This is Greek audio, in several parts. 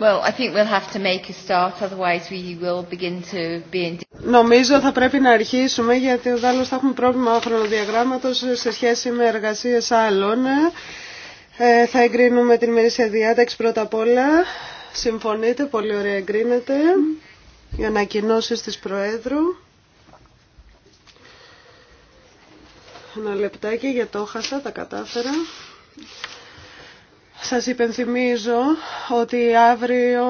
Well, I think we'll have to make a start, otherwise we will begin to be in... Νομίζω θα πρέπει να αρχίσουμε γιατί ο Δάλος θα έχουμε πρόβλημα χρονοδιαγράμματος σε σχέση με εργασίες άλλων. Ε, θα εγκρίνουμε την μερίσια διάταξη πρώτα απ' όλα. Συμφωνείτε, πολύ ωραία εγκρίνεται. Οι ανακοινώσεις της Προέδρου. Ένα λεπτάκι για το χάσα, τα κατάφερα. Σας υπενθυμίζω ότι αύριο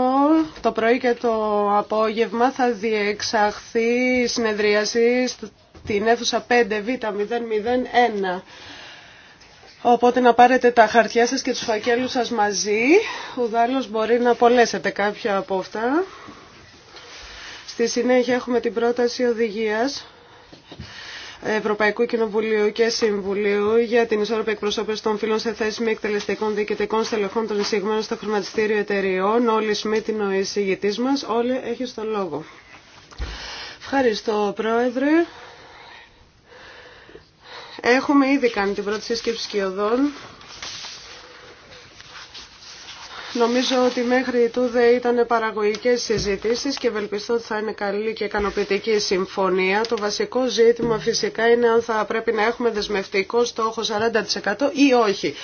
το πρωί και το απόγευμα θα διεξαχθεί η συνεδρίαση στην αίθουσα 5Β001. Οπότε να πάρετε τα χαρτιά σας και τους φακέλους σας μαζί. Ουδάλλως μπορεί να απολέσετε κάποια από αυτά. Στη συνέχεια έχουμε την πρόταση οδηγίας Ευρωπαϊκού Κοινοβουλίου και Συμβουλίου για την ισόρροπη εκπροσώπηση των φίλων σε θέση με εκτελεστικών διοικητικών στελεχών των εισηγμένων στο χρηματιστήριο εταιριών. Όλοι Σμίτιν ο εισηγητή μα. Όλοι έχει τον λόγο. Ευχαριστώ, Πρόεδρε. Έχουμε ήδη κάνει την πρώτη σύσκεψη σκιωδών. Νομίζω ότι μέχρι τούδε ήταν παραγωγικές συζητήσεις και ευελπιστώ ότι θα είναι καλή και ικανοποιητική συμφωνία. Το βασικό ζήτημα φυσικά είναι αν θα πρέπει να έχουμε δεσμευτικό στόχο 40% ή όχι.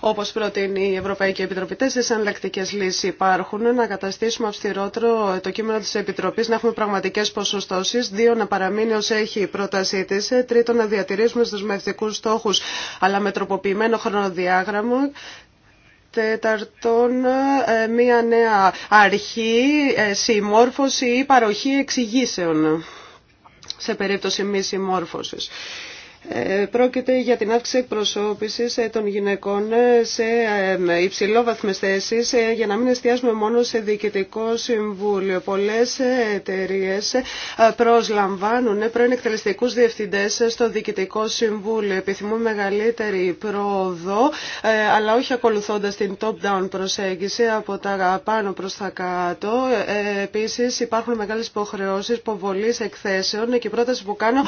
Όπως προτείνει η Ευρωπαϊκή Επιτροπή, τέσσερις εναλλακτικέ λύσεις υπάρχουν. Να καταστήσουμε αυστηρότερο το κείμενο της Επιτροπής, να έχουμε πραγματικές ποσοστώσεις. Δύο, να παραμείνει ως έχει η πρότασή της. Τρίτο, να διατηρήσουμε στου δεσμευτικούς στόχους, αλλά με τροποποιημένο χρονοδιάγραμμα. Τέταρτον, ε, μία νέα αρχή, ε, συμμόρφωση ή παροχή εξηγήσεων σε περίπτωση μη συμμόρφωσης. Ε, πρόκειται για την αύξηση προσώπηση ε, των γυναικών ε, σε υψηλόβαθμες θέσεις για να μην εστιάσουμε μόνο σε διοικητικό συμβούλιο. Πολλές εταιρείε προσλαμβάνουν πρώην εκτελεστικούς διευθυντές στο διοικητικό συμβούλιο. Επιθυμούν μεγαλύτερη πρόοδο, αλλά όχι ακολουθώντας την top-down προσέγγιση από τα πάνω προς τα κάτω. Επίσης υπάρχουν μεγάλες υποχρεώσεις υποβολής εκθέσεων και η πρόταση που κάνω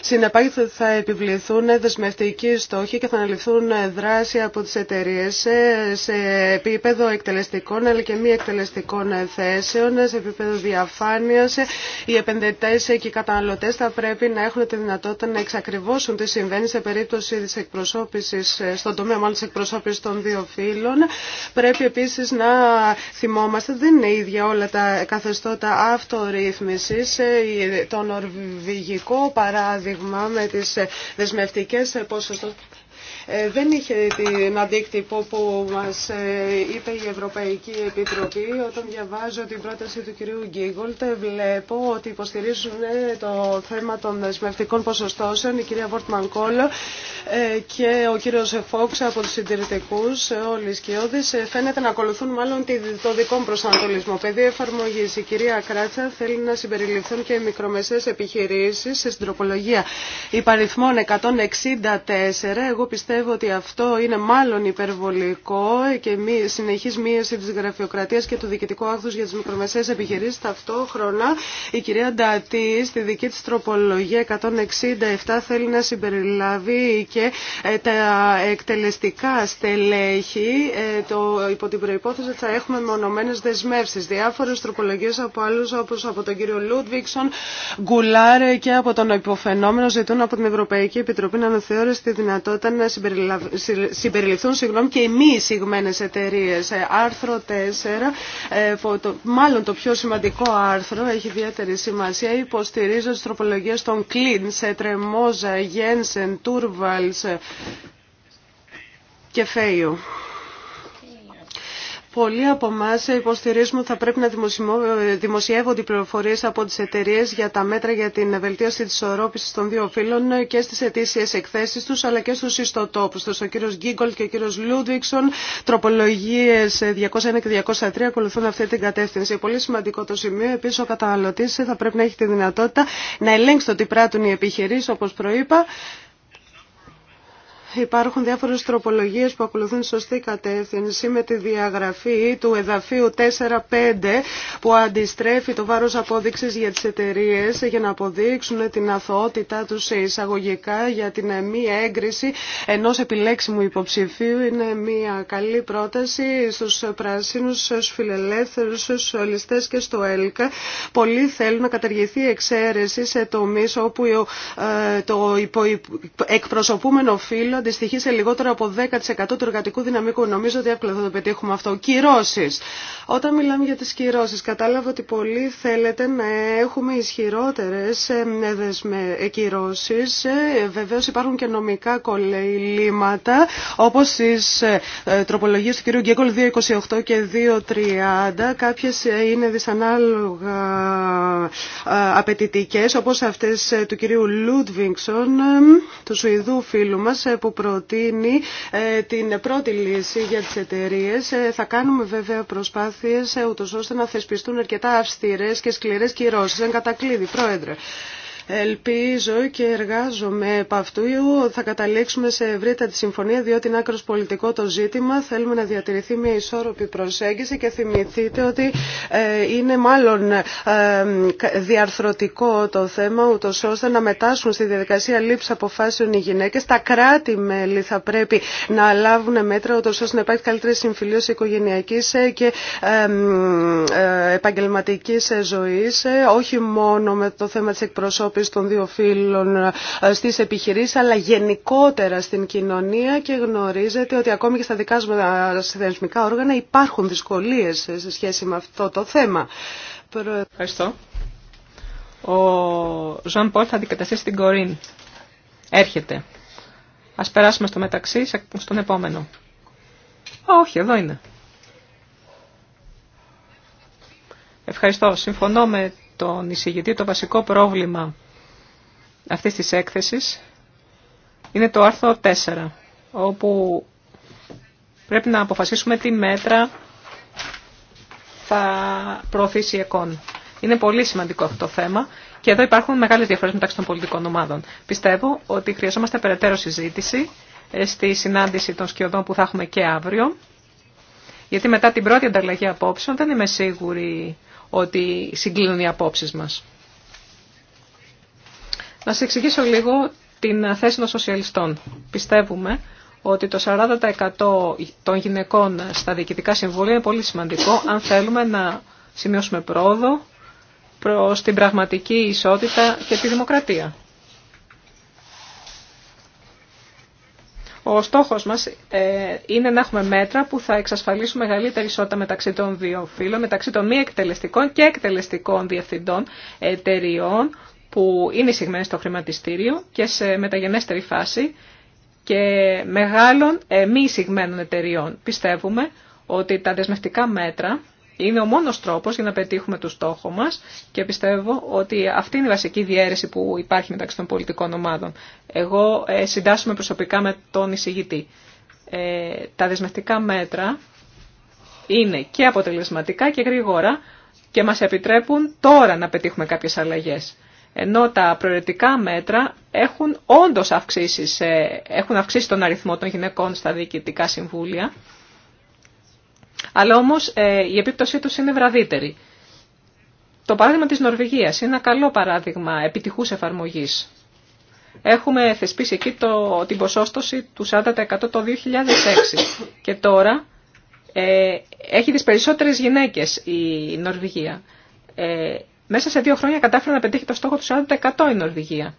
συνεπάγεται θα επιβληθούν δεσμευτικοί στόχοι και θα αναλυθούν δράση από τις εταιρείες σε επίπεδο εκτελεστικών αλλά και μη εκτελεστικών θέσεων, σε επίπεδο διαφάνειας. Οι επενδυτές και οι καταναλωτές θα πρέπει να έχουν τη δυνατότητα να εξακριβώσουν τι συμβαίνει σε περίπτωση της εκπροσώπησης, στον τομέα μάλλον της εκπροσώπησης των δύο φύλων. Πρέπει επίσης να θυμόμαστε, δεν είναι ίδια όλα τα καθεστώτα αυτορύθμισης. Το νορβηγικό παράδειγμα με τις δεσμευτικές ποσοστό ε, δεν είχε την αντίκτυπο που μας ε, είπε η Ευρωπαϊκή Επιτροπή. Όταν διαβάζω την πρόταση του κυρίου Γκίγκολτ βλέπω ότι υποστηρίζουν ε, το θέμα των δεσμευτικών ποσοστώσεων η κυρία Βόρτμαν Κόλλο και ο κύριος Φόξ από τους συντηρητικούς όλοι οι σκιώδεις φαίνεται να ακολουθούν μάλλον το δικό μου προσανατολισμό. Παιδί εφαρμογή. η κυρία Κράτσα θέλει να συμπεριληφθούν και οι μικρομεσαίες επιχειρήσεις στην τροπολογία υπαριθμών 164. Εγώ πιστεύω πιστεύω ότι αυτό είναι μάλλον υπερβολικό και μη, συνεχής μείωση της γραφειοκρατίας και του διοικητικού άκθους για τις μικρομεσαίες επιχειρήσεις. Ταυτόχρονα η κυρία Ντατή στη δική της τροπολογία 167 θέλει να συμπεριλάβει και ε, τα εκτελεστικά στελέχη ε, το, υπό την προϋπόθεση ότι θα έχουμε μονομένες δεσμεύσεις. Διάφορες τροπολογίες από άλλους όπως από τον κύριο Λούντβικσον, Γκουλάρε και από τον υποφαινόμενο ζητούν από την Ευρωπαϊκή Επιτροπή να αναθεώρησε τη δυνατότητα να συμπεριληφθούν συγγνώμη, και οι μη εισηγμένε εταιρείε. Ε, άρθρο 4, ε, μάλλον το πιο σημαντικό άρθρο, έχει ιδιαίτερη σημασία, υποστηρίζω τι τροπολογίες των κλίν Τρεμόζα, Γένσεν, Τούρβαλς και Φέιου. Πολλοί από εμά υποστηρίζουμε ότι θα πρέπει να δημοσιεύονται οι πληροφορίε από τι εταιρείε για τα μέτρα για την βελτίωση τη ισορρόπηση των δύο φύλων και στι ετήσιε εκθέσει του αλλά και στου ιστοτόπου του. Ο κύριο Γκίγκολ και ο κύριο Λούδιξον, τροπολογίε 201 και 203 ακολουθούν αυτή την κατεύθυνση. Πολύ σημαντικό το σημείο. Επίση, ο καταναλωτή θα πρέπει να έχει τη δυνατότητα να ελέγξει το τι πράττουν οι επιχειρήσει, όπω προείπα. Υπάρχουν διάφορες τροπολογίες που ακολουθούν σωστή κατεύθυνση με τη διαγραφή του εδαφείου 4-5 που αντιστρέφει το βάρος απόδειξης για τις εταιρείε για να αποδείξουν την αθωότητά τους εισαγωγικά για την μη έγκριση ενός επιλέξιμου υποψηφίου. Είναι μια καλή πρόταση στους πράσινους, στους φιλελεύθερους, στους και στο ΕΛΚΑ. Πολλοί θέλουν να καταργηθεί η εξαίρεση σε τομείς όπου ε, το εκπροσωπούμενο φύλλο αντιστοιχεί σε λιγότερο από 10% του εργατικού δυναμικού. Νομίζω ότι εύκολα θα το πετύχουμε αυτό. Κυρώσει. Όταν μιλάμε για τι κυρώσει, κατάλαβα ότι πολλοί θέλετε να έχουμε ισχυρότερε ε, ε, κυρώσει. Ε, Βεβαίω υπάρχουν και νομικά κολλήματα, όπω τι τροπολογίε του κ. Γκέκολ 2.28 και 2.30. Κάποιε είναι δυσανάλογα απαιτητικέ, όπω αυτέ του κ. Λούντβινγκσον, του Σουηδού φίλου μα, που προτείνει ε, την πρώτη λύση για τις εταιρείε. Ε, θα κάνουμε βέβαια προσπάθειες ε, ούτως ώστε να θεσπιστούν αρκετά αυστηρές και σκληρές κυρώσεις. Εν κατακλείδη, Πρόεδρε. Ελπίζω και εργάζομαι επ' αυτού. Θα καταλήξουμε σε ευρύτατη συμφωνία, διότι είναι άκρο πολιτικό το ζήτημα. Θέλουμε να διατηρηθεί μια ισόρροπη προσέγγιση και θυμηθείτε ότι ε, είναι μάλλον ε, διαρθρωτικό το θέμα, ούτω ώστε να μετάσχουν στη διαδικασία λήψη αποφάσεων οι γυναίκε. Τα κράτη-μέλη θα πρέπει να λάβουν μέτρα, ούτω ώστε να υπάρχει καλύτερη συμφιλίωση οικογενειακή ε, και επαγγελματική ζωή, όχι μόνο με το θέμα τη εκπροσώπηση αντιμετώπιση των δύο φίλων ε, στις επιχειρήσεις αλλά γενικότερα στην κοινωνία και γνωρίζετε ότι ακόμη και στα δικά μας ε, θεσμικά όργανα υπάρχουν δυσκολίες σε σχέση με αυτό το θέμα. Ευχαριστώ. Ο Ζαν Πολ θα αντικαταστήσει την Κορίν. Έρχεται. Ας περάσουμε στο μεταξύ, στον επόμενο. Όχι, εδώ είναι. Ευχαριστώ. Συμφωνώ με τον εισηγητή, το βασικό πρόβλημα αυτής της έκθεσης είναι το άρθρο 4, όπου πρέπει να αποφασίσουμε τι μέτρα θα προωθήσει η ΕΚΟΝ. Είναι πολύ σημαντικό αυτό το θέμα και εδώ υπάρχουν μεγάλες διαφορές μεταξύ των πολιτικών ομάδων. Πιστεύω ότι χρειαζόμαστε περαιτέρω συζήτηση ε, στη συνάντηση των σκιωδών που θα έχουμε και αύριο, γιατί μετά την πρώτη ανταλλαγή απόψεων δεν είμαι σίγουρη ότι συγκλίνουν οι απόψεις μας. Να σας εξηγήσω λίγο την θέση των σοσιαλιστών. Πιστεύουμε ότι το 40% των γυναικών στα διοικητικά συμβούλια είναι πολύ σημαντικό αν θέλουμε να σημειώσουμε πρόοδο προς την πραγματική ισότητα και τη δημοκρατία. Ο στόχος μας ε, είναι να έχουμε μέτρα που θα εξασφαλίσουν μεγαλύτερη ισότητα μεταξύ των δύο φύλων, μεταξύ των μη εκτελεστικών και εκτελεστικών διευθυντών εταιριών που είναι εισηγμένες στο χρηματιστήριο και σε μεταγενέστερη φάση και μεγάλων ε, μη εισηγμένων εταιριών. Πιστεύουμε ότι τα δεσμευτικά μέτρα είναι ο μόνος τρόπος για να πετύχουμε το στόχο μας και πιστεύω ότι αυτή είναι η βασική διαίρεση που υπάρχει μεταξύ των πολιτικών ομάδων. Εγώ ε, συντάσσουμε προσωπικά με τον εισηγητή. Ε, τα δεσμευτικά μέτρα είναι και αποτελεσματικά και γρήγορα και μας επιτρέπουν τώρα να πετύχουμε κάποιες αλλαγές. Ενώ τα προαιρετικά μέτρα έχουν όντως αυξήσει, ε, έχουν αυξήσει τον αριθμό των γυναικών στα διοικητικά συμβούλια αλλά όμως ε, η επίπτωσή του είναι βραδύτερη. Το παράδειγμα τη Νορβηγία είναι ένα καλό παράδειγμα επιτυχού εφαρμογή. Έχουμε θεσπίσει εκεί το, την ποσόστοση του 40% το 2006 και τώρα ε, έχει τι περισσότερε γυναίκε η Νορβηγία. Ε, μέσα σε δύο χρόνια κατάφερε να πετύχει το στόχο του 40% η Νορβηγία.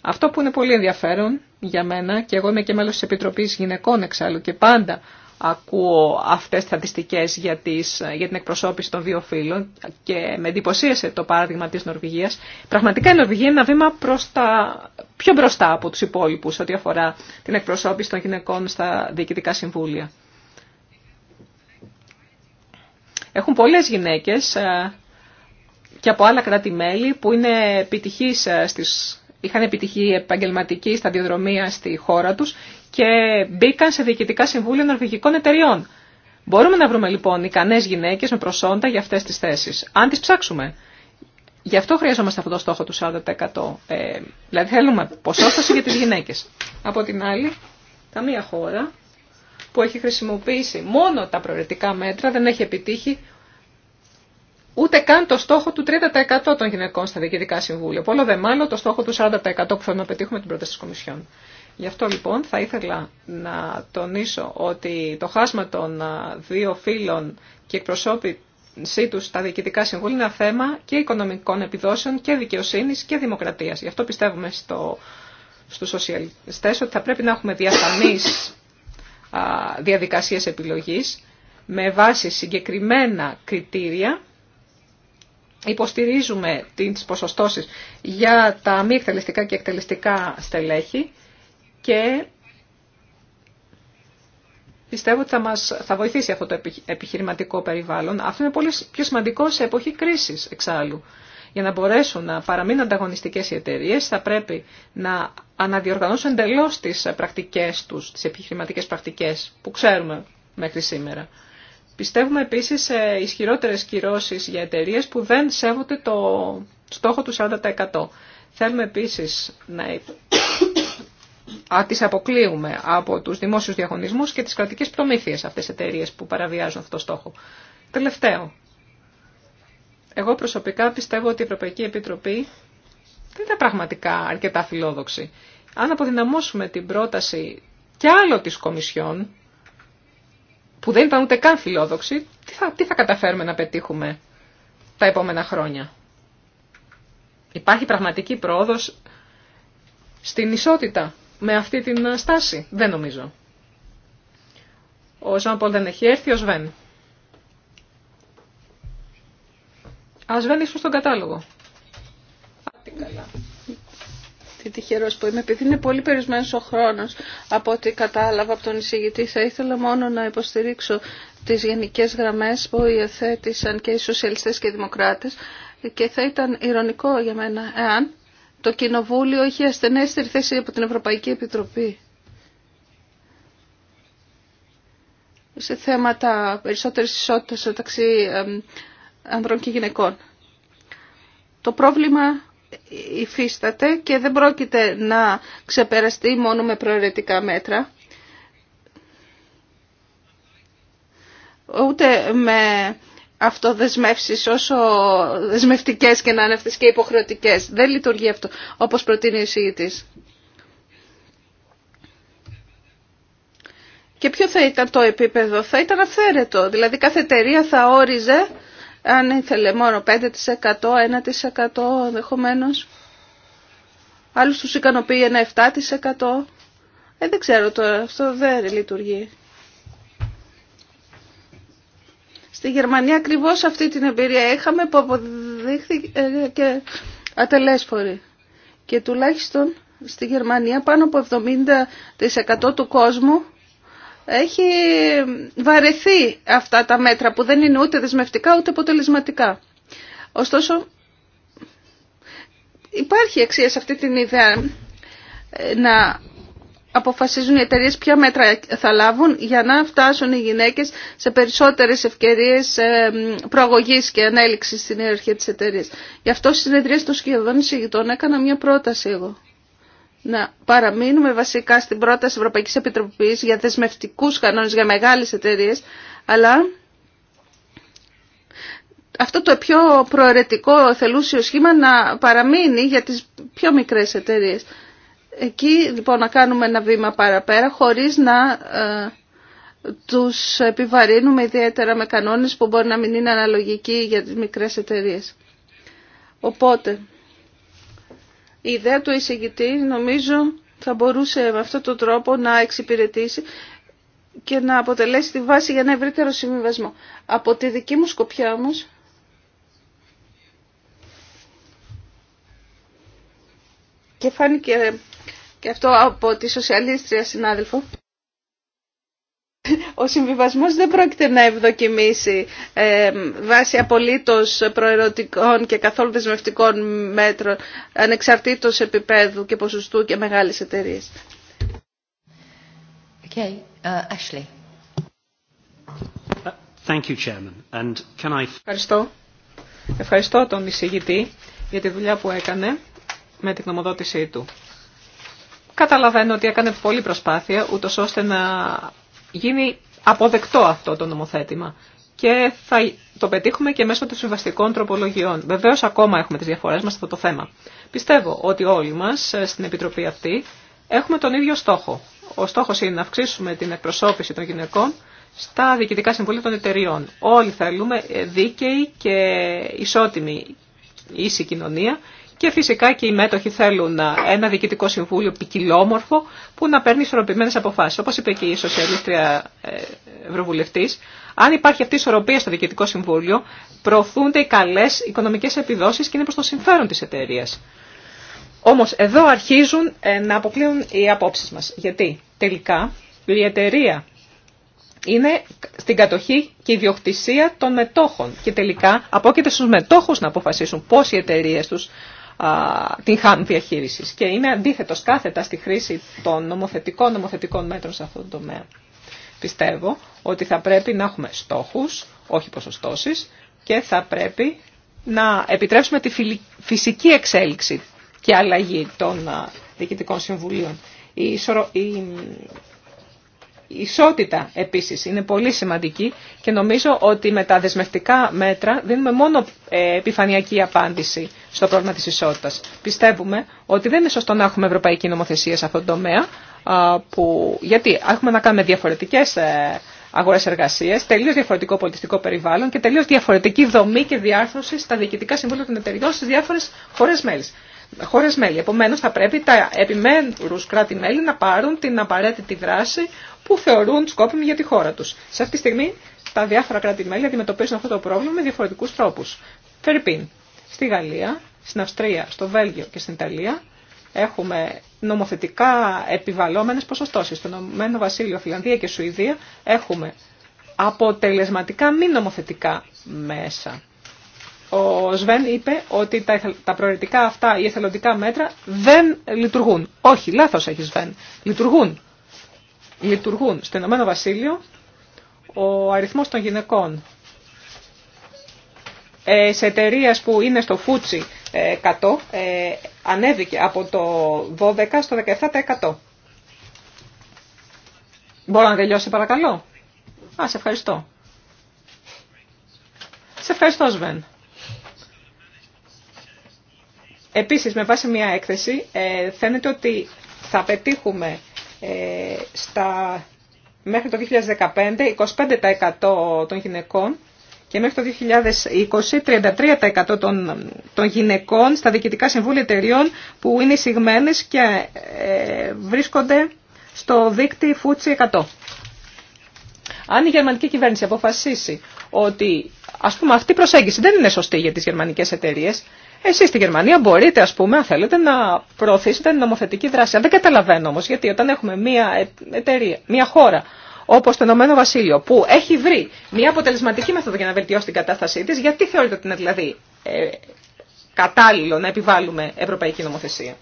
Αυτό που είναι πολύ ενδιαφέρον για μένα και εγώ είμαι και μέλο τη επιτροπή Γυναικών εξάλλου και πάντα ακούω αυτές τις στατιστικές για, τις, για την εκπροσώπηση των δύο φύλων και με εντυπωσίασε το παράδειγμα της Νορβηγίας. Πραγματικά η Νορβηγία είναι ένα βήμα προς τα, πιο μπροστά από τους υπόλοιπους ό,τι αφορά την εκπροσώπηση των γυναικών στα διοικητικά συμβούλια. Έχουν πολλές γυναίκες ε, και από άλλα κράτη-μέλη που είναι επιτυχείς ε, στις είχαν επιτυχή επαγγελματική σταδιοδρομία στη χώρα τους και μπήκαν σε διοικητικά συμβούλια νορβηγικών εταιριών. Μπορούμε να βρούμε λοιπόν ικανέ γυναίκε με προσόντα για αυτέ τι θέσει, αν τι ψάξουμε. Γι' αυτό χρειαζόμαστε αυτό το στόχο του 40%. Ε, δηλαδή θέλουμε ποσόσταση για τι γυναίκε. Από την άλλη, καμία χώρα που έχει χρησιμοποιήσει μόνο τα προαιρετικά μέτρα δεν έχει επιτύχει ούτε καν το στόχο του 30% των γυναικών στα διοικητικά συμβούλια. Πόλο δε μάλλον το στόχο του 40% που θέλουμε να πετύχουμε την πρόταση τη Κομισιόν. Γι' αυτό λοιπόν θα ήθελα να τονίσω ότι το χάσμα των δύο φύλων και εκπροσώπησή τους στα διοικητικά συμβούλια είναι θέμα και οικονομικών επιδόσεων και δικαιοσύνης και δημοκρατίας. Γι' αυτό πιστεύουμε στο, στους σοσιαλιστές ότι θα πρέπει να έχουμε διαφανείς διαδικασίες επιλογής με βάση συγκεκριμένα κριτήρια υποστηρίζουμε τις ποσοστώσεις για τα μη εκτελεστικά και εκτελεστικά στελέχη και πιστεύω ότι θα, μας, θα βοηθήσει αυτό το επιχειρηματικό περιβάλλον. Αυτό είναι πολύ πιο σημαντικό σε εποχή κρίσης εξάλλου. Για να μπορέσουν να παραμείνουν ανταγωνιστικές οι εταιρείε, θα πρέπει να αναδιοργανώσουν εντελώ τις πρακτικές τους, τις επιχειρηματικές πρακτικές που ξέρουμε μέχρι σήμερα. Πιστεύουμε επίσης σε ισχυρότερες κυρώσεις για εταιρείε που δεν σέβονται το στόχο του 40%. Θέλουμε επίσης να α, τις αποκλείουμε από τους δημόσιους διαγωνισμούς και τις κρατικές προμήθειες αυτές τις εταιρείε που παραβιάζουν αυτό το στόχο. Τελευταίο. Εγώ προσωπικά πιστεύω ότι η Ευρωπαϊκή Επιτροπή δεν ήταν πραγματικά αρκετά φιλόδοξη. Αν αποδυναμώσουμε την πρόταση και άλλο της Κομισιόν, που δεν ήταν ούτε καν φιλόδοξη, τι θα, τι θα καταφέρουμε να πετύχουμε τα επόμενα χρόνια. Υπάρχει πραγματική πρόοδος στην ισότητα με αυτή την στάση. Δεν νομίζω. Ο Ζαν Πολ δεν έχει έρθει, ο Σβέν. Α Σβέν στον κατάλογο. καλά. Τι τυχερό που είμαι, επειδή είναι πολύ περιορισμένο ο χρόνο από ό,τι κατάλαβα από τον εισηγητή, θα ήθελα μόνο να υποστηρίξω τι γενικέ γραμμέ που υιοθέτησαν και οι σοσιαλιστέ και οι δημοκράτε και θα ήταν ηρωνικό για μένα εάν το Κοινοβούλιο είχε ασθενέστερη θέση από την Ευρωπαϊκή Επιτροπή. σε θέματα περισσότερη ισότητα μεταξύ ανδρών και γυναικών. Το πρόβλημα υφίσταται και δεν πρόκειται να ξεπεραστεί μόνο με προαιρετικά μέτρα, ούτε με αυτοδεσμεύσεις όσο δεσμευτικές και να είναι αυτές και υποχρεωτικές. Δεν λειτουργεί αυτό όπως προτείνει ο εισηγητής. Και ποιο θα ήταν το επίπεδο, θα ήταν αυθαίρετο. Δηλαδή κάθε εταιρεία θα όριζε, αν ήθελε μόνο 5%, 1% ενδεχομένω. Άλλους τους ικανοποιεί ένα 7%. Ε, δεν ξέρω τώρα, αυτό δεν λειτουργεί. Στη Γερμανία ακριβώς αυτή την εμπειρία είχαμε που αποδείχθηκε και ατελέσφορη. Και τουλάχιστον στη Γερμανία πάνω από 70% του κόσμου έχει βαρεθεί αυτά τα μέτρα που δεν είναι ούτε δεσμευτικά ούτε αποτελεσματικά. Ωστόσο υπάρχει αξία σε αυτή την ιδέα ε, να αποφασίζουν οι εταιρείε ποια μέτρα θα λάβουν για να φτάσουν οι γυναίκες σε περισσότερες ευκαιρίες ε, προαγωγής και ανέλυξης στην ιεραρχία της εταιρεία. Γι' αυτό στις συνεδρίες των σχεδόν εισηγητών έκανα μια πρόταση εγώ. Να παραμείνουμε βασικά στην πρόταση Ευρωπαϊκής Επιτροπής για δεσμευτικούς κανόνες για μεγάλες εταιρείε, αλλά αυτό το πιο προαιρετικό θελούσιο σχήμα να παραμείνει για τις πιο μικρές εταιρείε. Εκεί λοιπόν να κάνουμε ένα βήμα παραπέρα χωρίς να ε, τους επιβαρύνουμε ιδιαίτερα με κανόνες που μπορεί να μην είναι αναλογικοί για τις μικρές εταιρείες. Οπότε, η ιδέα του εισηγητή νομίζω θα μπορούσε με αυτόν τον τρόπο να εξυπηρετήσει και να αποτελέσει τη βάση για ένα ευρύτερο συμβιβασμό. Από τη δική μου σκοπιά όμως, και φάνηκε και αυτό από τη σοσιαλίστρια συνάδελφο, ο συμβιβασμός δεν πρόκειται να ευδοκιμήσει ε, βάσει απολύτως προερωτικών και καθόλου δεσμευτικών μέτρων ανεξαρτήτως επίπεδου και ποσοστού και μεγάλες εταιρείες. Okay. Uh, uh, thank you, Chairman. And can I... Ευχαριστώ. Ευχαριστώ τον εισηγητή για τη δουλειά που έκανε με την νομοδότησή του. Καταλαβαίνω ότι έκανε πολλή προσπάθεια, ούτω ώστε να γίνει αποδεκτό αυτό το νομοθέτημα. Και θα το πετύχουμε και μέσω των συμβαστικών τροπολογιών. Βεβαίω, ακόμα έχουμε τι διαφορέ μα σε αυτό το θέμα. Πιστεύω ότι όλοι μα ε, στην Επιτροπή αυτή έχουμε τον ίδιο στόχο. Ο στόχο είναι να αυξήσουμε την εκπροσώπηση των γυναικών στα διοικητικά συμβούλια των εταιριών. Όλοι θέλουμε ε, δίκαιη και ισότιμη ίση κοινωνία και φυσικά και οι μέτοχοι θέλουν ένα διοικητικό συμβούλιο ποικιλόμορφο που να παίρνει ισορροπημένε αποφάσει. Όπω είπε και η σοσιαλίστρια ε, Ευρωβουλευτή, αν υπάρχει αυτή η ισορροπία στο διοικητικό συμβούλιο, προωθούνται οι καλέ οικονομικέ επιδόσει και είναι προ το συμφέρον τη εταιρεία. Όμω εδώ αρχίζουν ε, να αποκλείουν οι απόψει μα. Γιατί τελικά η εταιρεία είναι στην κατοχή και ιδιοκτησία των μετόχων. Και τελικά απόκειται στου μετόχου να αποφασίσουν πώ οι εταιρείε του την χάνουν διαχείριση. Και είναι αντίθετο κάθετα στη χρήση των νομοθετικών νομοθετικών μέτρων σε αυτόν τον τομέα. Πιστεύω ότι θα πρέπει να έχουμε στόχους, όχι ποσοστώσεις, και θα πρέπει να επιτρέψουμε τη φυσική εξέλιξη και αλλαγή των διοικητικών συμβουλίων. Η ισότητα επίσης είναι πολύ σημαντική και νομίζω ότι με τα δεσμευτικά μέτρα δίνουμε μόνο ε, επιφανειακή απάντηση στο πρόβλημα της ισότητας. Πιστεύουμε ότι δεν είναι σωστό να έχουμε ευρωπαϊκή νομοθεσία σε αυτόν τον τομέα, που... γιατί έχουμε να κάνουμε διαφορετικές ε, αγορές εργασίας, τελείως διαφορετικό πολιτιστικό περιβάλλον και τελείως διαφορετική δομή και διάρθρωση στα διοικητικά συμβούλια των εταιριών στις διάφορες χώρες μέλη χώρες μέλη. Επομένως θα πρέπει τα επιμέρους κράτη-μέλη να πάρουν την απαραίτητη δράση που θεωρούν σκόπιμη για τη χώρα του. Σε αυτή τη στιγμή τα διάφορα κράτη-μέλη αντιμετωπίζουν αυτό το πρόβλημα με διαφορετικού τρόπου. Φερρυπίν, στη Γαλλία, στην Αυστρία, στο Βέλγιο και στην Ιταλία έχουμε νομοθετικά επιβαλλόμενες ποσοστώσεις. Στον Ηνωμένο Βασίλειο, Φιλανδία και Σουηδία έχουμε αποτελεσματικά μη νομοθετικά μέσα. Ο Σβέν είπε ότι τα προαιρετικά αυτά, οι εθελοντικά μέτρα δεν λειτουργούν. Όχι, λάθος έχει Σβέν. Λειτουργούν λειτουργούν στο Ηνωμένο Βασίλειο, ο αριθμός των γυναικών ε, σε εταιρείε που είναι στο φούτσι 100 ε, ε, ανέβηκε από το 12% στο 17%. Μπορώ να τελειώσει παρακαλώ. Α, σε ευχαριστώ. Σε ευχαριστώ Σβέν. Επίσης, με βάση μια έκθεση, φαίνεται ότι θα πετύχουμε ε, στα, μέχρι το 2015 25% των γυναικών και μέχρι το 2020 33% των, των γυναικών στα διοικητικά συμβούλια εταιριών που είναι εισηγμένες και ε, βρίσκονται στο δίκτυ Φούτσι 100. Αν η γερμανική κυβέρνηση αποφασίσει ότι ας πούμε αυτή η προσέγγιση δεν είναι σωστή για τις γερμανικές εταιρείες, Εσεί στη Γερμανία μπορείτε, α πούμε, αν θέλετε, να προωθήσετε νομοθετική δράση. δεν καταλαβαίνω όμω, γιατί όταν έχουμε μία ε, εταιρεία, μία χώρα όπω το Ηνωμένο Βασίλειο, που έχει βρει μία αποτελεσματική μέθοδο για να βελτιώσει την κατάστασή τη, γιατί θεωρείτε ότι είναι δηλαδή ε, κατάλληλο να επιβάλλουμε ευρωπαϊκή νομοθεσία.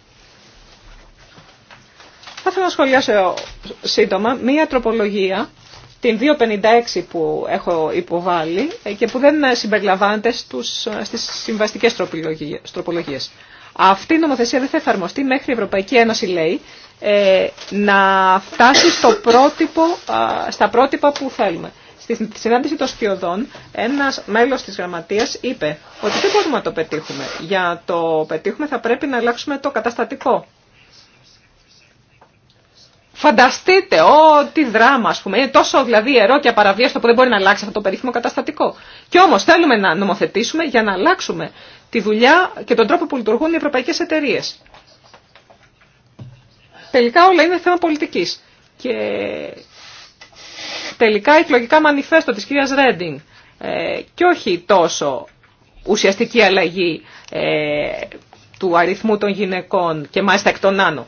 Θα ήθελα να σχολιάσω ε, σύντομα μία τροπολογία την 256 που έχω υποβάλει και που δεν συμπεριλαμβάνεται στους, στις συμβαστικές τροπολογίες. Αυτή η νομοθεσία δεν θα εφαρμοστεί μέχρι η Ευρωπαϊκή Ένωση, λέει, ε, να φτάσει στο πρότυπο, στα πρότυπα που θέλουμε. Στη συνάντηση των σκιωδών, ένας μέλος της γραμματείας είπε ότι δεν μπορούμε να το πετύχουμε. Για να το πετύχουμε θα πρέπει να αλλάξουμε το καταστατικό Φανταστείτε, ότι δράμα, α πούμε. Είναι τόσο δηλαδή ιερό και απαραβίαστο που δεν μπορεί να αλλάξει αυτό το περίφημο καταστατικό. Και όμως θέλουμε να νομοθετήσουμε για να αλλάξουμε τη δουλειά και τον τρόπο που λειτουργούν οι ευρωπαϊκές εταιρείε. Τελικά όλα είναι θέμα πολιτικής. Και τελικά η εκλογικά μανιφέστο τη κυρία Ρέντινγκ ε, και όχι τόσο ουσιαστική αλλαγή ε, του αριθμού των γυναικών και μάλιστα εκ των άνω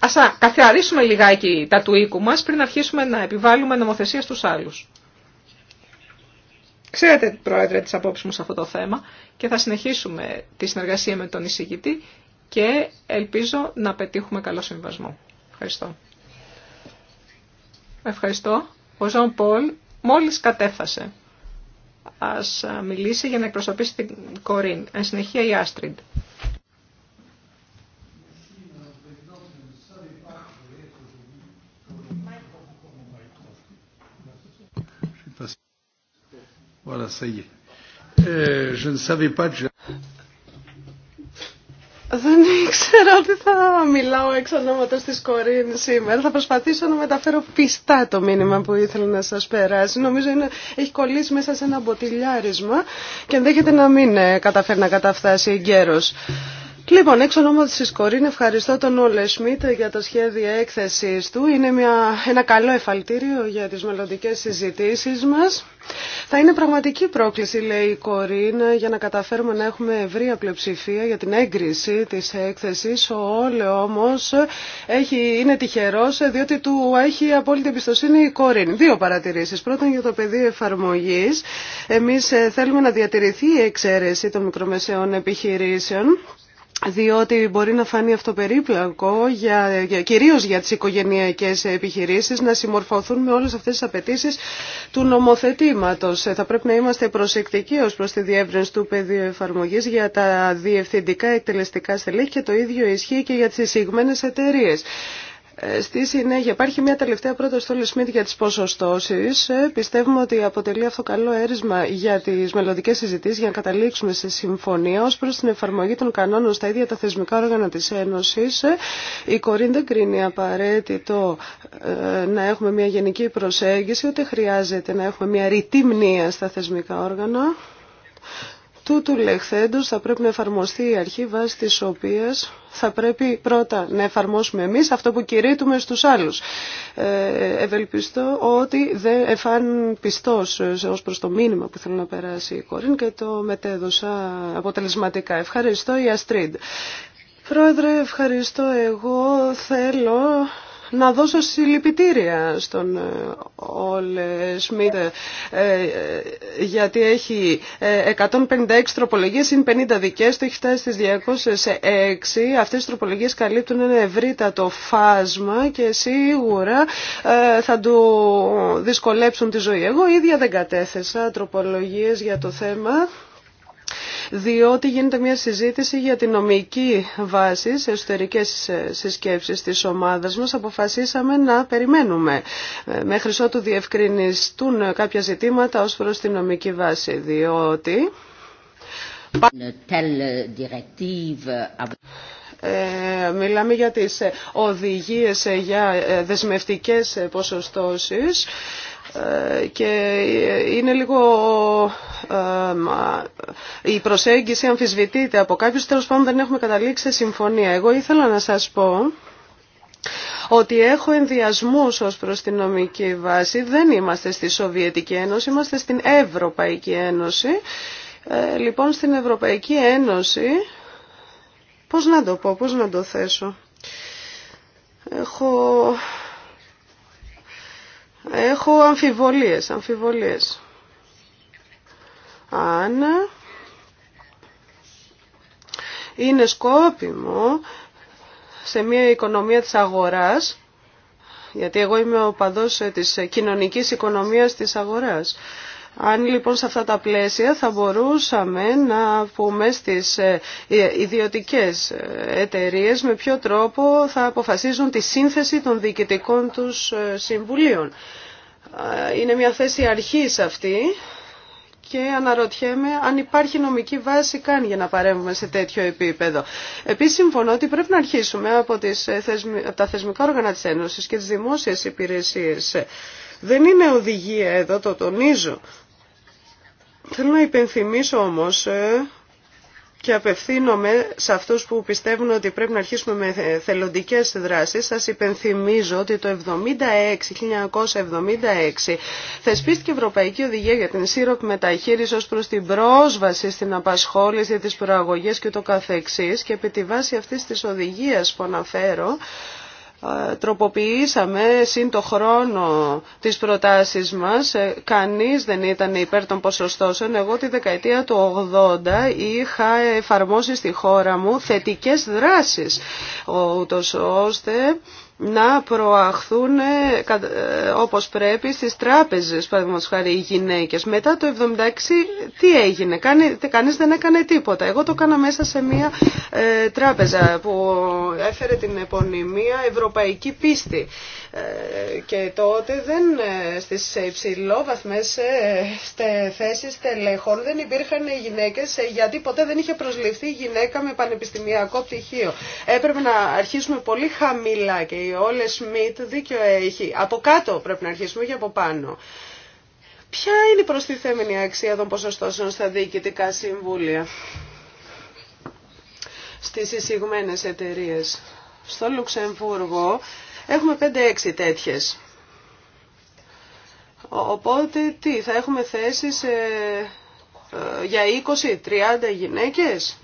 ας καθαρίσουμε λιγάκι τα του οίκου μας πριν αρχίσουμε να επιβάλλουμε νομοθεσία στους άλλους. Ξέρετε, Πρόεδρε, τις απόψεις μου σε αυτό το θέμα και θα συνεχίσουμε τη συνεργασία με τον εισηγητή και ελπίζω να πετύχουμε καλό συμβασμό. Ευχαριστώ. Ευχαριστώ. Ο Ζων Πολ μόλις κατέφθασε. Ας μιλήσει για να εκπροσωπήσει την Κορίν. Εν συνεχεία η Άστριντ. Voilà, ça y est. Euh, je ne savais pas que... Δεν ήξερα ότι θα μιλάω εξ ονόματο τη Κορίν σήμερα. Θα προσπαθήσω να μεταφέρω πιστά το μήνυμα που ήθελα να σα περάσει. Νομίζω είναι, έχει κολλήσει μέσα σε ένα μποτιλιάρισμα και ενδέχεται να μην ε, καταφέρει να καταφτάσει εγκαίρω. Λοιπόν, έξω ονόματο τη Κορίνη, ευχαριστώ τον Όλε Σμιτ για το σχέδιο έκθεσή του. Είναι μια, ένα καλό εφαλτήριο για τι μελλοντικέ συζητήσει μα. Θα είναι πραγματική πρόκληση, λέει η Κορίν, για να καταφέρουμε να έχουμε ευρία πλειοψηφία για την έγκριση της έκθεσης. Ο Όλε όμως έχει, είναι τυχερός, διότι του έχει απόλυτη εμπιστοσύνη η Κορίν. Δύο παρατηρήσεις. Πρώτον για το πεδίο εφαρμογής. Εμείς ε, θέλουμε να διατηρηθεί η εξαίρεση των μικρομεσαίων επιχειρήσεων διότι μπορεί να φανεί αυτό για, για, κυρίως για τις οικογενειακές επιχειρήσεις, να συμμορφωθούν με όλες αυτές τις απαιτήσεις του νομοθετήματος. Ε, θα πρέπει να είμαστε προσεκτικοί ως προς τη διεύρυνση του πεδίου εφαρμογής για τα διευθυντικά εκτελεστικά στελέχη και το ίδιο ισχύει και για τις εισηγμένες εταιρείε. Στη συνέχεια υπάρχει μια τελευταία πρόταση στο Σμιτ για τις ποσοστώσεις. Ε, πιστεύουμε ότι αποτελεί αυτό καλό έρισμα για τις μελλοντικές συζητήσεις για να καταλήξουμε σε συμφωνία ως προς την εφαρμογή των κανόνων στα ίδια τα θεσμικά όργανα της Ένωσης. Ε, η Κορίν δεν κρίνει απαραίτητο ε, να έχουμε μια γενική προσέγγιση, ούτε χρειάζεται να έχουμε μια ρητή μνήμα στα θεσμικά όργανα τούτου λεχθέντος θα πρέπει να εφαρμοστεί η αρχή βάση της οποίας θα πρέπει πρώτα να εφαρμόσουμε εμείς αυτό που κηρύττουμε στους άλλους. Ε, ευελπιστώ ότι δεν εφάν πιστός ως προς το μήνυμα που θέλω να περάσει η Κορίν και το μετέδωσα αποτελεσματικά. Ευχαριστώ η Αστρίντ. Πρόεδρε, ευχαριστώ. Εγώ θέλω να δώσω συλληπιτήρια στον ε, Όλε Σμιτ ε, ε, γιατί έχει 156 τροπολογίες, είναι 50 δικές το έχει φτάσει στις 206. Αυτές οι τροπολογίες καλύπτουν ένα ευρύτατο φάσμα και σίγουρα θα του δυσκολέψουν τη ζωή. Εγώ ίδια δεν κατέθεσα τροπολογίες για το θέμα διότι γίνεται μια συζήτηση για τη νομική βάση σε εσωτερικές συσκέψεις της ομάδα μας. Αποφασίσαμε να περιμένουμε ε, μέχρι ότου διευκρινιστούν κάποια ζητήματα ω προ τη νομική βάση, διότι... Ε, μιλάμε για τις ε, οδηγίες για δεσμευτικές ποσοστώσεις ε, και είναι λίγο ε, ε, η προσέγγιση αμφισβητείται από κάποιους τέλος πάντων δεν έχουμε καταλήξει σε συμφωνία εγώ ήθελα να σας πω ότι έχω ενδιασμούς ως προς την νομική βάση δεν είμαστε στη Σοβιετική Ένωση είμαστε στην Ευρωπαϊκή Ένωση λοιπόν στην Ευρωπαϊκή Ένωση πώς να το πω, πώς να το θέσω έχω Έχω αμφιβολίες, αμφιβολίες. Αν είναι σκόπιμο σε μια οικονομία της αγοράς, γιατί εγώ είμαι ο παδός της κοινωνικής οικονομίας της αγοράς, αν λοιπόν σε αυτά τα πλαίσια θα μπορούσαμε να πούμε στις ε, ε, ιδιωτικές ε, εταιρείες με ποιο τρόπο θα αποφασίζουν τη σύνθεση των διοικητικών τους συμβουλίων. Είναι μια θέση αρχής αυτή και αναρωτιέμαι αν υπάρχει νομική βάση καν για να παρέμβουμε σε τέτοιο επίπεδο. Επίσης συμφωνώ ότι πρέπει να αρχίσουμε από, τις, από τα θεσμικά όργανα της Ένωσης και τις δημόσιες υπηρεσίες. Δεν είναι οδηγία εδώ, το τονίζω. Θέλω να υπενθυμίσω όμως ε, και απευθύνομαι σε αυτούς που πιστεύουν ότι πρέπει να αρχίσουμε με θελοντικές δράσεις. Σας υπενθυμίζω ότι το 1976, 1976 θεσπίστηκε η Ευρωπαϊκή Οδηγία για την σύρροπη μεταχείριση ως προς την πρόσβαση στην απασχόληση της προαγωγής και το καθεξής και επί τη βάση αυτής της οδηγίας που αναφέρω ε, τροποποιήσαμε σύν το χρόνο τις προτάσεις μας. Ε, κανείς δεν ήταν υπέρ των ποσοστώσεων. Εγώ τη δεκαετία του 80 είχα εφαρμόσει στη χώρα μου θετικές δράσεις, ούτως ώστε να προαχθούν ε, ε, όπως πρέπει στις τράπεζες, παραδείγματος χάρη οι γυναίκες. Μετά το 1976 τι έγινε, κανείς δεν έκανε τίποτα. Εγώ το έκανα μέσα σε μια ε, τράπεζα που έφερε την επωνυμία Ευρωπαϊκή Πίστη. Ε, και τότε δεν, ε, στις υψηλόβαθμες ε, στε, θέσεις τελεχών δεν υπήρχαν οι γυναίκες γιατί ποτέ δεν είχε προσληφθεί γυναίκα με πανεπιστημιακό πτυχίο. Έπρεπε να αρχίσουμε πολύ χαμηλά και Όλες Όλε Σμιτ δίκιο έχει. Από κάτω πρέπει να αρχίσουμε και από πάνω. Ποια είναι η προστιθέμενη αξία των ποσοστώσεων στα διοικητικά συμβούλια στις εισηγμένε εταιρείε. Στο Λουξεμβούργο έχουμε 5-6 τέτοιες. Οπότε τι, θα έχουμε θέσεις ε, ε, για 20-30 γυναίκες.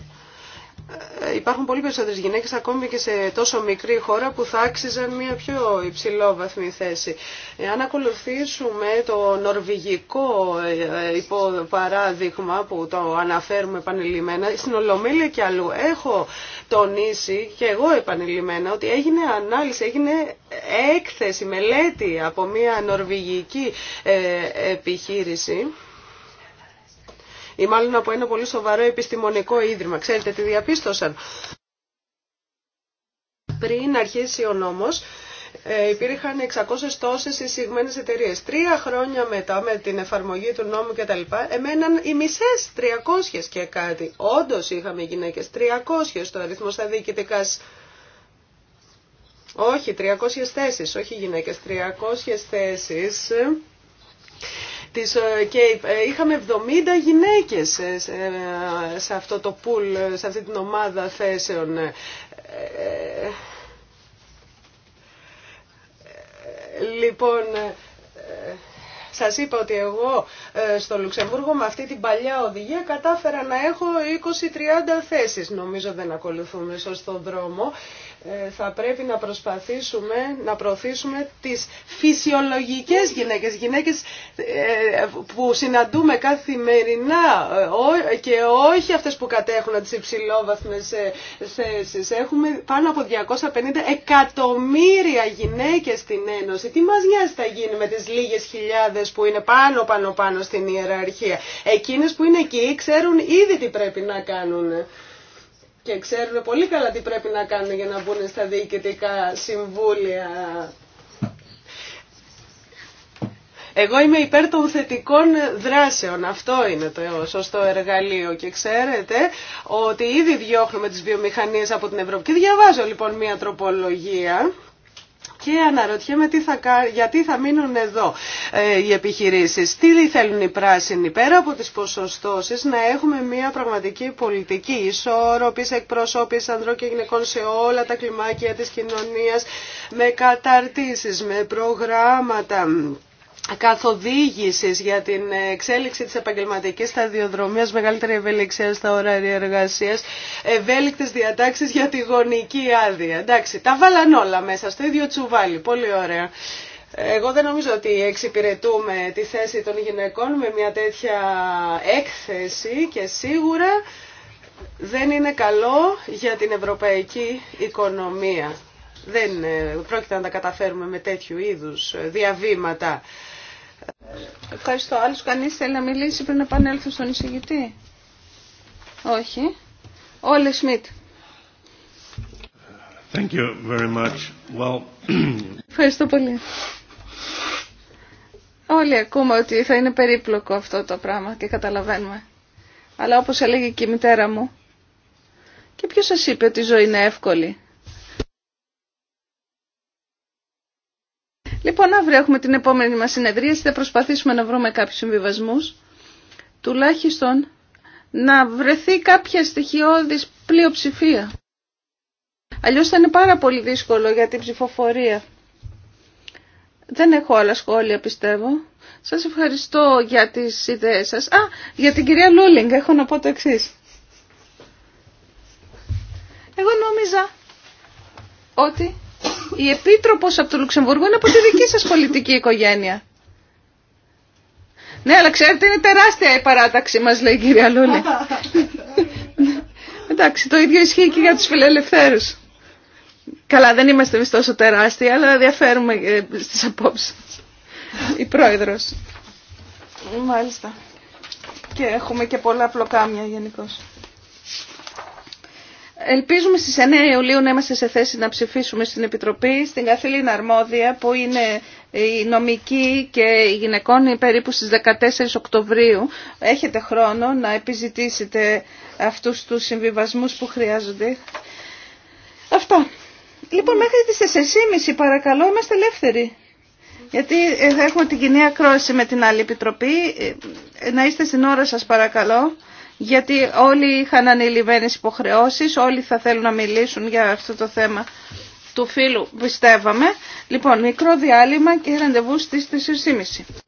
Ε, υπάρχουν πολύ περισσότερες γυναίκες ακόμη και σε τόσο μικρή χώρα που θα άξιζαν μια πιο υψηλόβαθμη θέση. Ε, αν ακολουθήσουμε το νορβηγικό ε, παράδειγμα που το αναφέρουμε επανειλημμένα, στην Ολομέλεια και αλλού έχω τονίσει και εγώ επανειλημμένα ότι έγινε ανάλυση, έγινε έκθεση, μελέτη από μια νορβηγική επιχείρηση ή μάλλον από ένα πολύ σοβαρό επιστημονικό ίδρυμα. Ξέρετε τι διαπίστωσαν. Πριν αρχίσει ο νόμος, ε, υπήρχαν 600 τόσες εισηγμένε εταιρείε. Τρία χρόνια μετά με την εφαρμογή του νόμου κτλ. Εμέναν οι μισέ 300 και κάτι. Όντως είχαμε γυναίκες 300 στο αριθμό στα διοικητικά όχι, 300 θέσει, όχι γυναίκε 300 θέσει. Ε, ε, και ε, είχαμε 70 γυναίκες ε, σε, αυτό το πουλ, σε αυτή την ομάδα θέσεων. λοιπόν, σας είπα ότι εγώ στο Λουξεμβούργο με αυτή την παλιά οδηγία κατάφερα να έχω 20-30 θέσεις. Νομίζω δεν ακολουθούμε σωστό δρόμο. Ε, θα πρέπει να προσπαθήσουμε να προωθήσουμε τις φυσιολογικές γυναίκες, γυναίκες ε, που συναντούμε καθημερινά ε, και όχι αυτές που κατέχουν τις υψηλόβαθμες θέσεις. Έχουμε πάνω από 250 εκατομμύρια γυναίκες στην Ένωση. Τι μας νοιάζει θα γίνει με τις λίγες χιλιάδες που είναι πάνω πάνω πάνω στην ιεραρχία. Εκείνες που είναι εκεί ξέρουν ήδη τι πρέπει να κάνουν και ξέρουν πολύ καλά τι πρέπει να κάνουν για να μπουν στα διοικητικά συμβούλια. Εγώ είμαι υπέρ των θετικών δράσεων. Αυτό είναι το σωστό εργαλείο. Και ξέρετε ότι ήδη διώχνουμε τις βιομηχανίες από την Ευρώπη. Και διαβάζω λοιπόν μια τροπολογία και αναρωτιέμαι θα, γιατί θα μείνουν εδώ ε, οι επιχειρήσεις. Τι θέλουν οι πράσινοι πέρα από τις ποσοστώσεις να έχουμε μια πραγματική πολιτική ισόρροπης εκπροσώπησης ανδρών και γυναικών σε όλα τα κλιμάκια της κοινωνίας με καταρτήσεις, με προγράμματα καθοδήγησης για την εξέλιξη της επαγγελματικής σταδιοδρομίας, μεγαλύτερη ευελιξία στα ωραία εργασίας, ευέλικτες διατάξεις για τη γονική άδεια. Εντάξει, τα βάλαν όλα μέσα στο ίδιο τσουβάλι. Πολύ ωραία. Εγώ δεν νομίζω ότι εξυπηρετούμε τη θέση των γυναικών με μια τέτοια έκθεση και σίγουρα δεν είναι καλό για την ευρωπαϊκή οικονομία. Δεν ε, πρόκειται να τα καταφέρουμε με τέτοιου είδους διαβήματα. Ευχαριστώ. Άλλος κανείς θέλει να μιλήσει πριν να επανέλθω στον εισηγητή. Όχι. Όλε Σμιτ. Ευχαριστώ πολύ. Όλοι ακούμε ότι θα είναι περίπλοκο αυτό το πράγμα και καταλαβαίνουμε. Αλλά όπως έλεγε και η μητέρα μου, και ποιος σας είπε ότι η ζωή είναι εύκολη. Λοιπόν, αύριο έχουμε την επόμενη μας συνεδρίαση. Θα προσπαθήσουμε να βρούμε κάποιους συμβιβασμούς. Τουλάχιστον να βρεθεί κάποια στοιχειώδης πλειοψηφία. Αλλιώς θα είναι πάρα πολύ δύσκολο για την ψηφοφορία. Δεν έχω άλλα σχόλια πιστεύω. Σας ευχαριστώ για τις ιδέες σας. Α, για την κυρία Λούλινγκ έχω να πω το εξή. Εγώ νόμιζα ότι η επίτροπο από το Λουξεμβούργο είναι από τη δική σα πολιτική οικογένεια. Ναι, αλλά ξέρετε είναι τεράστια η παράταξη μας, λέει η κυρία Λούλη. Εντάξει, το ίδιο ισχύει και για τους φιλελευθέρου. Καλά, δεν είμαστε εμεί τόσο τεράστιοι, αλλά διαφέρουμε ε, στις απόψει, Η πρόεδρος. Μάλιστα. Και έχουμε και πολλά πλοκάμια γενικώ. Ελπίζουμε στις 9 Ιουλίου να είμαστε σε θέση να ψηφίσουμε στην Επιτροπή, στην Καθήλυνα Αρμόδια που είναι η νομική και η γυναικών περίπου στις 14 Οκτωβρίου. Έχετε χρόνο να επιζητήσετε αυτούς τους συμβιβασμούς που χρειάζονται. Αυτά. Λοιπόν, μέχρι τις 4.30 παρακαλώ είμαστε ελεύθεροι. Γιατί ε, έχουμε την κοινή ακρόαση με την άλλη Επιτροπή. Ε, να είστε στην ώρα σας παρακαλώ γιατί όλοι είχαν ανηλυμένες υποχρεώσεις, όλοι θα θέλουν να μιλήσουν για αυτό το θέμα του φίλου, πιστεύαμε. Λοιπόν, μικρό διάλειμμα και ραντεβού στις 4.30.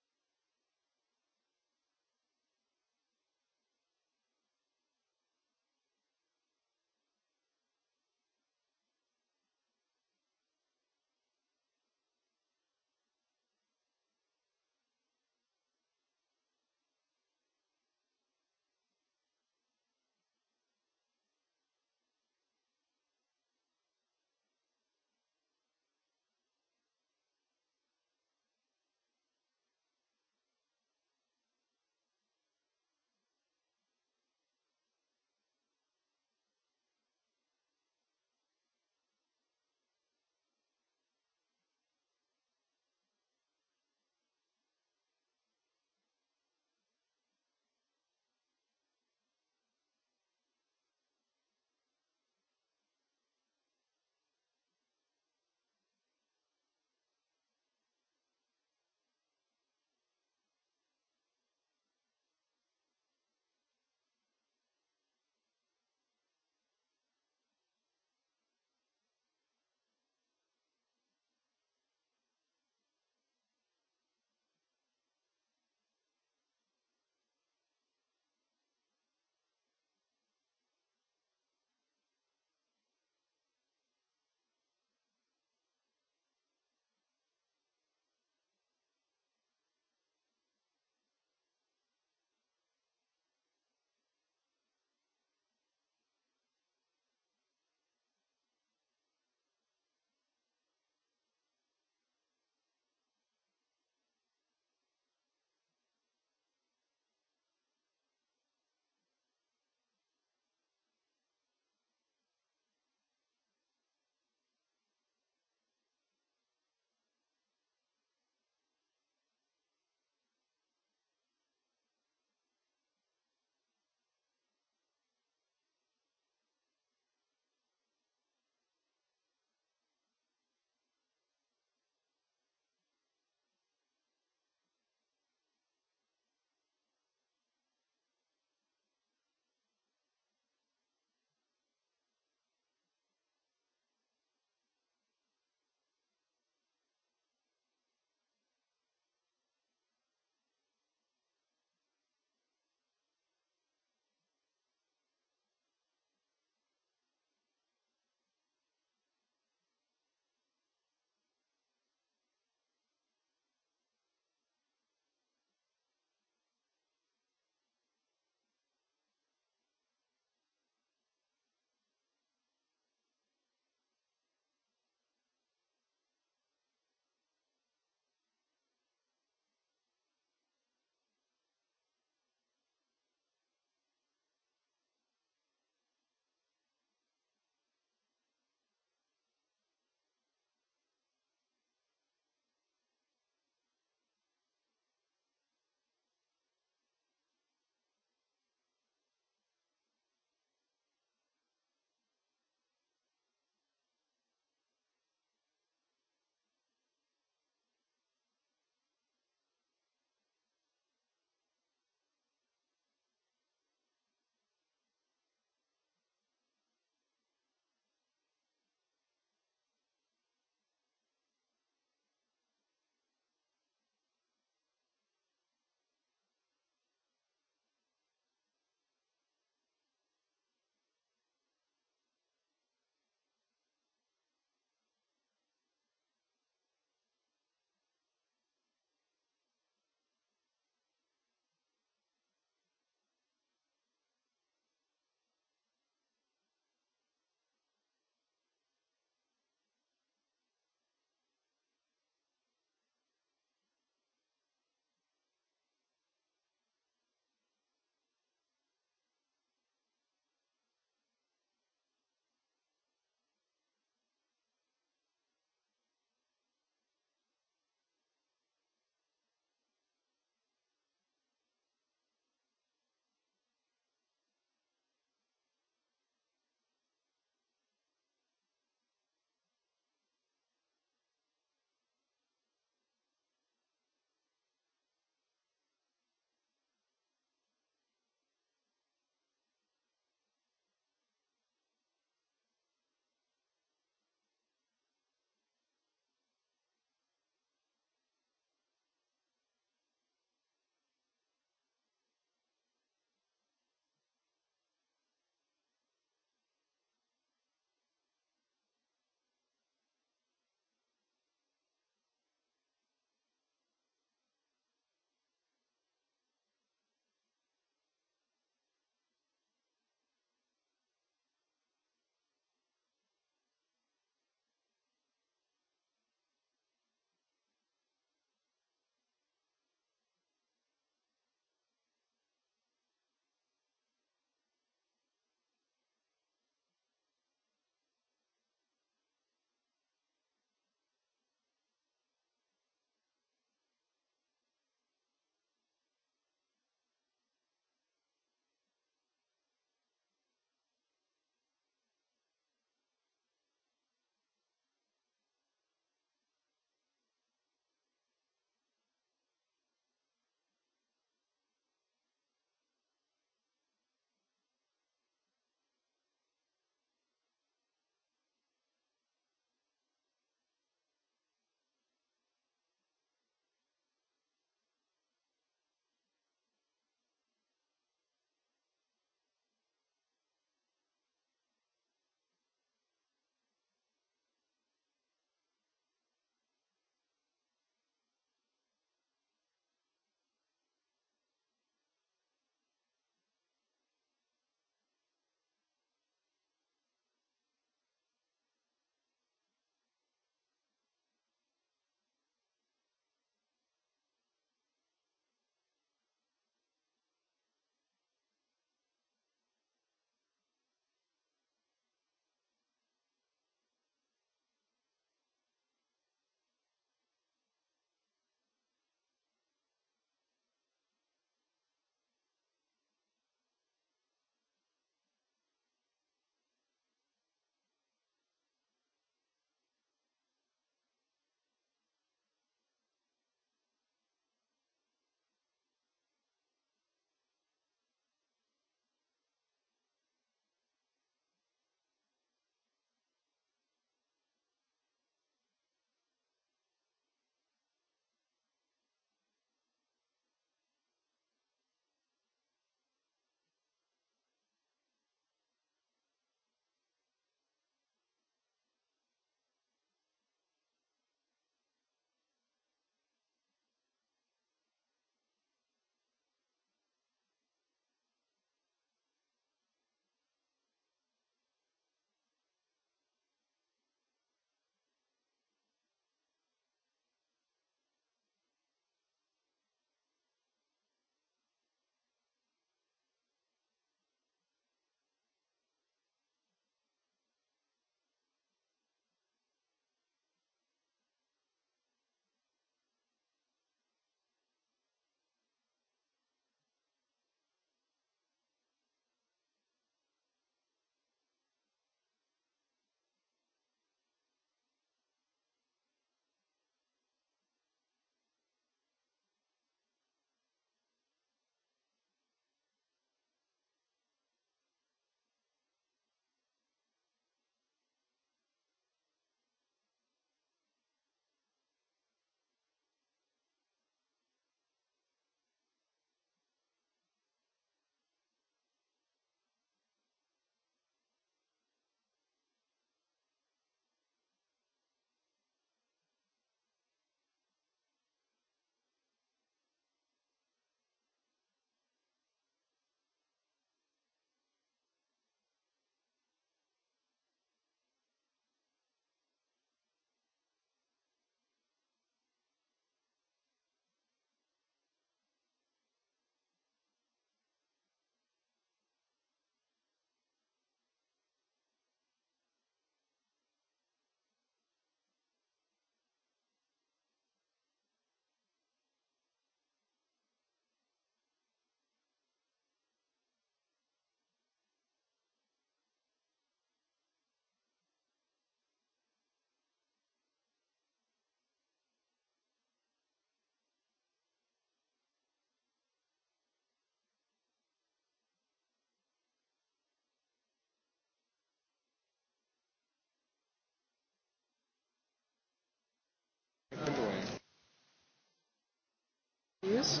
Yes.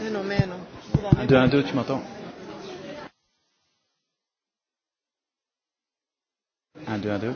Meno, un Αντρέα, tu m'entends Un, deux, un, deux.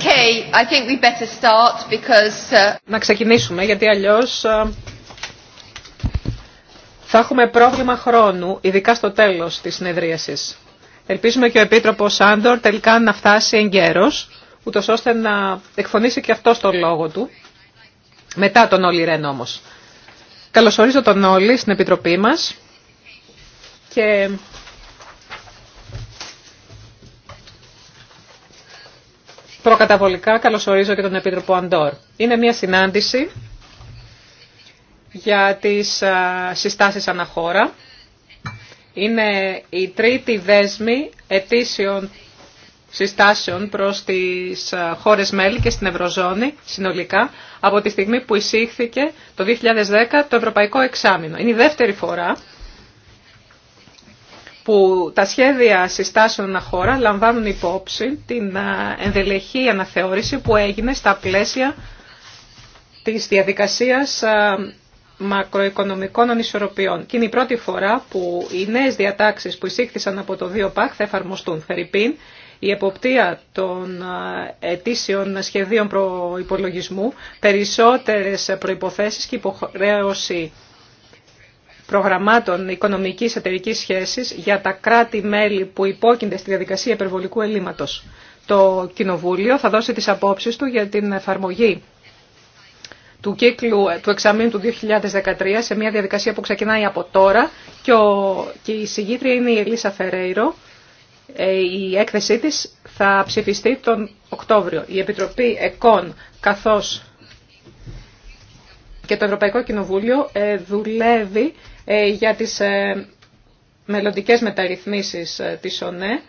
think we start uh, Να ξεκινήσουμε γιατί αλλιώς ε, θα έχουμε πρόβλημα χρόνου, ειδικά στο τέλος της συνεδρίασης. Ελπίζουμε και ο Επίτροπος Άντορ τελικά να φτάσει εγκαίρος, ούτως ώστε να εκφωνήσει και αυτό τον λόγο του, μετά τον Όλη Ρεν όμως. Καλωσορίζω τον Όλη στην Επιτροπή μας και Προκαταβολικά καλωσορίζω και τον Επίτροπο Αντόρ. Είναι μια συνάντηση για τις συστάσεις αναχώρα. Είναι η τρίτη δέσμη ετήσιων συστάσεων προς τις χώρες μέλη και στην Ευρωζώνη συνολικά από τη στιγμή που εισήχθηκε το 2010 το Ευρωπαϊκό Εξάμεινο. Είναι η δεύτερη φορά που τα σχέδια συστάσεων χώρα λαμβάνουν υπόψη την ε, ενδελεχή αναθεώρηση που έγινε στα πλαίσια της διαδικασίας ε, μακροοικονομικών ανισορροπιών. Και είναι η πρώτη φορά που οι νέες διατάξεις που εισήχθησαν από το 2ΠΑΚ θα εφαρμοστούν. Φερρυπίν, η εποπτεία των ε, ετήσιων σχεδίων προϋπολογισμού, περισσότερες προϋποθέσεις και υποχρέωση προγραμμάτων οικονομικής εταιρικής σχέσης για τα κράτη-μέλη που υπόκεινται στη διαδικασία υπερβολικού ελλείμματος. Το Κοινοβούλιο θα δώσει τις απόψεις του για την εφαρμογή του κύκλου του εξαμήνου του 2013 σε μια διαδικασία που ξεκινάει από τώρα και, και η συγγήτρια είναι η Ελίσσα Φερέιρο. Ε, η έκθεσή της θα ψηφιστεί τον Οκτώβριο. Η Επιτροπή ΕΚΟΝ καθώς και το Ευρωπαϊκό Κοινοβούλιο ε, δουλεύει ε, για τις ε, μελλοντικές μεταρρυθμίσεις ε, της ΟΝΕ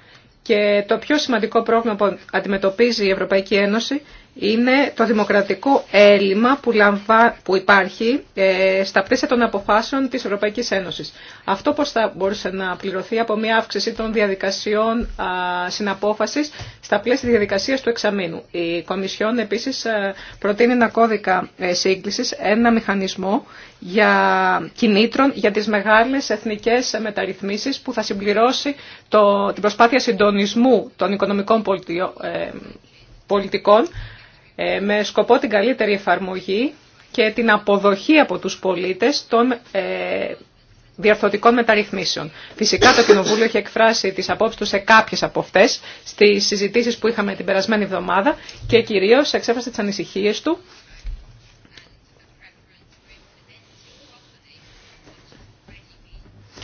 και το πιο σημαντικό πρόβλημα που αντιμετωπίζει η Ευρωπαϊκή Ένωση είναι το δημοκρατικό έλλειμμα που, λαμβα... που υπάρχει ε, στα πλαίσια των αποφάσεων της Ευρωπαϊκής Ένωσης. Αυτό πώς θα μπορούσε να πληρωθεί από μια αύξηση των διαδικασιών α, συναπόφασης στα πλαίσια της διαδικασίας του εξαμήνου. Η Κομισιόν επίσης ε, προτείνει ένα κώδικα ε, σύγκλησης, ένα μηχανισμό για κινήτρων για τις μεγάλες εθνικές μεταρρυθμίσεις που θα συμπληρώσει το, την προσπάθεια συντονισμού των οικονομικών ε, πολιτικών ε, με σκοπό την καλύτερη εφαρμογή και την αποδοχή από τους πολίτες των ε, διαρθωτικών μεταρρυθμίσεων. Φυσικά το Κοινοβούλιο έχει εκφράσει τις απόψεις του σε κάποιες από αυτές στις συζητήσεις που είχαμε την περασμένη εβδομάδα και κυρίως εξέφρασε τις ανησυχίες του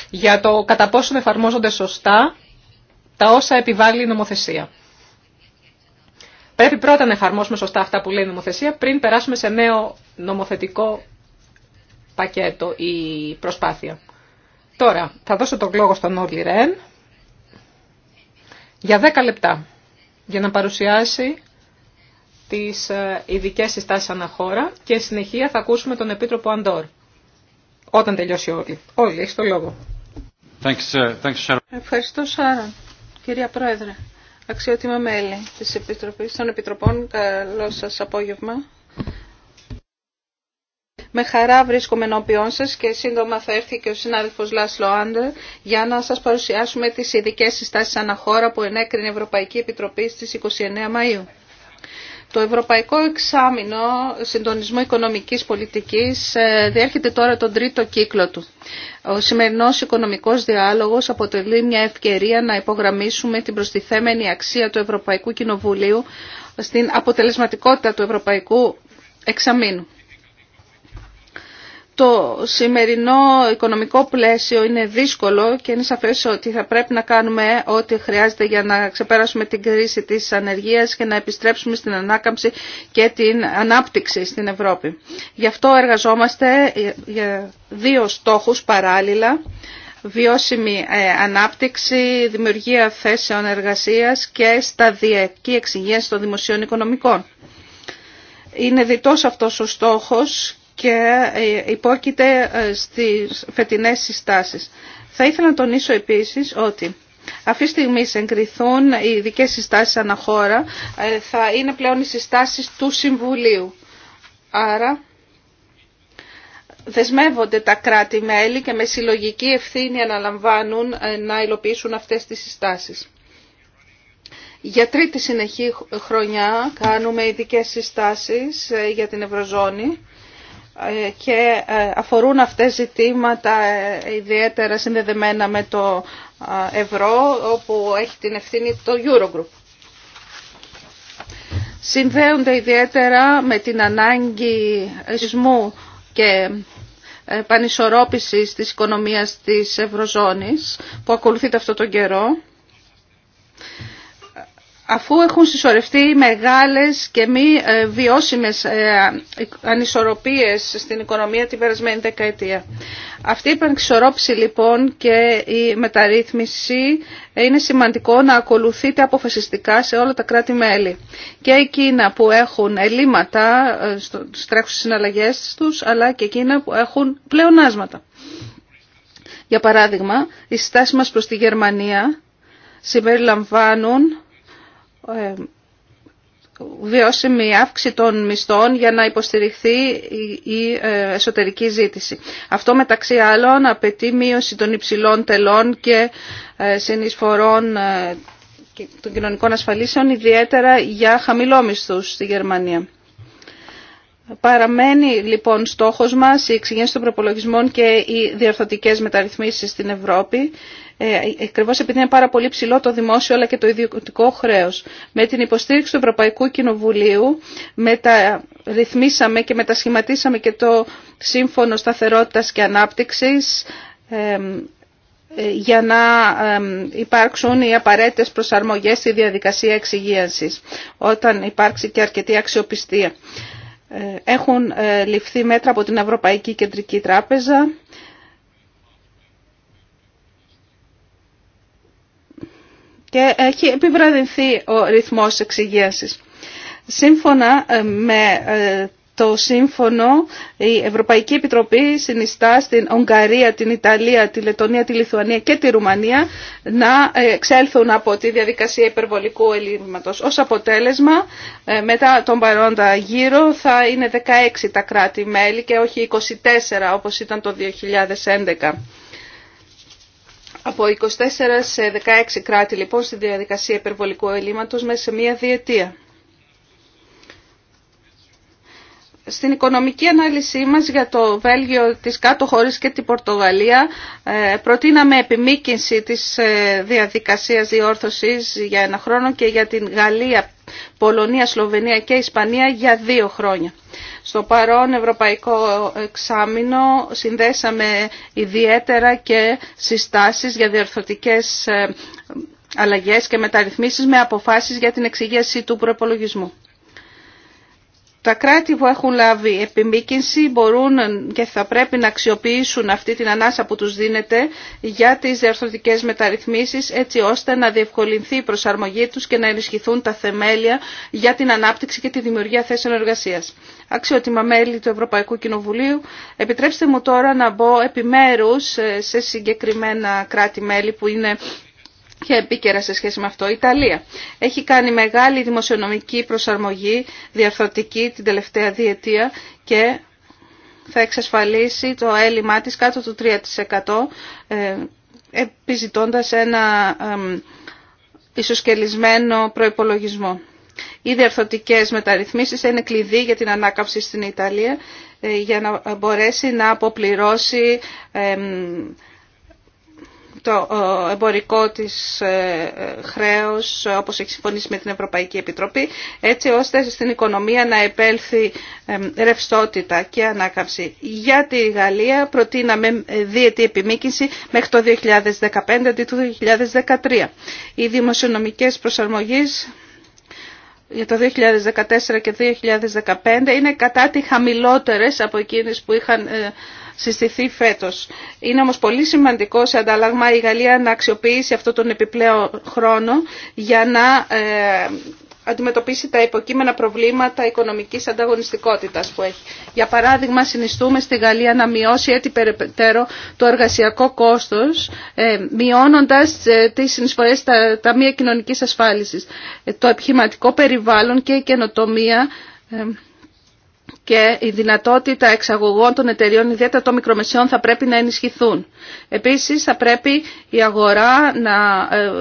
για το κατά πόσο εφαρμόζονται σωστά τα όσα επιβάλλει η νομοθεσία. Πρέπει πρώτα να εφαρμόσουμε σωστά αυτά που λέει η νομοθεσία πριν περάσουμε σε νέο νομοθετικό πακέτο ή προσπάθεια. Τώρα, θα δώσω τον λόγο στον Όλυ Ρεν για 10 λεπτά για να παρουσιάσει τις ε, ειδικέ συστάσεις αναχώρα και συνεχεία θα ακούσουμε τον Επίτροπο Αντόρ όταν τελειώσει όλοι. Όλοι, έχεις τον λόγο. Thanks, uh, thanks, Ευχαριστώ Σάρα, κυρία Πρόεδρε. Αξιότιμα μέλη της Επιτροπής των Επιτροπών, καλό σας απόγευμα. Με χαρά βρίσκομαι ενώπιόν σας και σύντομα θα έρθει και ο συνάδελφος Λάσλο Άντερ για να σας παρουσιάσουμε τις ειδικές συστάσεις αναχώρα που ενέκρινε η Ευρωπαϊκή Επιτροπή στις 29 Μαΐου. Το Ευρωπαϊκό Εξάμεινο Συντονισμού Οικονομικής Πολιτικής ε, διέρχεται τώρα τον τρίτο κύκλο του. Ο σημερινός οικονομικός διάλογος αποτελεί μια ευκαιρία να υπογραμμίσουμε την προστιθέμενη αξία του Ευρωπαϊκού Κοινοβουλίου στην αποτελεσματικότητα του Ευρωπαϊκού Εξαμήνου το σημερινό οικονομικό πλαίσιο είναι δύσκολο και είναι σαφές ότι θα πρέπει να κάνουμε ό,τι χρειάζεται για να ξεπεράσουμε την κρίση της ανεργίας και να επιστρέψουμε στην ανάκαμψη και την ανάπτυξη στην Ευρώπη. Γι' αυτό εργαζόμαστε για δύο στόχους παράλληλα. Βιώσιμη ε, ανάπτυξη, δημιουργία θέσεων εργασίας και σταδιακή εξυγίαση των δημοσίων οικονομικών. Είναι διτός αυτός ο στόχος και ε, υπόκειται ε, στις φετινές συστάσεις. Θα ήθελα να τονίσω επίσης ότι αυτή τη στιγμή εγκριθούν οι ειδικέ συστάσεις αναχώρα, ε, θα είναι πλέον οι συστάσεις του Συμβουλίου. Άρα δεσμεύονται τα κράτη-μέλη και με συλλογική ευθύνη αναλαμβάνουν να υλοποιήσουν αυτές τις συστάσεις. Για τρίτη συνεχή χρονιά κάνουμε ειδικέ συστάσεις για την Ευρωζώνη και ε, αφορούν αυτές ζητήματα ε, ιδιαίτερα συνδεδεμένα με το ε, ευρώ όπου έχει την ευθύνη το Eurogroup. Συνδέονται ιδιαίτερα με την ανάγκη σεισμού και πανισορρόπησης της οικονομίας της Ευρωζώνης που ακολουθείται αυτό τον καιρό αφού έχουν συσσωρευτεί μεγάλες και μη ε, βιώσιμες ε, ανισορροπίες στην οικονομία την περασμένη δεκαετία. Αυτή η επανεξορρόπηση λοιπόν και η μεταρρύθμιση είναι σημαντικό να ακολουθείται αποφασιστικά σε όλα τα κράτη-μέλη. Και εκείνα που έχουν ελλείμματα ε, στις τρέχουσες συναλλαγές τους, αλλά και εκείνα που έχουν πλεονάσματα. Για παράδειγμα, οι στάσεις μας προς τη Γερμανία συμπεριλαμβάνουν ε, βιώσιμη αύξηση των μισθών για να υποστηριχθεί η ε, εσωτερική ζήτηση. Αυτό μεταξύ άλλων απαιτεί μείωση των υψηλών τελών και ε, συνεισφορών των κοινωνικών ασφαλίσεων, ιδιαίτερα για χαμηλόμισθους στη Γερμανία. Παραμένει λοιπόν στόχος μας η εξηγένση των προπολογισμών και οι διορθωτικές μεταρρυθμίσεις στην Ευρώπη ε, ακριβώ επειδή είναι πάρα πολύ ψηλό το δημόσιο αλλά και το ιδιωτικό χρέο. Με την υποστήριξη του Ευρωπαϊκού Κοινοβουλίου μεταρρυθμίσαμε και μετασχηματίσαμε και το Σύμφωνο Σταθερότητα και Ανάπτυξη ε, για να υπάρξουν οι απαραίτητες προσαρμογές στη διαδικασία εξυγίανσης όταν υπάρξει και αρκετή αξιοπιστία. Ε, έχουν ληφθεί μέτρα από την Ευρωπαϊκή Κεντρική Τράπεζα και έχει επιβραδυνθεί ο ρυθμός εξυγίασης. Σύμφωνα ε, με ε, το σύμφωνο η Ευρωπαϊκή Επιτροπή συνιστά στην Ουγγαρία, την Ιταλία, τη Λετωνία, τη Λιθουανία και τη Ρουμανία να εξέλθουν από τη διαδικασία υπερβολικού ελλείμματος. Ως αποτέλεσμα, ε, μετά τον παρόντα γύρο θα είναι 16 τα κράτη-μέλη και όχι 24 όπως ήταν το 2011. Από 24 σε 16 κράτη λοιπόν στη διαδικασία υπερβολικού ελλείμματος μέσα σε μία διετία. Στην οικονομική ανάλυση μας για το Βέλγιο, τις κάτω χώρες και την Πορτογαλία ε, προτείναμε επιμήκυνση της ε, διαδικασίας διόρθωσης για ένα χρόνο και για την Γαλλία Πολωνία, Σλοβενία και Ισπανία για δύο χρόνια. Στο παρόν ευρωπαϊκό εξάμεινο συνδέσαμε ιδιαίτερα και συστάσεις για διορθωτικές ε, αλλαγές και μεταρρυθμίσεις με αποφάσεις για την εξηγήση του προπολογισμού. Τα κράτη που έχουν λάβει επιμήκυνση μπορούν και θα πρέπει να αξιοποιήσουν αυτή την ανάσα που τους δίνεται για τις διαρθρωτικές μεταρρυθμίσεις έτσι ώστε να διευκολυνθεί η προσαρμογή τους και να ενισχυθούν τα θεμέλια για την ανάπτυξη και τη δημιουργία θέσεων εργασίας. Αξιότιμα μέλη του Ευρωπαϊκού Κοινοβουλίου, επιτρέψτε μου τώρα να μπω επιμέρους ε, σε συγκεκριμένα κράτη-μέλη που είναι και επίκαιρα σε σχέση με αυτό, η Ιταλία. Έχει κάνει μεγάλη δημοσιονομική προσαρμογή διαρθρωτική την τελευταία διετία και θα εξασφαλίσει το έλλειμμά της κάτω του 3% ε, επιζητώντας ένα ισοσκελισμένο προϋπολογισμό. Οι διαρθωτικές μεταρρυθμίσεις είναι κλειδί για την ανάκαμψη στην Ιταλία ε, για να μπορέσει να αποπληρώσει το ε, εμπορικό της ε, χρέος όπως έχει συμφωνήσει με την Ευρωπαϊκή Επιτροπή έτσι ώστε στην οικονομία να επέλθει ρευστότητα και ανάκαμψη. Για τη Γαλλία προτείναμε ε, δίαιτη επιμήκυνση μέχρι το 2015 αντί το 2013. Οι δημοσιονομικές προσαρμογές για το 2014 και 2015 είναι κατά τη χαμηλότερες από εκείνες που είχαν συστηθεί φέτο. Είναι όμως πολύ σημαντικό σε ανταλλάγμα η Γαλλία να αξιοποιήσει αυτόν τον επιπλέον χρόνο για να ε, αντιμετωπίσει τα υποκείμενα προβλήματα οικονομικής ανταγωνιστικότητας που έχει. Για παράδειγμα, συνιστούμε στη Γαλλία να μειώσει έτσι περαιτέρω το εργασιακό κόστος, ε, μειώνοντας ε, τις συνεισφορές στα ταμεία κοινωνικής ασφάλισης. Το επιχειρηματικό περιβάλλον και η καινοτομία και η δυνατότητα εξαγωγών των εταιριών, ιδιαίτερα των μικρομεσαίων, θα πρέπει να ενισχυθούν. Επίσης, θα πρέπει η αγορά να ε,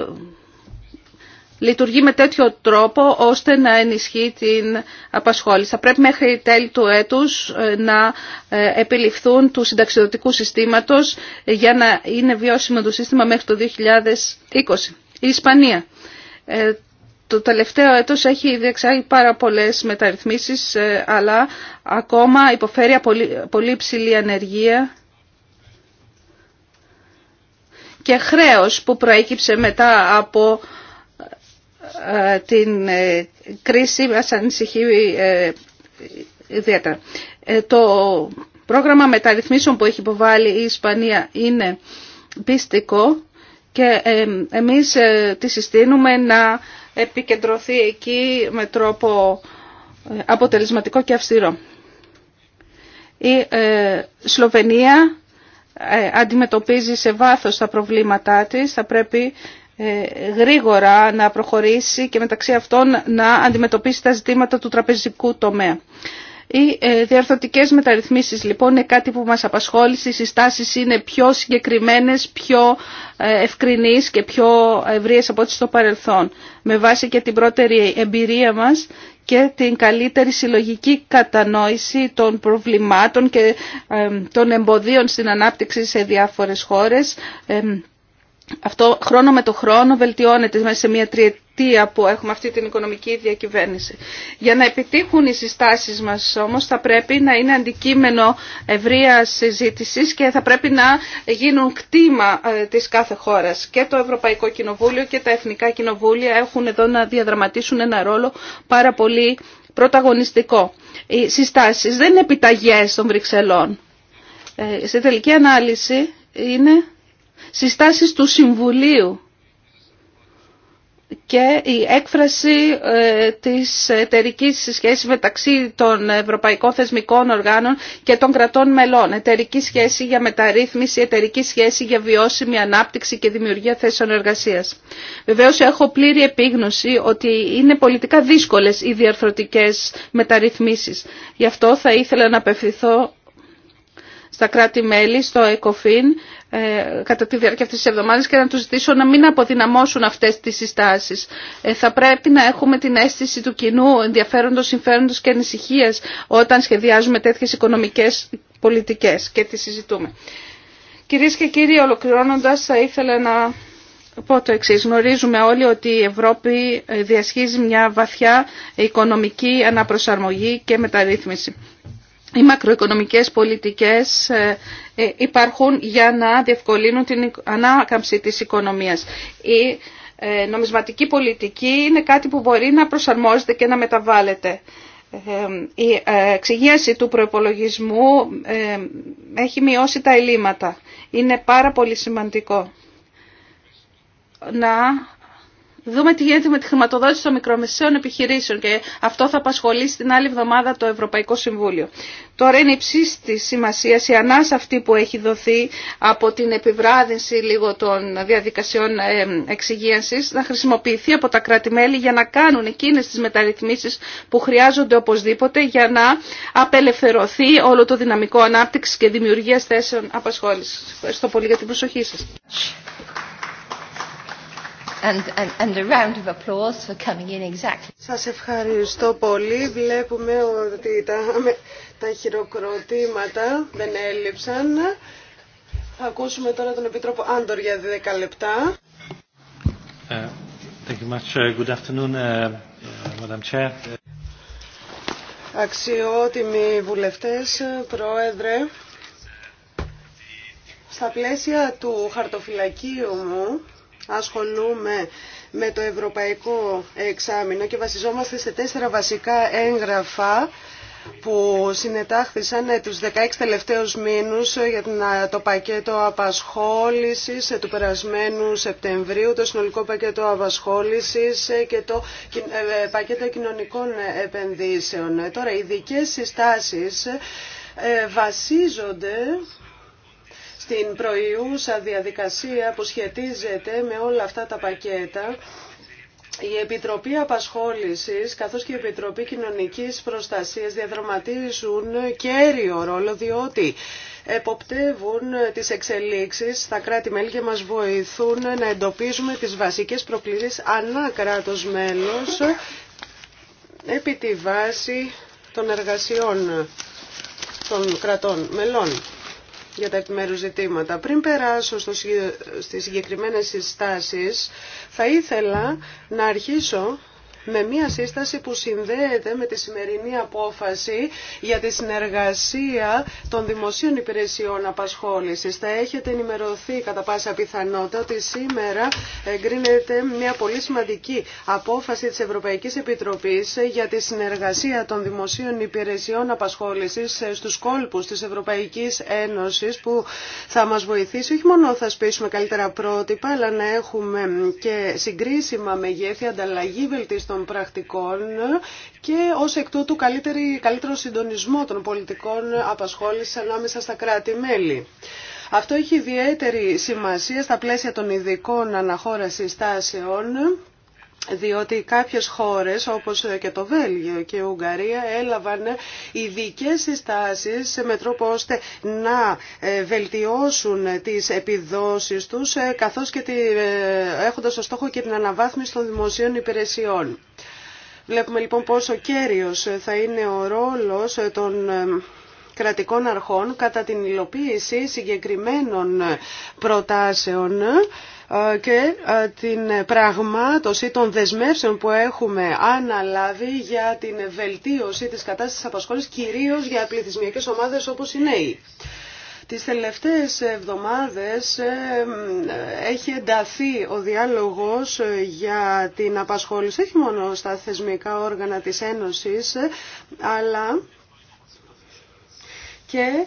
λειτουργεί με τέτοιο τρόπο ώστε να ενισχύει την απασχόληση. Θα πρέπει μέχρι τέλη του έτους ε, να ε, επιληφθούν του συνταξιδοτικού συστήματος για να είναι βιώσιμο το σύστημα μέχρι το 2020. Η Ισπανία το τελευταίο έτος έχει διεξάγει πάρα πολλές μεταρρυθμίσεις, ε, αλλά ακόμα υποφέρει πολύ, πολύ ψηλή ανεργία και χρέος που προέκυψε μετά από ε, την ε, κρίση μας ανησυχεί ιδιαίτερα. Το πρόγραμμα μεταρρυθμίσεων που έχει υποβάλει η Ισπανία είναι πιστικό και εμείς τη συστήνουμε να επικεντρωθεί εκεί με τρόπο ε, αποτελεσματικό και αυστηρό. Η ε, Σλοβενία ε, αντιμετωπίζει σε βάθος τα προβλήματά της. Θα πρέπει γρήγορα να προχωρήσει και μεταξύ αυτών να αντιμετωπίσει τα ζητήματα του τραπεζικού τομέα. Οι ε, διαρθωτικές μεταρρυθμίσεις λοιπόν είναι κάτι που μας απασχόλησε. Οι συστάσεις είναι πιο συγκεκριμένες, πιο ε, ευκρινείς και πιο ευρείες από ό,τι στο παρελθόν. Με βάση και την πρώτερη εμπειρία μας και την καλύτερη συλλογική κατανόηση των προβλημάτων και ε, των εμποδίων στην ανάπτυξη σε διάφορες χώρες αυτό χρόνο με το χρόνο βελτιώνεται μέσα σε μια τριετία που έχουμε αυτή την οικονομική διακυβέρνηση. Για να επιτύχουν οι συστάσεις μας όμως θα πρέπει να είναι αντικείμενο ευρεία συζήτηση και θα πρέπει να γίνουν κτήμα ε, της κάθε χώρας. Και το Ευρωπαϊκό Κοινοβούλιο και τα Εθνικά Κοινοβούλια έχουν εδώ να διαδραματίσουν ένα ρόλο πάρα πολύ πρωταγωνιστικό. Οι συστάσεις δεν είναι επιταγές των Βρυξελών. Ε, στη τελική ανάλυση είναι συστάσεις του Συμβουλίου και η έκφραση ε, της εταιρική σχέσης μεταξύ των ευρωπαϊκών θεσμικών οργάνων και των κρατών μελών. Εταιρική σχέση για μεταρρύθμιση, εταιρική σχέση για βιώσιμη ανάπτυξη και δημιουργία θέσεων εργασίας. Βεβαίως έχω πλήρη επίγνωση ότι είναι πολιτικά δύσκολες οι διαρθρωτικές μεταρρυθμίσεις. Γι' αυτό θα ήθελα να απευθυνθώ στα κράτη-μέλη, στο ΕΚΟΦΗΝ ε, κατά τη διάρκεια αυτής της εβδομάδας και να τους ζητήσω να μην αποδυναμώσουν αυτές τις συστάσεις. Ε, θα πρέπει να έχουμε την αίσθηση του κοινού ενδιαφέροντος, συμφέροντος και ανησυχία όταν σχεδιάζουμε τέτοιες οικονομικές πολιτικές και τις συζητούμε. Κυρίες και κύριοι, ολοκληρώνοντας θα ήθελα να πω το εξής. Γνωρίζουμε όλοι ότι η Ευρώπη ε, διασχίζει μια βαθιά οικονομική αναπροσαρμογή και μεταρρύθμιση οι μακροοικονομικές πολιτικές ε, ε, υπάρχουν για να διευκολύνουν την ανάκαμψη της οικονομίας. Η ε, νομισματική πολιτική είναι κάτι που μπορεί να προσαρμόζεται και να μεταβάλλεται. Η εξηγίαση του προϋπολογισμού έχει μειώσει τα ελλείμματα. Είναι πάρα πολύ σημαντικό να δούμε τι γίνεται με τη χρηματοδότηση των μικρομεσαίων επιχειρήσεων και αυτό θα απασχολήσει την άλλη εβδομάδα το Ευρωπαϊκό Συμβούλιο. Τώρα είναι υψή τη σημασία η ανάσα αυτή που έχει δοθεί από την επιβράδυνση λίγο των διαδικασιών ε, εξυγίανση να χρησιμοποιηθεί από τα κράτη-μέλη για να κάνουν εκείνε τι μεταρρυθμίσει που χρειάζονται οπωσδήποτε για να απελευθερωθεί όλο το δυναμικό ανάπτυξη και δημιουργία θέσεων απασχόληση. Ευχαριστώ πολύ για την προσοχή σα. Σας ευχαριστώ πολύ. Βλέπουμε ότι τα, τα χειροκροτήματα δεν έλειψαν. Θα ακούσουμε τώρα τον Επίτροπο Άντορ για 10 λεπτά. Uh, Αξιότιμοι βουλευτές, πρόεδρε, στα πλαίσια του χαρτοφυλακίου μου, ασχολούμε με το Ευρωπαϊκό Εξάμεινο και βασιζόμαστε σε τέσσερα βασικά έγγραφα που συνετάχθησαν τους 16 τελευταίους μήνους για το πακέτο απασχόλησης του περασμένου Σεπτεμβρίου, το συνολικό πακέτο απασχόλησης και το ε, ε, πακέτο κοινωνικών επενδύσεων. Τώρα, οι ειδικές συστάσεις ε, βασίζονται στην προϊούσα διαδικασία που σχετίζεται με όλα αυτά τα πακέτα η Επιτροπή Απασχόλησης καθώς και η Επιτροπή Κοινωνικής Προστασίας διαδραματίζουν κέριο ρόλο διότι εποπτεύουν τις εξελίξεις στα κράτη-μέλη και μας βοηθούν να εντοπίζουμε τις βασικές προκλήσεις ανά κράτος μέλος επί τη βάση των εργασιών των κρατών μελών για τα επιμέρους ζητήματα. Πριν περάσω στο, στις συγκεκριμένες συστάσεις, θα ήθελα να αρχίσω με μια σύσταση που συνδέεται με τη σημερινή απόφαση για τη συνεργασία των δημοσίων υπηρεσιών απασχόλησης. Θα έχετε ενημερωθεί κατά πάσα πιθανότητα ότι σήμερα εγκρίνεται μια πολύ σημαντική απόφαση της Ευρωπαϊκής Επιτροπής για τη συνεργασία των δημοσίων υπηρεσιών απασχόλησης στους κόλπους τη Ευρωπαϊκή Ένωσης που θα μα βοηθήσει όχι μόνο θα σπίσουμε καλύτερα πρότυπα αλλά να έχουμε και συγκρίσιμα μεγέθη ανταλλαγή βελτίστων πρακτικών και ως εκ τούτου καλύτερη, καλύτερο συντονισμό των πολιτικών απασχόληση ανάμεσα στα κράτη-μέλη. Αυτό έχει ιδιαίτερη σημασία στα πλαίσια των ειδικών αναχώρασης τάσεων διότι κάποιες χώρες όπως και το Βέλγιο και η Ουγγαρία έλαβαν ειδικέ συστάσεις με τρόπο ώστε να ε, βελτιώσουν τις επιδόσεις τους ε, καθώς και τη, ε, έχοντας στόχο και την αναβάθμιση των δημοσίων υπηρεσιών. Βλέπουμε λοιπόν πόσο κέριος θα είναι ο ρόλος των κρατικών αρχών κατά την υλοποίηση συγκεκριμένων προτάσεων ε, και ε, την πραγμάτωση των δεσμεύσεων που έχουμε αναλάβει για την βελτίωση της κατάστασης απασχόλησης κυρίως για πληθυσμιακές ομάδες όπως οι νέοι. Τις τελευταίες εβδομάδες ε, έχει ενταθεί ο διάλογος για την απασχόληση όχι μόνο στα θεσμικά όργανα της Ένωσης αλλά και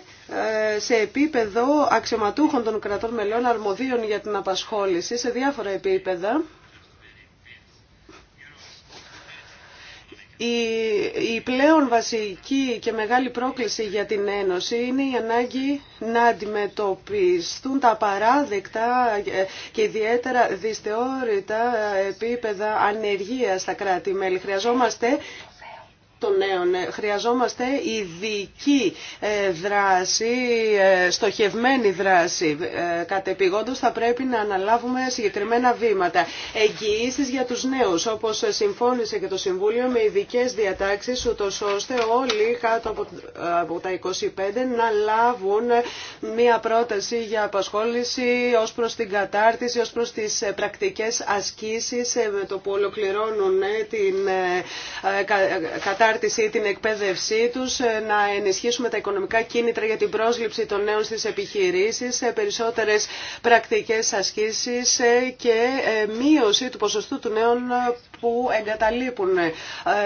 σε επίπεδο αξιωματούχων των κρατών μελών αρμοδίων για την απασχόληση σε διάφορα επίπεδα. Η, πλέον βασική και μεγάλη πρόκληση για την Ένωση είναι η ανάγκη να αντιμετωπιστούν τα παράδεκτα και ιδιαίτερα δυσθεώρητα επίπεδα ανεργίας στα κράτη-μέλη. Χρειαζόμαστε των νέων. Χρειαζόμαστε ειδική ε, δράση, ε, στοχευμένη δράση. Ε, επιγόντω, θα πρέπει να αναλάβουμε συγκεκριμένα βήματα. Εγγυήσεις για τους νέους, όπως συμφώνησε και το Συμβούλιο με ειδικέ διατάξεις, ούτως ώστε όλοι κάτω από τα 25 να λάβουν μία πρόταση για απασχόληση ως προς την κατάρτιση, ως προς τις πρακτικές ασκήσεις με το που ολοκληρώνουν την κατάρτιση εξάρτηση ή την εκπαίδευσή τους, ε, να ενισχύσουμε τα οικονομικά κίνητρα για την πρόσληψη των νέων στις επιχειρήσεις, σε περισσότερες πρακτικές ασκήσεις ε, και ε, μείωση του ποσοστού του νέων που εγκαταλείπουν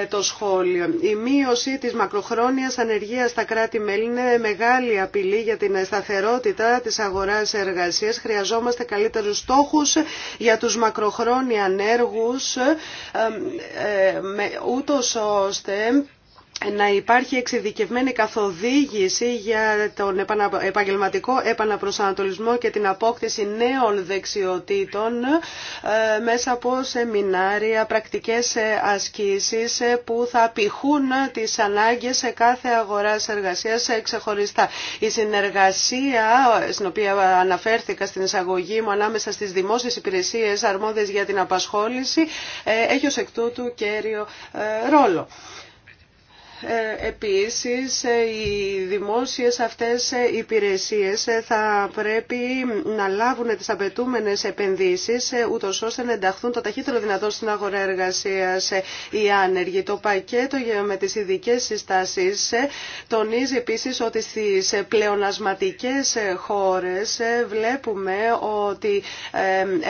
το σχόλιο. Η μείωση της μακροχρόνιας ανεργίας στα κράτη-μέλη είναι μεγάλη απειλή για την σταθερότητα της αγοράς εργασίας. Χρειαζόμαστε καλύτερους στόχους για τους μακροχρόνια ανέργους, ούτως ώστε να υπάρχει εξειδικευμένη καθοδήγηση για τον επαγγελματικό επαναπροσανατολισμό και την απόκτηση νέων δεξιοτήτων ε, μέσα από σεμινάρια, πρακτικές ε, ασκήσεις ε, που θα πηχούν τις ανάγκες σε κάθε αγοράς εργασίας ξεχωριστά. Η συνεργασία, στην οποία αναφέρθηκα στην εισαγωγή μου, ανάμεσα στις δημόσιες υπηρεσίες αρμόδιες για την απασχόληση, έχει ως εκ τούτου κέριο ρόλο. Ε, επίσης, ε, οι δημόσιες αυτές ε, υπηρεσίες θα πρέπει να λάβουν τις απαιτούμενες επενδύσεις, ούτως ώστε να ενταχθούν το ταχύτερο δυνατό στην αγορά εργασίας οι άνεργοι. Το πακέτο με τις ειδικέ συστάσεις τονίζει επίσης ότι στις πλεονασματικές χώρες βλέπουμε ότι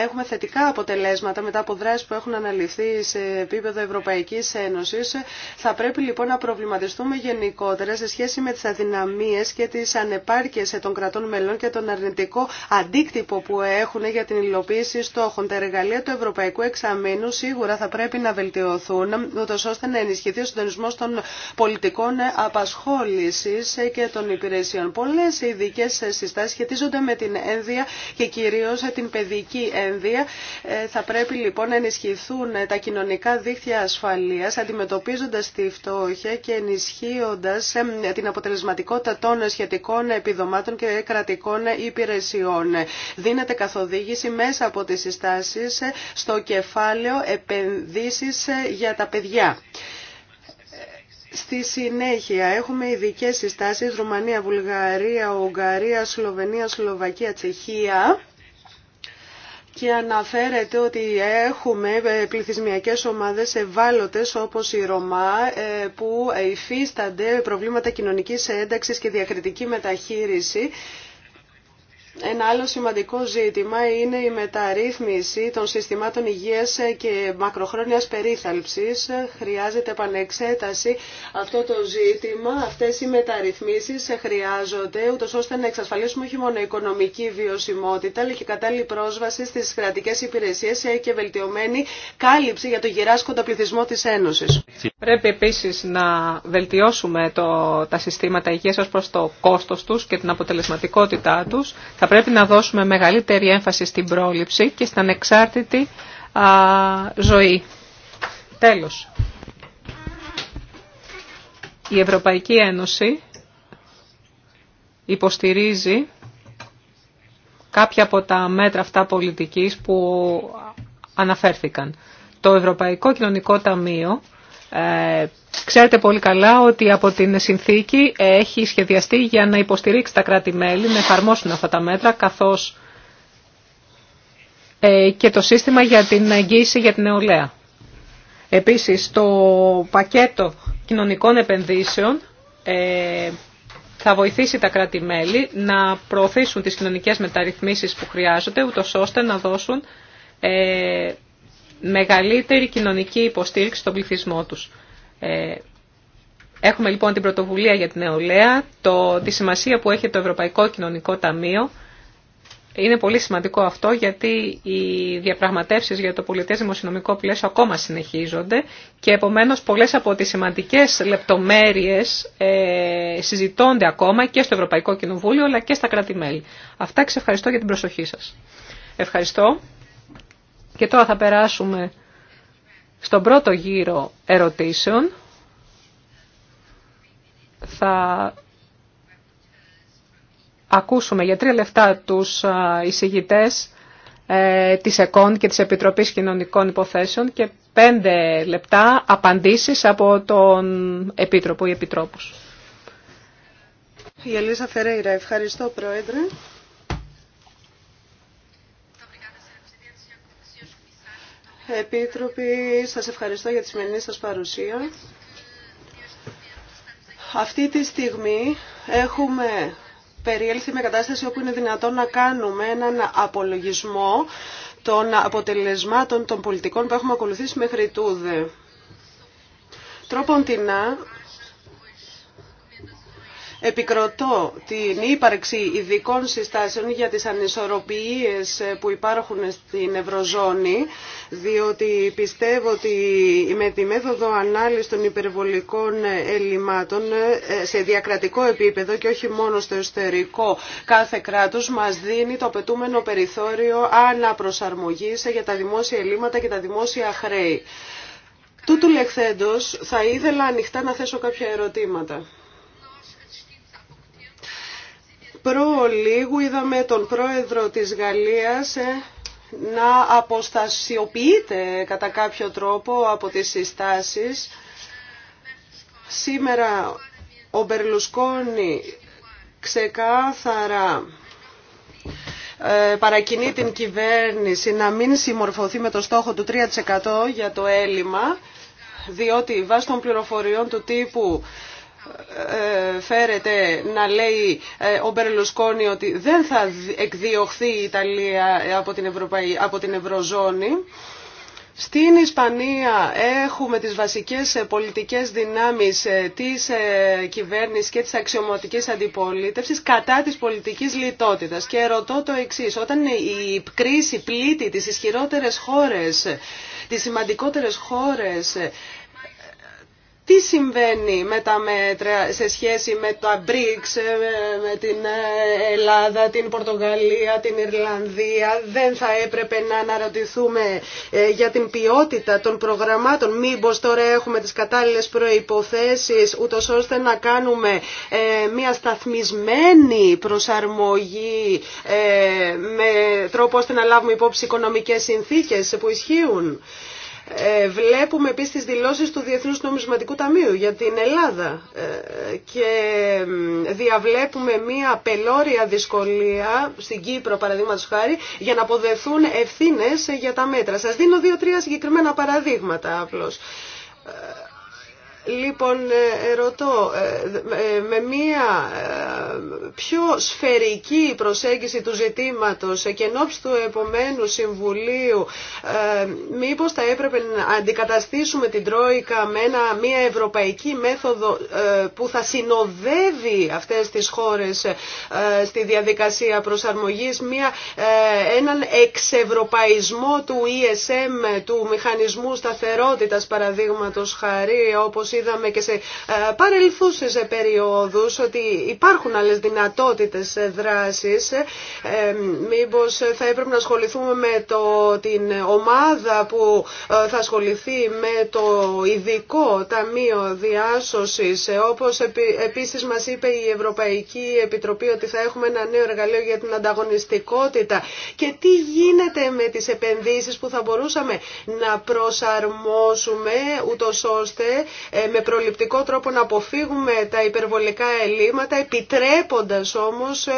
έχουμε θετικά αποτελέσματα μετά από δράσεις που έχουν αναλυθεί σε επίπεδο Ευρωπαϊκής Ένωσης. Θα πρέπει λοιπόν να προβληματιστούμε γενικότερα σε σχέση με τις αδυναμίες και τις ανεπάρκειες των κρατών μελών και τον αρνητικό αντίκτυπο που έχουν για την υλοποίηση στόχων. Τα εργαλεία του Ευρωπαϊκού Εξαμήνου σίγουρα θα πρέπει να βελτιωθούν, ούτως ώστε να ενισχυθεί ο συντονισμό των πολιτικών απασχόλησης και των υπηρεσιών. Πολλές ειδικέ συστάσεις σχετίζονται με την ένδυα και κυρίως την παιδική ένδυα. Ε, θα πρέπει λοιπόν να ενισχυθούν τα κοινωνικά δίκτυα ασφαλείας, αντιμετωπίζοντας τη φτώχεια και και την αποτελεσματικότητα των σχετικών επιδομάτων και κρατικών υπηρεσιών. Δίνεται καθοδήγηση μέσα από τις συστάσεις στο κεφάλαιο επενδύσεις για τα παιδιά. Στη συνέχεια έχουμε ειδικέ συστάσεις Ρουμανία, Βουλγαρία, Ουγγαρία, Σλοβενία, Σλοβακία, Τσεχία και αναφέρεται ότι έχουμε ε, πληθυσμιακές ομάδες ευάλωτες όπως η Ρωμά ε, που υφίστανται προβλήματα κοινωνικής ένταξης και διακριτική μεταχείριση ένα άλλο σημαντικό ζήτημα είναι η μεταρρύθμιση των συστημάτων υγείας και μακροχρόνιας περίθαλψης. Χρειάζεται επανεξέταση αυτό το ζήτημα. Αυτές οι μεταρρυθμίσεις χρειάζονται ούτως ώστε να εξασφαλίσουμε όχι μόνο οικονομική βιωσιμότητα αλλά και κατάλληλη πρόσβαση στις κρατικές υπηρεσίες και βελτιωμένη κάλυψη για το γυράσκοντα πληθυσμό της Ένωσης. Πρέπει επίσης να βελτιώσουμε το, τα συστήματα υγείας προς το κόστος τους και την αποτελεσματικότητά τους θα πρέπει να δώσουμε μεγαλύτερη έμφαση στην πρόληψη και στην ανεξάρτητη ζωή. Τέλος. Η Ευρωπαϊκή Ένωση υποστηρίζει κάποια από τα μέτρα αυτά πολιτικής που αναφέρθηκαν. Το Ευρωπαϊκό Κοινωνικό Ταμείο ε, ξέρετε πολύ καλά ότι από την συνθήκη έχει σχεδιαστεί για να υποστηρίξει τα κράτη-μέλη να εφαρμόσουν αυτά τα μέτρα, καθώς ε, και το σύστημα για την εγγύηση για την νεολαία. Επίσης, το πακέτο κοινωνικών επενδύσεων ε, θα βοηθήσει τα κράτη-μέλη να προωθήσουν τις κοινωνικές μεταρρυθμίσεις που χρειάζονται, ούτως ώστε να δώσουν μεγαλύτερη κοινωνική υποστήριξη στον πληθυσμό τους. Ε, έχουμε λοιπόν την πρωτοβουλία για την νεολαία, το, τη σημασία που έχει το Ευρωπαϊκό Κοινωνικό Ταμείο. Είναι πολύ σημαντικό αυτό γιατί οι διαπραγματεύσεις για το πολιτές δημοσιονομικό πλαίσιο ακόμα συνεχίζονται και επομένως πολλές από τις σημαντικές λεπτομέρειες ε, συζητώνται ακόμα και στο Ευρωπαϊκό Κοινοβούλιο αλλά και στα κράτη-μέλη. Αυτά και ευχαριστώ για την προσοχή σας. Ευχαριστώ. Και τώρα θα περάσουμε στον πρώτο γύρο ερωτήσεων. Θα ακούσουμε για τρία λεπτά τους εισηγητές ε, της ΕΚΟΝ και της Επιτροπής Κοινωνικών Υποθέσεων και πέντε λεπτά απαντήσεις από τον Επίτροπο ή Επιτρόπους. Η Ελίζα Φερέιρα, ευχαριστώ Πρόεδρε. Επίτροποι, σας ευχαριστώ για τη σημερινή σας παρουσία. Αυτή τη στιγμή έχουμε περιέλθει με κατάσταση όπου είναι δυνατόν να κάνουμε έναν απολογισμό των αποτελεσμάτων των πολιτικών που έχουμε ακολουθήσει μέχρι τούδε. Τρόπον επικροτώ την ύπαρξη ειδικών συστάσεων για τις ανισορροπίες που υπάρχουν στην Ευρωζώνη, διότι πιστεύω ότι με τη μέθοδο ανάλυση των υπερβολικών ελλημάτων ε, σε διακρατικό επίπεδο και όχι μόνο στο εσωτερικό κάθε κράτος μας δίνει το απαιτούμενο περιθώριο αναπροσαρμογής για τα δημόσια ελλείμματα και τα δημόσια χρέη. Τούτου λεχθέντος θα ήθελα ανοιχτά να θέσω κάποια ερωτήματα προ είδαμε τον πρόεδρο της Γαλλίας ε, να αποστασιοποιείται κατά κάποιο τρόπο από τις συστάσεις. Σήμερα ο Μπερλουσκόνη ξεκάθαρα ε, παρακινεί την κυβέρνηση να μην συμμορφωθεί με το στόχο του 3% για το έλλειμμα, διότι βάσει των πληροφοριών του τύπου φέρεται να λέει ε, ο Μπερλουσκόνη ότι δεν θα εκδιωχθεί η Ιταλία από την, από την Ευρωζώνη. Στην Ισπανία έχουμε τις βασικές ε, πολιτικές δυνάμεις ε, της κυβέρνησης και της αξιωματικής αντιπολίτευσης κατά της πολιτικής λιτότητας. Και ρωτώ το εξής, όταν η κρίση πλήττει τις ισχυρότερες χώρες, τις σημαντικότερες χώρες τι συμβαίνει με τα μέτρα σε σχέση με το BRICS, ε, με την ε, Ελλάδα, την Πορτογαλία, την Ιρλανδία. Δεν θα έπρεπε να αναρωτηθούμε ε, για την ποιότητα των προγραμμάτων. Μήπως τώρα έχουμε τις κατάλληλες προϋποθέσεις, ούτως ώστε να κάνουμε μια σταθμισμένη προσαρμογή με τρόπο ώστε να λάβουμε υπόψη οικονομικές συνθήκες που ισχύουν. Ε, βλέπουμε επίση τις δηλώσεις του Διεθνούς Νομισματικού Ταμείου για την Ελλάδα ε, και διαβλέπουμε μία πελώρια δυσκολία στην Κύπρο παραδείγματο χάρη για να αποδεθούν ευθύνες για τα μέτρα. Σας δίνω δύο-τρία συγκεκριμένα παραδείγματα απλώς. Ε, Λοιπόν, ε, ε, ρωτώ, ε, με μία πιο σφαιρική προσέγγιση του ζητήματος και ενώπιση του επομένου Συμβουλίου, μήπως θα έπρεπε να αντικαταστήσουμε την Τρόικα με μία ευρωπαϊκή μέθοδο που θα συνοδεύει αυτές τις χώρες στη διαδικασία προσαρμογής, μία, έναν εξευρωπαϊσμό του ESM, του Μηχανισμού Σταθερότητας, παραδείγματος χαρή, όπως είδαμε και σε ε, παρελθούσες περιόδους ότι υπάρχουν άλλες δυνατότητες ε, δράσης. Ε, μήπως θα έπρεπε να ασχοληθούμε με το, την ομάδα που θα ασχοληθεί με το ειδικό Ταμείο Διάσωσης όπως επίσης μας είπε η Ευρωπαϊκή Επιτροπή ότι θα έχουμε ένα νέο εργαλείο για την ανταγωνιστικότητα και τι γίνεται με τις επενδύσεις που θα μπορούσαμε να προσαρμόσουμε ούτως ώστε με προληπτικό τρόπο να αποφύγουμε τα υπερβολικά ελλείμματα, επιτρέποντας όμως ε,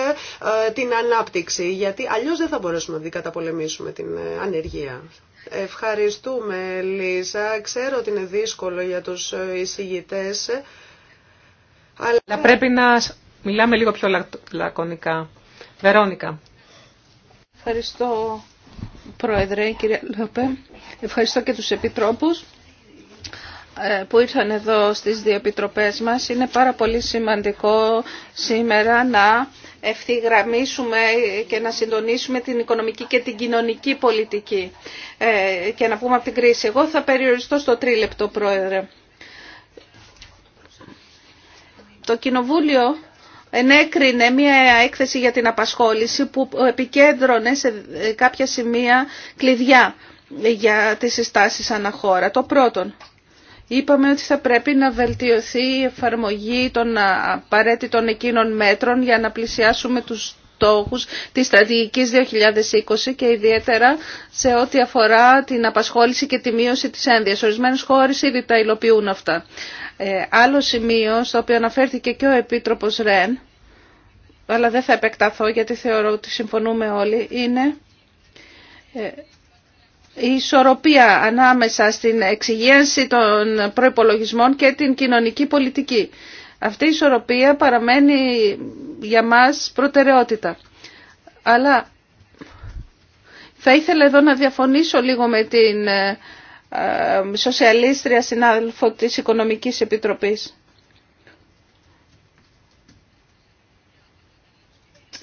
ε, την ανάπτυξη, γιατί αλλιώς δεν θα μπορέσουμε να αντικαταπολεμήσουμε την ε, ανεργία. Ευχαριστούμε, Λίζα. Ξέρω ότι είναι δύσκολο για τους εισηγητές. Αλλά... πρέπει να μιλάμε λίγο πιο λακωνικά. Βερόνικα. Ευχαριστώ, Πρόεδρε, κύριε Λόπε. Ευχαριστώ και τους επιτρόπους. Ε, που ήρθαν εδώ στις δύο επιτροπές μας. Είναι πάρα πολύ σημαντικό σήμερα να ευθυγραμμίσουμε και να συντονίσουμε την οικονομική και την κοινωνική πολιτική ε, και να πούμε από την κρίση. Εγώ θα περιοριστώ στο τρίλεπτο, Πρόεδρε. Το Κοινοβούλιο ενέκρινε μια έκθεση για την απασχόληση που επικέντρωνε σε κάποια σημεία κλειδιά για τις συστάσεις αναχώρα. Το πρώτον, είπαμε ότι θα πρέπει να βελτιωθεί η εφαρμογή των απαραίτητων εκείνων μέτρων για να πλησιάσουμε τους στόχους της στρατηγικής 2020 και ιδιαίτερα σε ό,τι αφορά την απασχόληση και τη μείωση της ένδυας. Ορισμένες χώρες ήδη τα υλοποιούν αυτά. Ε, άλλο σημείο στο οποίο αναφέρθηκε και ο Επίτροπος Ρεν, αλλά δεν θα επεκταθώ γιατί θεωρώ ότι συμφωνούμε όλοι, είναι ε, η ισορροπία ανάμεσα στην εξυγίανση των προϋπολογισμών και την κοινωνική πολιτική. Αυτή η ισορροπία παραμένει για μας προτεραιότητα. Αλλά θα ήθελα εδώ να διαφωνήσω λίγο με την ε, ε, σοσιαλίστρια συνάδελφο της Οικονομικής Επιτροπής.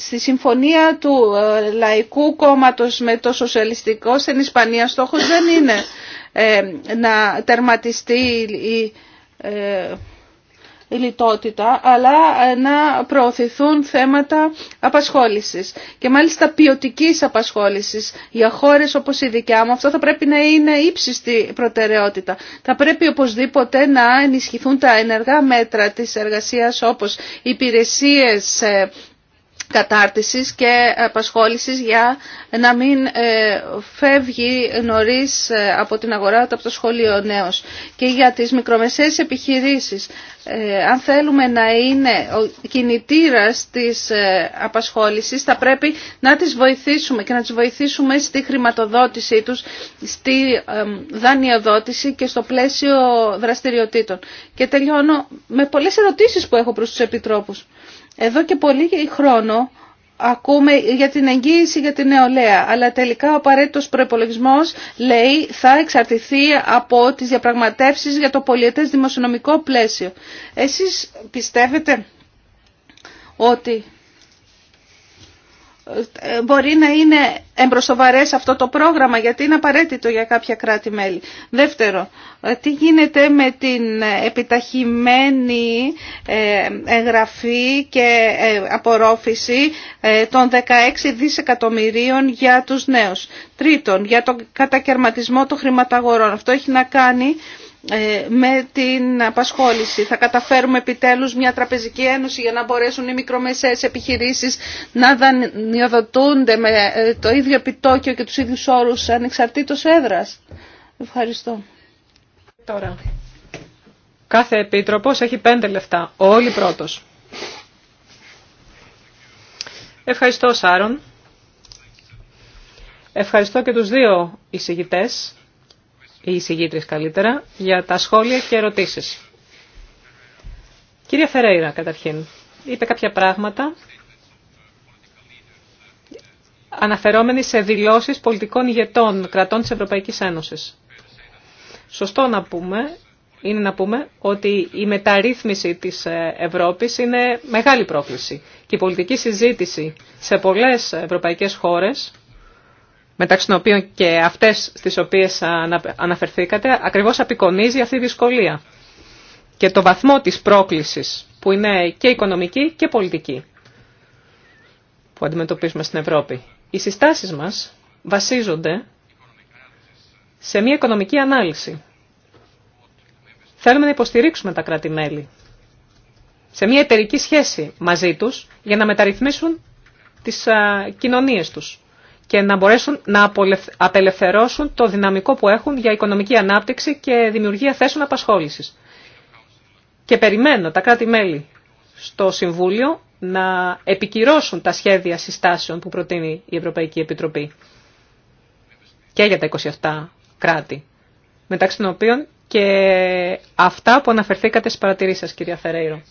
στη συμφωνία του ε, Λαϊκού Κόμματος με το Σοσιαλιστικό στην Ισπανία στόχος δεν είναι ε, να τερματιστεί η, η ε, λιτότητα, αλλά να προωθηθούν θέματα απασχόλησης και μάλιστα ποιοτική απασχόλησης για χώρες όπως η δικιά μου. Αυτό θα πρέπει να είναι ύψιστη προτεραιότητα. Θα πρέπει οπωσδήποτε να ενισχυθούν τα ενεργά μέτρα της εργασίας όπως υπηρεσίες κατάρτισης και απασχόλησης για να μην ε, φεύγει νωρίς ε, από την αγορά από το σχολείο νέος. Και για τις μικρομεσαίες επιχειρήσεις, ε, αν θέλουμε να είναι ο κινητήρας της απασχόλησης, θα πρέπει να τις βοηθήσουμε και να τις βοηθήσουμε στη χρηματοδότησή τους, στη δανειοδότηση και στο πλαίσιο δραστηριοτήτων. Και τελειώνω με πολλές ερωτήσεις που έχω προς τους επιτρόπους. Εδώ και πολύ χρόνο ακούμε για την εγγύηση για την νεολαία, αλλά τελικά ο απαραίτητο προπολογισμό λέει θα εξαρτηθεί από τις διαπραγματεύσεις για το πολιετές δημοσιονομικό πλαίσιο. Εσείς πιστεύετε ότι μπορεί να είναι εμπροσοβαρές αυτό το πρόγραμμα γιατί είναι απαραίτητο για κάποια κράτη-μέλη. Δεύτερο, ε, τι γίνεται με την ε, επιταχυμένη ε, εγγραφή και απορρόφηση των 16 δισεκατομμυρίων για τους νέους. Τρίτον, για τον κατακαιρματισμό των χρηματαγορών. Αυτό έχει να κάνει ε, με την απασχόληση. Θα καταφέρουμε επιτέλους μια τραπεζική ένωση για να μπορέσουν οι μικρομεσαίες επιχειρήσεις να δανειοδοτούνται με ε, το ίδιο επιτόκιο και τους ίδιους όρους ανεξαρτήτως έδρας. Ευχαριστώ. κάθε επίτροπος έχει πέντε λεφτά. Όλοι πρώτος. Ευχαριστώ Σάρον. Ευχαριστώ και τους δύο εισηγητές ή εισηγήτρες καλύτερα, για τα σχόλια και ερωτήσεις. Κυρία Φερέιρα, καταρχήν, είπε κάποια πράγματα αναφερόμενοι σε δηλώσεις πολιτικών ηγετών κρατών της Ευρωπαϊκής Ένωσης. Σωστό να πούμε, είναι να πούμε ότι η μεταρρύθμιση της ε, Ευρώπης είναι μεγάλη πρόκληση και η πολιτική συζήτηση σε πολλές ευρωπαϊκές χώρες μεταξύ των οποίων και αυτές στις οποίες αναφερθήκατε, ακριβώς απεικονίζει αυτή η δυσκολία και το βαθμό της πρόκλησης που είναι και οικονομική και πολιτική που αντιμετωπίζουμε στην Ευρώπη. Οι συστάσεις μας βασίζονται σε μια οικονομική ανάλυση. Θέλουμε να υποστηρίξουμε τα κράτη-μέλη σε μια εταιρική σχέση μαζί τους για να μεταρρυθμίσουν τις κοινωνίες τους και να μπορέσουν να απελευθερώσουν το δυναμικό που έχουν για οικονομική ανάπτυξη και δημιουργία θέσεων απασχόλησης. Και περιμένω τα κράτη-μέλη στο Συμβούλιο να επικυρώσουν τα σχέδια συστάσεων που προτείνει η Ευρωπαϊκή Επιτροπή και για τα 27 κράτη, μεταξύ των οποίων και αυτά που αναφερθήκατε στις παρατηρήσεις σας, κυρία Φερέιρο.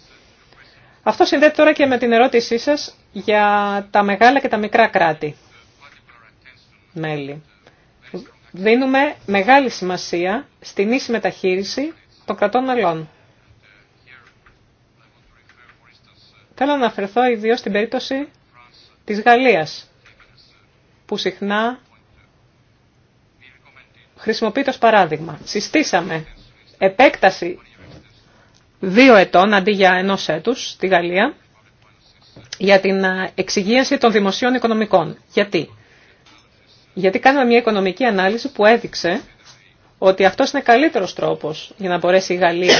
Αυτό συνδέεται τώρα και με την ερώτησή σας για τα μεγάλα και τα μικρά κράτη. Δίνουμε μεγάλη σημασία στην ίση μεταχείριση των κρατών μελών. Θέλω να αναφερθώ ιδίως στην περίπτωση της Γαλλίας, που συχνά χρησιμοποιείται ως παράδειγμα. Συστήσαμε επέκταση δύο ετών αντί για ενός έτους στη Γαλλία για την ε, εξυγίαση των δημοσίων οικονομικών. Γιατί γιατί κάναμε μια οικονομική ανάλυση που έδειξε ότι αυτός είναι καλύτερος τρόπος για να μπορέσει η Γαλλία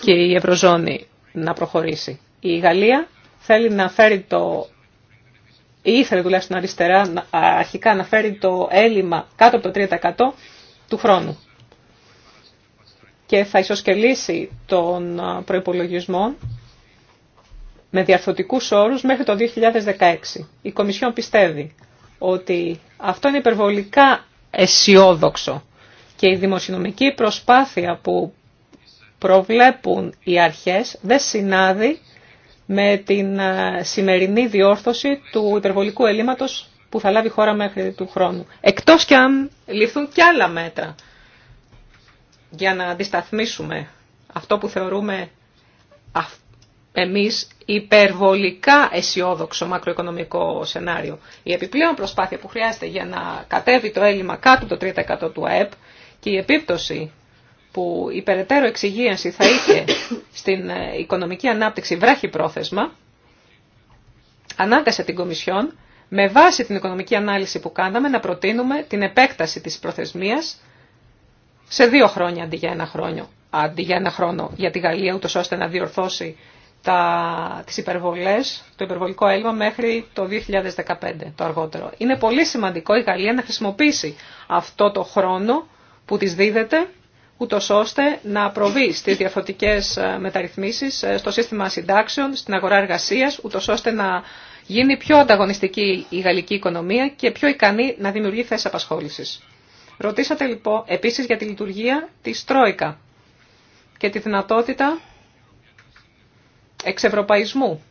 και η Ευρωζώνη να προχωρήσει. Η Γαλλία θέλει να φέρει το ή ήθελε τουλάχιστον αριστερά αρχικά να φέρει το έλλειμμα κάτω από το 3% του χρόνου. Και θα ισοσκελίσει τον προϋπολογισμό με διαρθωτικούς όρους μέχρι το 2016. Η Κομισιόν πιστεύει ότι αυτό είναι υπερβολικά αισιόδοξο και η δημοσιονομική προσπάθεια που προβλέπουν οι αρχές δεν συνάδει με την ε, σημερινή διόρθωση του υπερβολικού ελλείμματος που θα λάβει η χώρα μέχρι του χρόνου. Εκτός και αν ληφθούν και άλλα μέτρα για να αντισταθμίσουμε αυτό που θεωρούμε εμείς υπερβολικά αισιόδοξο μακροοικονομικό σενάριο. Η επιπλέον προσπάθεια που χρειάζεται για να κατέβει το έλλειμμα κάτω το 3% του ΑΕΠ και η επίπτωση που η περαιτέρω εξυγίανση θα είχε στην ε, οικονομική ανάπτυξη βράχη πρόθεσμα, ανάγκασε την Κομισιόν με βάση την οικονομική ανάλυση που κάναμε να προτείνουμε την επέκταση της προθεσμίας σε δύο χρόνια αντί για ένα χρόνο, αντί για, ένα χρόνο για τη Γαλλία, ούτως ώστε να διορθώσει τα, τις υπερβολές, το υπερβολικό έλλειμμα μέχρι το 2015 το αργότερο. Είναι πολύ σημαντικό η Γαλλία να χρησιμοποιήσει αυτό το χρόνο που της δίδεται, ούτω ώστε να προβεί στις διαφορετικές ε, μεταρρυθμίσεις ε, στο σύστημα συντάξεων, στην αγορά εργασίας, ούτω ώστε να γίνει πιο ανταγωνιστική η γαλλική οικονομία και πιο ικανή να δημιουργεί θέσει απασχόλησης. Ρωτήσατε λοιπόν επίσης για τη λειτουργία της Τρόικα και τη δυνατότητα εξευρωπαϊσμού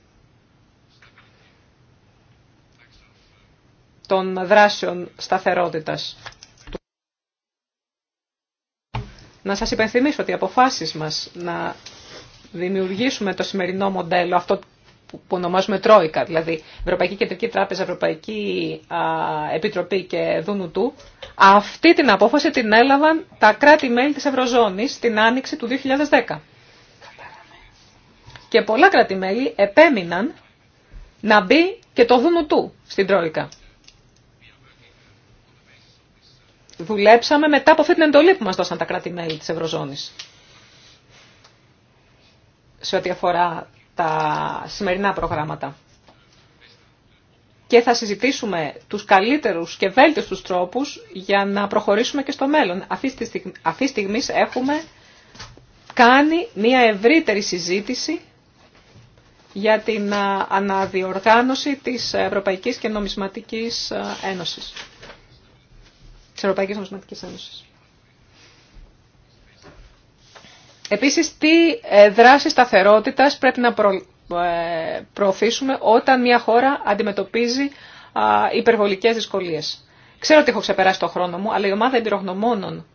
των δράσεων σταθερότητας. Να σας υπενθυμίσω ότι οι αποφάσεις μας να δημιουργήσουμε το σημερινό μοντέλο, αυτό που ονομάζουμε Τρόικα, δηλαδή Ευρωπαϊκή Κεντρική Τράπεζα, Ευρωπαϊκή Επιτροπή και Δούνου του, αυτή την απόφαση την έλαβαν τα κράτη-μέλη της Ευρωζώνης την άνοιξη του 2010. Και πολλά κρατημέλη επέμειναν να μπει και το δούνου του στην Τρόικα. Δουλέψαμε μετά από αυτή την εντολή που μας δώσαν τα κρατη της Ευρωζώνης. Σε ό,τι αφορά τα σημερινά προγράμματα. Και θα συζητήσουμε τους καλύτερους και βέλτιστους τρόπους για να προχωρήσουμε και στο μέλλον. Αυτή τη στιγμή έχουμε κάνει μια ευρύτερη συζήτηση για την ε, αναδιοργάνωση της Ευρωπαϊκής και Νομισματικής ε, Ένωσης. Ευρωπαϊκής Νομισματικής Ένωσης. Επίσης, τι ε, δράση σταθερότητας πρέπει να προωθήσουμε όταν μια χώρα αντιμετωπίζει υπερβολικές δυσκολίες. Ξέρω ότι έχω ξεπεράσει το χρόνο μου, αλλά η ομάδα εμπειρογνωμόνων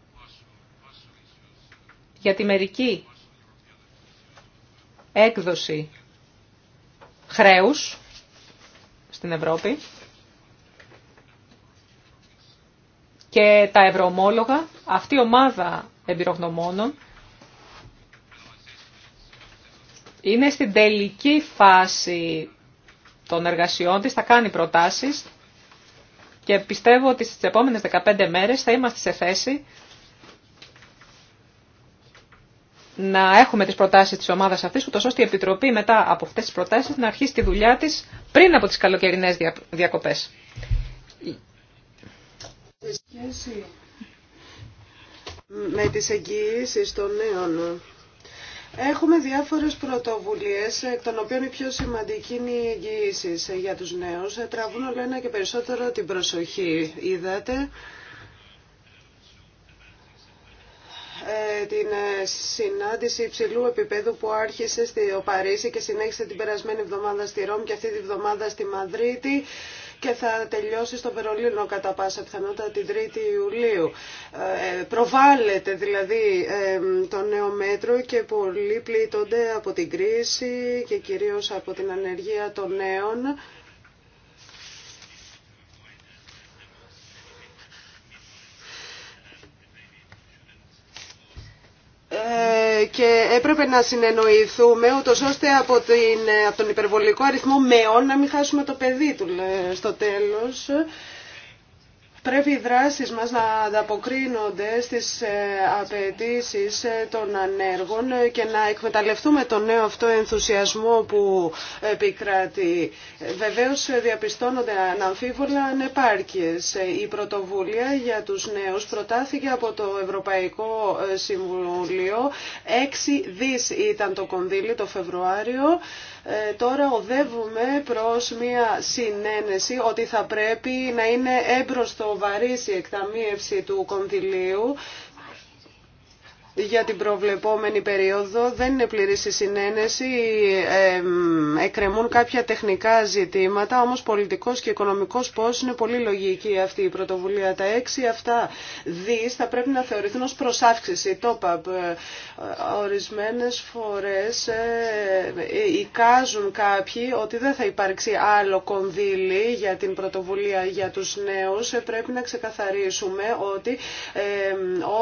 για τη μερική έκδοση χρέους στην Ευρώπη και τα ευρωομόλογα, αυτή η ομάδα εμπειρογνωμόνων είναι στην τελική φάση των εργασιών της, θα κάνει προτάσεις και πιστεύω ότι στις επόμενες 15 μέρες θα είμαστε σε θέση να έχουμε τις προτάσεις της ομάδας αυτής, ούτως ώστε η Επιτροπή μετά από αυτές τις προτάσεις να αρχίσει τη δουλειά της πριν από τις καλοκαιρινές διακοπές. με τις εγγυησει των νέων, Έχουμε διάφορες πρωτοβουλίες, εκ των οποίων η πιο σημαντική είναι οι εγγυήσεις για τους νέους. Τραβούν όλο ένα και περισσότερο την προσοχή. Είδατε, Ε, την ε, συνάντηση υψηλού επίπεδου που άρχισε στο Παρίσι και συνέχισε την περασμένη εβδομάδα στη Ρώμη και αυτή τη βδομάδα στη Μαδρίτη και θα τελειώσει στο Βερολίνο κατά πάσα πιθανότητα την 3η Ιουλίου. Ε, προβάλλεται δηλαδή ε, το νέο μέτρο και πολλοί πλήττονται από την κρίση και κυρίως από την ανεργία των νέων. Ε, και έπρεπε να συνεννοηθούμε ούτω ώστε ε, από, τον υπερβολικό αριθμό μεών να μην χάσουμε το παιδί του στο τέλος. Πρέπει οι δράσεις μας να ανταποκρίνονται στις ε, απαιτήσει ε, των ανέργων ε, και να εκμεταλλευτούμε τον νέο αυτό ενθουσιασμό που επικράτει. Βεβαίως διαπιστώνονται αναμφίβολα ανεπάρκειες. Η πρωτοβουλία για τους νέους προτάθηκε από το Ευρωπαϊκό Συμβουλίο. 6 δις ήταν το κονδύλι το Φεβρουάριο. Ε, τώρα οδεύουμε προς μια συνένεση ότι θα πρέπει να είναι έμπροστο βαρύς η εκταμείευση του κονδυλίου για την προβλεπόμενη περίοδο. Δεν είναι πλήρης η συνένεση, ε, ε, εκκρεμούν κάποια τεχνικά ζητήματα, όμως πολιτικός και οικονομικός πώς είναι πολύ λογική αυτή η πρωτοβουλία. Τα έξι αυτά δις θα πρέπει να θεωρηθούν ως προσάυξηση, top Ορισμένες φορές εικάζουν κάποιοι ότι δεν θα υπάρξει άλλο κονδύλι για την πρωτοβουλία για τους νέους. Ε, πρέπει να ξεκαθαρίσουμε ότι ε,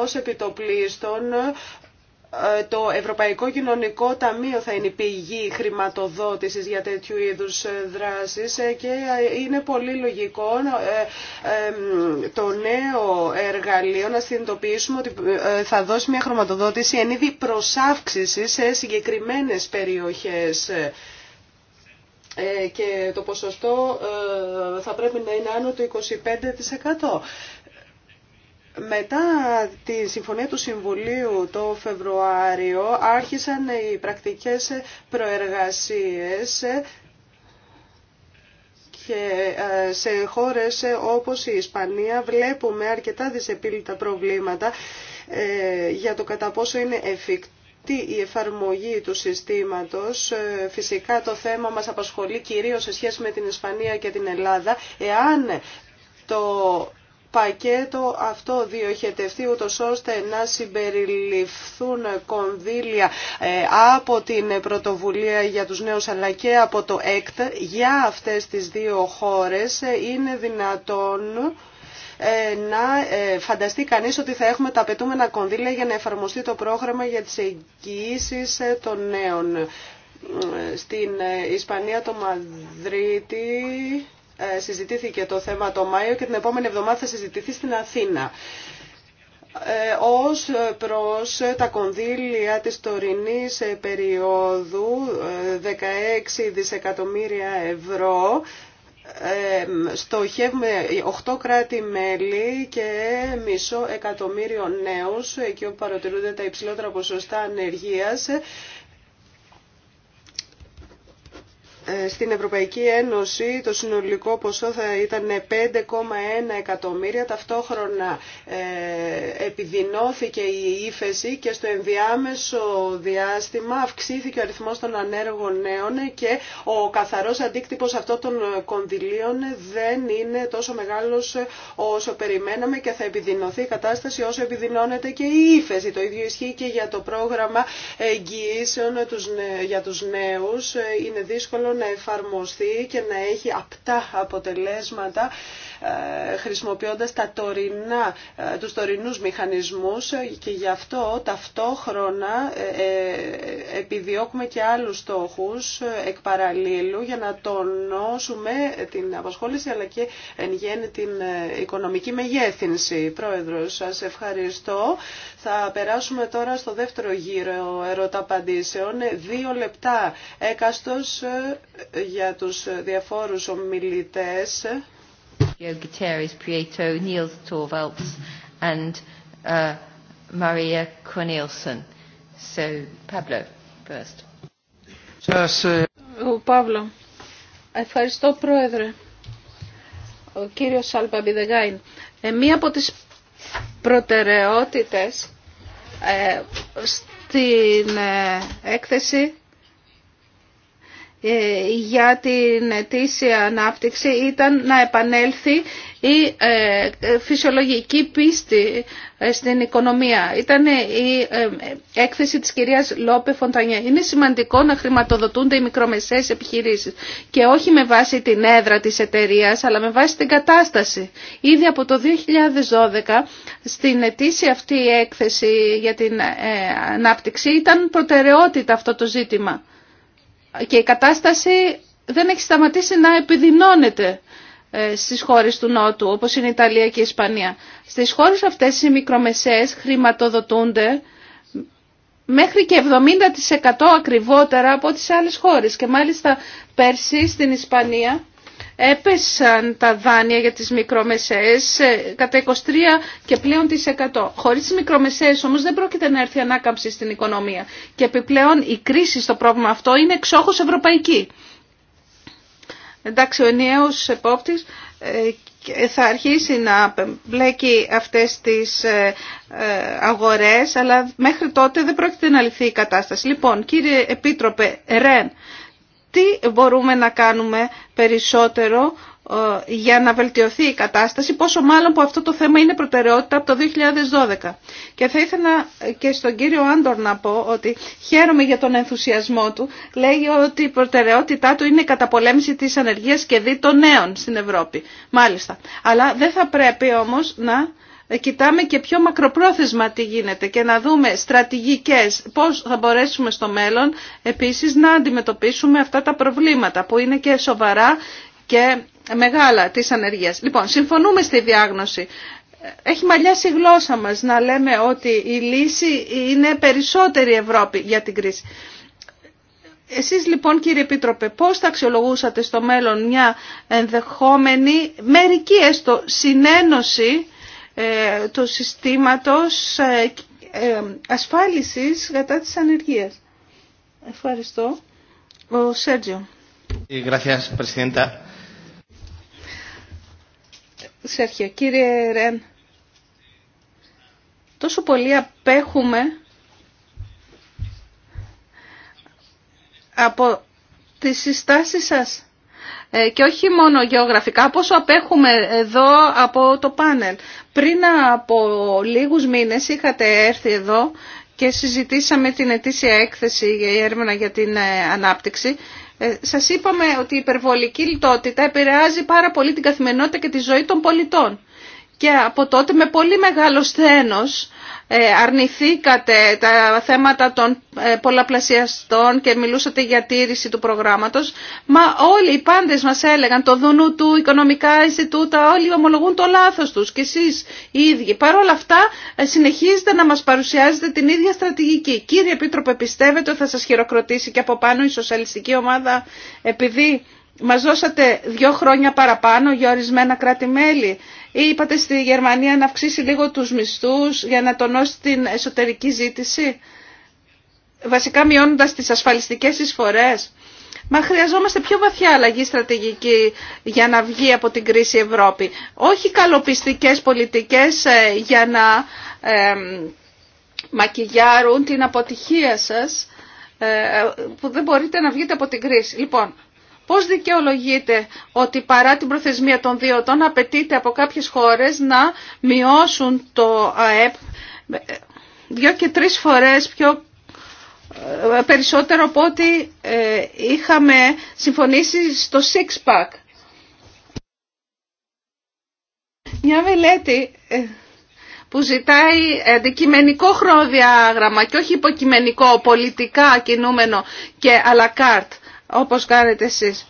ως επιτοπλίστων ε, το Ευρωπαϊκό Κοινωνικό Ταμείο θα είναι η πηγή χρηματοδότησης για τέτοιου είδους ε, δράσεις ε, και είναι πολύ λογικό το νέο εργαλείο να συνειδητοποιήσουμε ότι θα δώσει μια χρηματοδότηση εν είδη σε συγκεκριμένες περιοχές και το ποσοστό θα πρέπει να είναι άνω του 25%. Μετά τη συμφωνία του Συμβουλίου το Φεβρουάριο άρχισαν οι πρακτικές προεργασίες και ε, σε χώρες όπως η Ισπανία βλέπουμε αρκετά δυσεπίλητα προβλήματα ε, για το κατά πόσο είναι εφικτή η εφαρμογή του συστήματος. Ε, φυσικά το θέμα μας απασχολεί κυρίως σε σχέση με την Ισπανία και την Ελλάδα. Εάν το πακέτο αυτό διοχετευτεί ούτω ώστε να συμπεριληφθούν κονδύλια ε, από την πρωτοβουλία για τους νέους αλλά και από το ΕΚΤ για αυτές τις δύο χώρες ε, είναι δυνατόν ε, να φανταστεί κανείς ότι θα έχουμε τα απαιτούμενα κονδύλια για να εφαρμοστεί το πρόγραμμα για τις εγγυήσεις των νέων. Στην Ισπανία το Μαδρίτη ε, συζητήθηκε το θέμα το Μάιο και την επόμενη εβδομάδα θα συζητηθεί στην Αθήνα ε, ως προς τα κονδύλια της τωρινής περίοδου 16 ε, δισεκατομμύρια ευρώ στοχεύουμε 8 κράτη-μέλη και μισό εκατομμύριο νέους εκεί όπου παρατηρούνται τα υψηλότερα ποσοστά ανεργίας Ε, στην Ευρωπαϊκή Ένωση το συνολικό ποσό θα ήταν 5,1 εκατομμύρια. Ταυτόχρονα ε, επιδεινώθηκε η ύφεση και στο ενδιάμεσο διάστημα αυξήθηκε ο αριθμός των ανέργων νέων και ο καθαρός αντίκτυπος αυτών των κονδυλίων δεν είναι τόσο μεγάλος όσο περιμέναμε και θα επιδεινωθεί η κατάσταση όσο επιδεινώνεται και η ύφεση. Το ίδιο ισχύει και για το πρόγραμμα εγγυήσεων για τους νέους. Ε, είναι δύσκολο να εφαρμοστεί και να έχει απτά αποτελέσματα ε, χρησιμοποιώντας τα τωρινά, ε, τους τωρινούς μηχανισμούς και γι' αυτό ταυτόχρονα ε, επιδιώκουμε και άλλους στόχους εκ για να τονώσουμε την απασχόληση αλλά και εν γέννη την οικονομική μεγέθυνση. Πρόεδρος, σας ευχαριστώ. Θα περάσουμε τώρα στο δεύτερο γύρο ερωταπαντήσεων. Δύο λεπτά έκαστος για τους διαφόρους ομιλητές. Guterres, Prieto, Niels Torvalds and uh, Pablo uh, Ο Ευχαριστώ, Πρόεδρε. Ο κύριος Αλπαμπιδεγάιν. Ε, μία από τις προτεραιότητες ε, στην ε, έκθεση ε, για την αιτήσια ανάπτυξη ήταν να επανέλθει η ε, φυσιολογική πίστη ε, στην οικονομία. Ήταν η έκθεση της κυρίας Λόπε Φοντανιέ. Είναι σημαντικό να χρηματοδοτούνται οι μικρομεσαίες επιχειρήσεις και όχι με βάση την έδρα της εταιρείας αλλά με βάση την κατάσταση. Ήδη από το 2012 στην αιτήσια αυτή η έκθεση για την ανάπτυξη ήταν προτεραιότητα αυτό το ζήτημα και η κατάσταση δεν έχει σταματήσει να επιδεινώνεται ε, στις χώρες του Νότου, όπως είναι η Ιταλία και η Ισπανία. Στις χώρες αυτές οι μικρομεσαίες χρηματοδοτούνται μέχρι και 70% ακριβότερα από τις άλλες χώρες. Και μάλιστα πέρσι στην Ισπανία έπεσαν τα δάνεια για τις μικρομεσαίες ε, κατά 23 και πλέον τις 100. Χωρίς τις μικρομεσαίες όμως δεν πρόκειται να έρθει ανάκαμψη στην οικονομία. Και επιπλέον η κρίση στο πρόβλημα αυτό είναι εξόχως ευρωπαϊκή. Εντάξει, ο ενιαίος επόπτης ε, θα αρχίσει να μπλέκει αυτές τις ε, αγορές, αλλά μέχρι τότε δεν πρόκειται να λυθεί η κατάσταση. Λοιπόν, κύριε Επίτροπε Ρεν, τι μπορούμε να κάνουμε περισσότερο ε, για να βελτιωθεί η κατάσταση, πόσο μάλλον που αυτό το θέμα είναι προτεραιότητα από το 2012. Και θα ήθελα και στον κύριο Άντορ να πω ότι χαίρομαι για τον ενθουσιασμό του. Λέει ότι η προτεραιότητά του είναι η καταπολέμηση της ανεργίας και δι των νέων στην Ευρώπη. Μάλιστα. Αλλά δεν θα πρέπει όμως να ε, κοιτάμε και πιο μακροπρόθεσμα τι γίνεται και να δούμε στρατηγικές πώς θα μπορέσουμε στο μέλλον επίσης να αντιμετωπίσουμε αυτά τα προβλήματα που είναι και σοβαρά και μεγάλα της ανεργίας. Λοιπόν, συμφωνούμε στη διάγνωση. Έχει μαλλιάσει η γλώσσα μας να λέμε ότι η λύση είναι περισσότερη Ευρώπη για την κρίση. Εσείς λοιπόν κύριε Επίτροπε πώς θα αξιολογούσατε στο μέλλον μια ενδεχόμενη μερική έστω συνένωση ε, του συστήματος ε, ε, ασφάλισης κατά της ανεργίας. Ευχαριστώ. Ο Σέργιο. Σέργιο, κύριε Ρεν, τόσο πολύ απέχουμε από τις συστάσεις σας ε, και όχι μόνο γεωγραφικά, πόσο απέχουμε εδώ από το πάνελ. Πριν από λίγους μήνες είχατε έρθει εδώ και συζητήσαμε την ετήσια έκθεση για έρευνα για την ε, ανάπτυξη. Ε, σας είπαμε ότι η υπερβολική λιτότητα επηρεάζει πάρα πολύ την καθημερινότητα και τη ζωή των πολιτών. Και από τότε με πολύ μεγάλο σθένος ε, αρνηθήκατε τα θέματα των ε, πολλαπλασιαστών και μιλούσατε για τήρηση του προγράμματος. Μα όλοι οι πάντες μας έλεγαν το δουνού του, οικονομικά Ινστιτούτα, όλοι ομολογούν το λάθος τους και εσείς οι ίδιοι. Παρ' όλα αυτά ε, συνεχίζετε να μας παρουσιάζετε την ίδια στρατηγική. Κύριε Επίτροπε, πιστεύετε ότι θα σας χειροκροτήσει και από πάνω η σοσιαλιστική ομάδα επειδή μας δώσατε δύο χρόνια παραπάνω για ορισμένα κράτη-μέλη ή Είπατε στη Γερμανία να αυξήσει λίγο τους μισθούς για να τονώσει την εσωτερική ζήτηση, βασικά μειώνοντας τις ασφαλιστικές εισφορές. Μα χρειαζόμαστε πιο βαθιά αλλαγή στρατηγική για να βγει από την κρίση Ευρώπη. Όχι καλοπιστικές πολιτικές ε, για να μακιγιάρουν την αποτυχία σας ε, ε, που δεν μπορείτε να βγείτε από την κρίση. Λοιπόν, Πώς δικαιολογείται ότι παρά την προθεσμία των δύο απαιτείται από κάποιες χώρες να μειώσουν το ΑΕΠ δύο και τρεις φορές πιο ε, περισσότερο από ό,τι ε, είχαμε συμφωνήσει στο six pack. Μια μελέτη ε, που ζητάει αντικειμενικό χρονοδιάγραμμα και όχι υποκειμενικό, πολιτικά κινούμενο και αλακάρτ όπως κάνετε εσείς.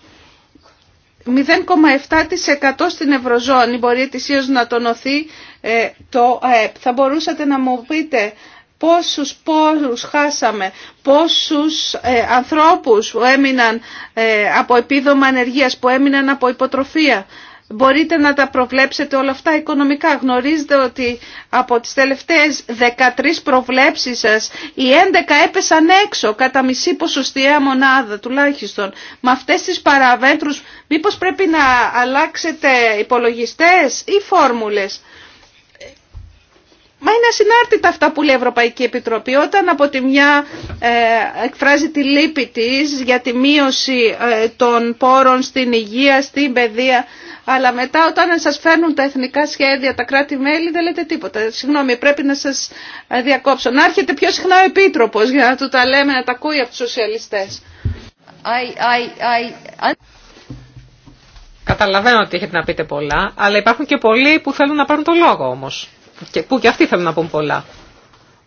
0,7% στην Ευρωζώνη μπορεί ετησίως να τονωθεί ε, το ΑΕΠ. Θα μπορούσατε να μου πείτε πόσους πόρους χάσαμε, πόσους ε, ανθρώπους που έμειναν ε, από επίδομα ανεργίας, που έμειναν από υποτροφία μπορείτε να τα προβλέψετε όλα αυτά οικονομικά. Γνωρίζετε ότι από τις τελευταίες 13 προβλέψεις σας οι 11 έπεσαν έξω κατά μισή ποσοστιαία μονάδα τουλάχιστον. Με αυτές τις παραβέντρους μήπως πρέπει να αλλάξετε υπολογιστές ή φόρμουλες. Μα είναι ασυνάρτητα αυτά που λέει η Ευρωπαϊκή Επιτροπή. Όταν από τη μια ε, εκφράζει τη λύπη της για τη μείωση ε, των πόρων στην υγεία, στην παιδεία, αλλά μετά όταν σας φέρνουν τα εθνικά σχέδια, τα κράτη-μέλη, δεν λέτε τίποτα. Συγγνώμη, πρέπει να σας ε, διακόψω. Να έρχεται πιο συχνά ο Επίτροπος για να του τα λέμε, να τα ακούει από τους σοσιαλιστές. I, I, I... Καταλαβαίνω ότι έχετε να πείτε πολλά, αλλά υπάρχουν και πολλοί που θέλουν να πάρουν το λόγο όμως και, που και αυτοί θέλουν να πούν πολλά.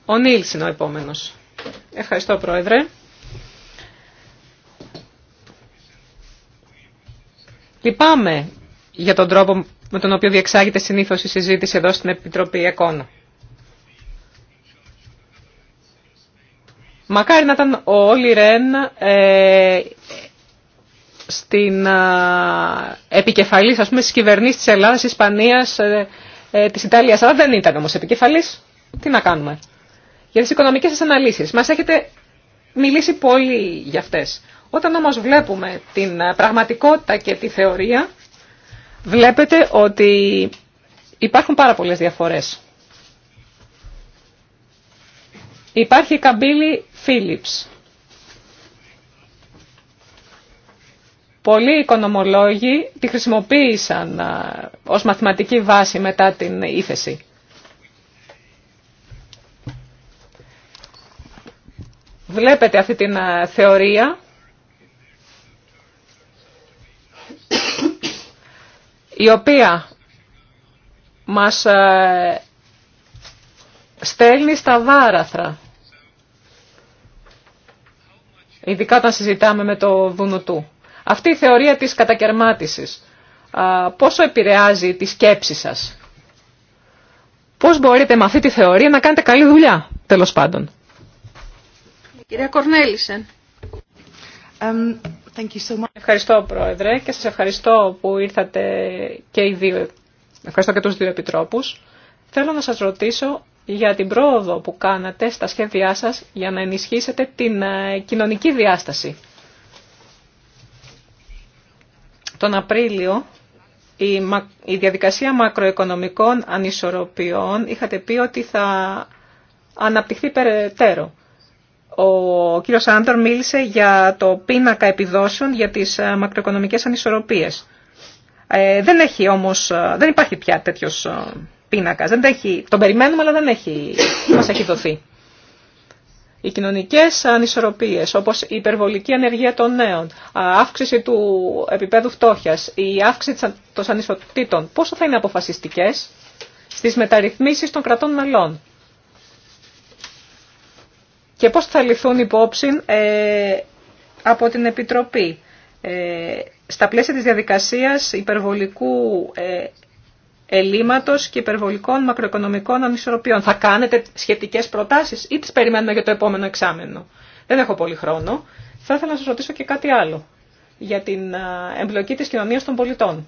Ο Νίλς είναι ο επόμενος. Ευχαριστώ Πρόεδρε. Λυπάμαι για τον τρόπο με τον οποίο διεξάγεται συνήθως η συζήτηση εδώ στην Επιτροπή Εκόνα. Μακάρι να ήταν ο Όλι Ρεν ε, στην ε, επικεφαλής ας πούμε, της κυβερνής της Ελλάδας, της Ισπανίας, ε, ε, της Ιταλίας, αλλά δεν ήταν όμως επικεφαλής. Τι να κάνουμε. Για τις οικονομικές σας αναλύσεις. Μας έχετε μιλήσει πολύ για αυτές. Όταν όμως βλέπουμε την ε, πραγματικότητα και τη θεωρία, βλέπετε ότι υπάρχουν πάρα πολλές διαφορές. Υπάρχει η καμπύλη Φίλιπς Πολλοί οικονομολόγοι τη χρησιμοποίησαν ως μαθηματική βάση μετά την ύφεση. Βλέπετε αυτή την θεωρία. η οποία μας στέλνει στα βάραθρα. Ειδικά όταν συζητάμε με το Δουνουτού. Αυτή η θεωρία της κατακαιρμάτισης, πόσο επηρεάζει τη σκέψη σας. Πώς μπορείτε με αυτή τη θεωρία να κάνετε καλή δουλειά, τέλος πάντων. Κυρία Um, thank you Ευχαριστώ, Πρόεδρε, και σας ευχαριστώ που ήρθατε και οι δύο. Ευχαριστώ και τους δύο επιτρόπους. Θέλω να σας ρωτήσω για την πρόοδο που κάνατε στα σχέδιά σας για να ενισχύσετε την ε, κοινωνική διάσταση Τον Απρίλιο η διαδικασία μακροοικονομικών ανισορροπιών είχατε πει ότι θα αναπτυχθεί περαιτέρω. Ο κύριος Άντορ μίλησε για το πίνακα επιδόσεων για τις ε, μακροοικονομικές ανισορροπίες. Ε, δεν, έχει όμως, ε, δεν υπάρχει πια τέτοιος πίνακας. Δεν έχει, τον περιμένουμε αλλά δεν έχει, μας έχει δοθεί. Οι κοινωνικές ανισορροπίες, όπως η υπερβολική ανεργία των νέων, αύξηση του επίπεδου φτώχειας, η αύξηση των ανισοτήτων, πόσο θα είναι αποφασιστικές στις μεταρρυθμίσεις των κρατών μελών. Και πώς θα λυθούν υπόψη ε, από την Επιτροπή. Ε, στα πλαίσια της διαδικασίας υπερβολικού ε, ελλείμματο και υπερβολικών μακροοικονομικών ανισορροπιών. Θα κάνετε σχετικέ προτάσει ή τι περιμένουμε για το επόμενο εξάμενο. Δεν έχω πολύ χρόνο. Θα ήθελα να σα ρωτήσω και κάτι άλλο για την εμπλοκή τη κοινωνία των πολιτών.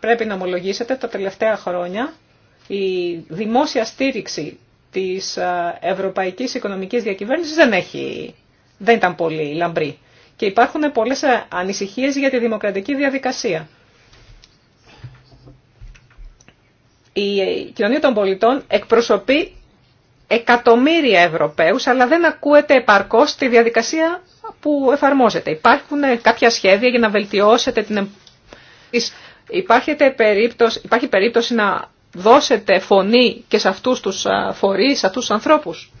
Πρέπει να ομολογήσετε τα τελευταία χρόνια η δημόσια στήριξη της ευρωπαϊκής οικονομικής διακυβέρνησης δεν, δεν ήταν πολύ λαμπρή. Και υπάρχουν πολλές ανησυχίες για τη δημοκρατική διαδικασία. η κοινωνία των πολιτών εκπροσωπεί εκατομμύρια Ευρωπαίους, αλλά δεν ακούεται επαρκώς τη διαδικασία που εφαρμόζεται. Υπάρχουν κάποια σχέδια για να βελτιώσετε την... υπάρχειτε περίπτωση, υπάρχει περίπτωση να δώσετε φωνή και σε αυτούς τους φορείς, σε αυτούς τους ανθρώπους.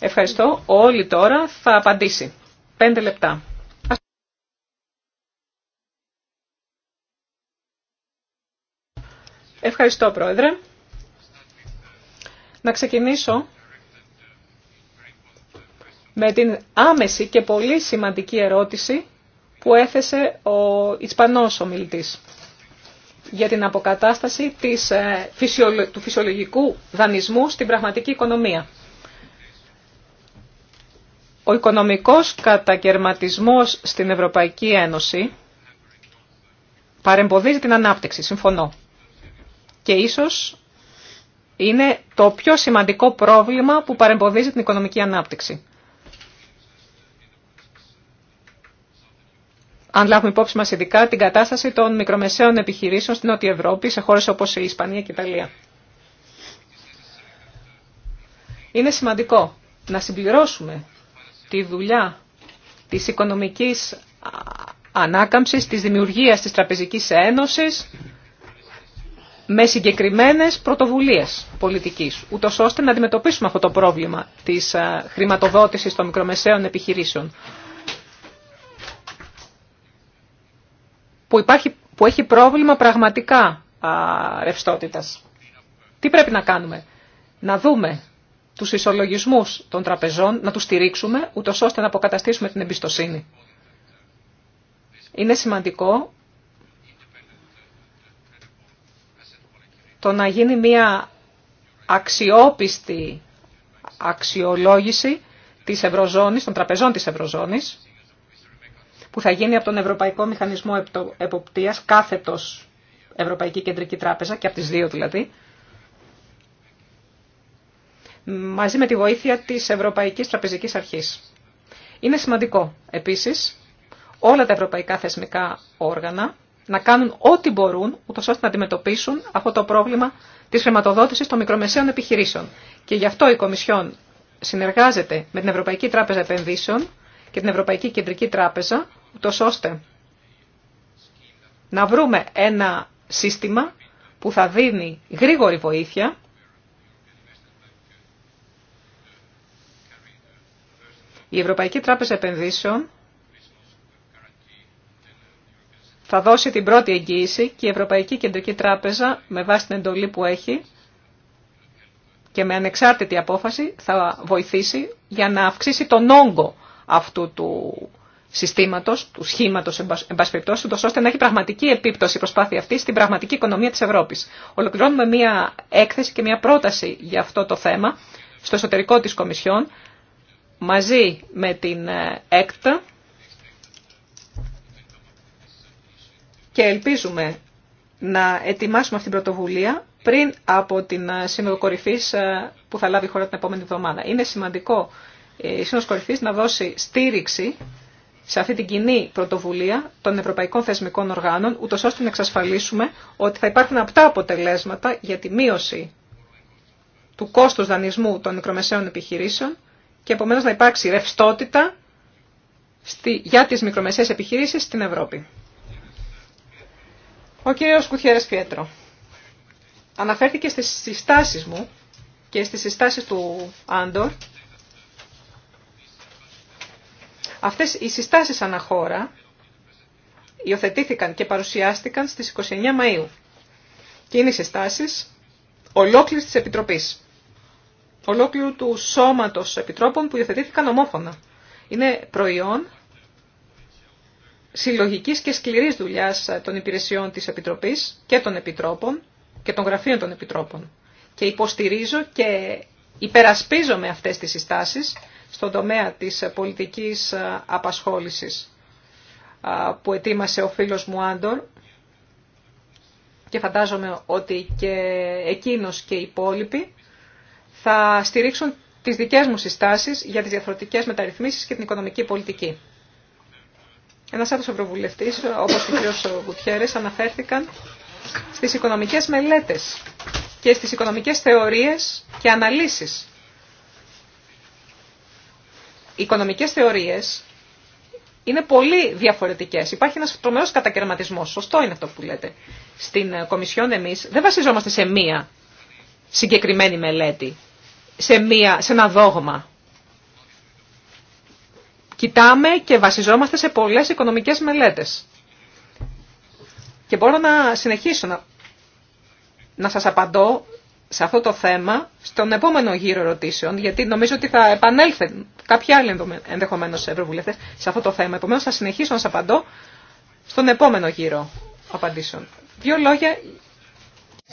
Ευχαριστώ. Όλοι τώρα θα απαντήσει. Πέντε λεπτά. Ευχαριστώ, Πρόεδρε. Να ξεκινήσω με την άμεση και πολύ σημαντική ερώτηση που έθεσε ο Ισπανός ομιλητής για την αποκατάσταση της, ε, του φυσιολογικού δανεισμού στην πραγματική οικονομία. Ο οικονομικός κατακαιρματισμός στην Ευρωπαϊκή Ένωση παρεμποδίζει την ανάπτυξη, συμφωνώ και ίσως είναι το πιο σημαντικό πρόβλημα που παρεμποδίζει την οικονομική ανάπτυξη. Αν λάβουμε υπόψη μας ειδικά την κατάσταση των μικρομεσαίων επιχειρήσεων στην Νότια Ευρώπη, σε χώρες όπως η Ισπανία και η Ιταλία. Είναι σημαντικό να συμπληρώσουμε τη δουλειά της οικονομικής ανάκαμψης, της δημιουργίας της Τραπεζικής Ένωσης, με συγκεκριμένε πρωτοβουλίε πολιτικής, ούτω ώστε να αντιμετωπίσουμε αυτό το πρόβλημα της ε, χρηματοδότησης των μικρομεσαίων επιχειρήσεων. Που, που έχει πρόβλημα πραγματικά α, ρευστότητας. Τι πρέπει να κάνουμε. Να δούμε τους ισολογισμούς των τραπεζών, να τους στηρίξουμε, ούτως ώστε να αποκαταστήσουμε την εμπιστοσύνη. Είναι σημαντικό το να γίνει μια αξιόπιστη αξιολόγηση της Ευρωζώνης, των τραπεζών της Ευρωζώνης, που θα γίνει από τον Ευρωπαϊκό Μηχανισμό Εποπτείας, κάθετος Ευρωπαϊκή Κεντρική Τράπεζα, και από τις δύο δηλαδή, μαζί με τη βοήθεια της Ευρωπαϊκής Τραπεζικής Αρχής. Είναι σημαντικό, επίσης, όλα τα ευρωπαϊκά θεσμικά όργανα να κάνουν ό,τι μπορούν, ούτω ώστε να αντιμετωπίσουν αυτό το πρόβλημα της χρηματοδότηση των μικρομεσαίων επιχειρήσεων. Και γι' αυτό η Κομισιόν συνεργάζεται με την Ευρωπαϊκή Τράπεζα Επενδύσεων και την Ευρωπαϊκή Κεντρική Τράπεζα, ούτω ώστε να βρούμε ένα σύστημα που θα δίνει γρήγορη βοήθεια Η Ευρωπαϊκή Τράπεζα Επενδύσεων θα δώσει την πρώτη εγγύηση και η Ευρωπαϊκή Κεντρική Τράπεζα με βάση την εντολή που έχει και με ανεξάρτητη απόφαση θα βοηθήσει για να αυξήσει τον όγκο αυτού του συστήματος, του σχήματος εμπασπιπτώσεων, ώστε να έχει πραγματική επίπτωση η προσπάθεια αυτή στην πραγματική οικονομία της Ευρώπης. Ολοκληρώνουμε μία έκθεση και μία πρόταση για αυτό το θέμα στο εσωτερικό της Κομισιόν μαζί με την ε, ΕΚΤΑ και ελπίζουμε να ετοιμάσουμε αυτή την πρωτοβουλία πριν από την ε, Σύνοδο Κορυφή ε, που θα λάβει η χώρα την επόμενη εβδομάδα. Είναι σημαντικό ε, η Σύνοδο Κορυφή να δώσει στήριξη σε αυτή την κοινή πρωτοβουλία των ευρωπαϊκών θεσμικών οργάνων, ούτω ώστε να εξασφαλίσουμε ότι θα υπάρχουν απτά αποτελέσματα για τη μείωση του κόστου δανεισμού των μικρομεσαίων επιχειρήσεων και επομένω να υπάρξει ρευστότητα για τι μικρομεσαίες επιχειρήσει στην Ευρώπη. Ο κύριος Κουτιέρες Πιέτρο αναφέρθηκε στις συστάσεις μου και στις συστάσεις του Άντορ. Αυτές οι συστάσεις αναχώρα υιοθετήθηκαν και παρουσιάστηκαν στις 29 Μαΐου και είναι οι συστάσεις ολόκληρης της Επιτροπής, ολόκληρου του σώματος επιτρόπων που υιοθετήθηκαν ομόφωνα. Είναι προϊόν συλλογικής και σκληρής δουλειάς ε, των υπηρεσιών της Επιτροπής και των Επιτρόπων και των Γραφείων των Επιτρόπων. Και υποστηρίζω και υπερασπίζομαι αυτές τις συστάσεις στον τομέα της ε, πολιτικής ε, απασχόλησης που ετοίμασε ο φίλος μου Άντορ και φαντάζομαι ότι και εκείνος και οι υπόλοιποι θα στηρίξουν τις δικές μου συστάσεις για τις διαφορετικές μεταρρυθμίσεις και την οικονομική πολιτική. Ένα άλλο ευρωβουλευτή, όπως και ο κ. αναφέρθηκαν στις οικονομικές μελέτες και στις οικονομικές θεωρίες και αναλύσεις. Οι οικονομικές θεωρίες είναι πολύ διαφορετικέ. Υπάρχει ένα τρομερό κατακαιρματισμό. Σωστό είναι αυτό που λέτε. Στην ε, Κομισιόν εμεί δεν βασιζόμαστε σε μία συγκεκριμένη μελέτη, σε, μία, σε ένα δόγμα. Κοιτάμε και βασιζόμαστε σε πολλές οικονομικές μελέτες. Και μπορώ να συνεχίσω να, να σας απαντώ σε αυτό το θέμα στον επόμενο γύρο ερωτήσεων, γιατί νομίζω ότι θα επανέλθουν κάποιοι άλλοι ενδεχομένω ευρωβουλευτέ σε αυτό το θέμα. Επομένω, θα συνεχίσω να σα απαντώ στον επόμενο γύρο απαντήσεων. Δύο λόγια.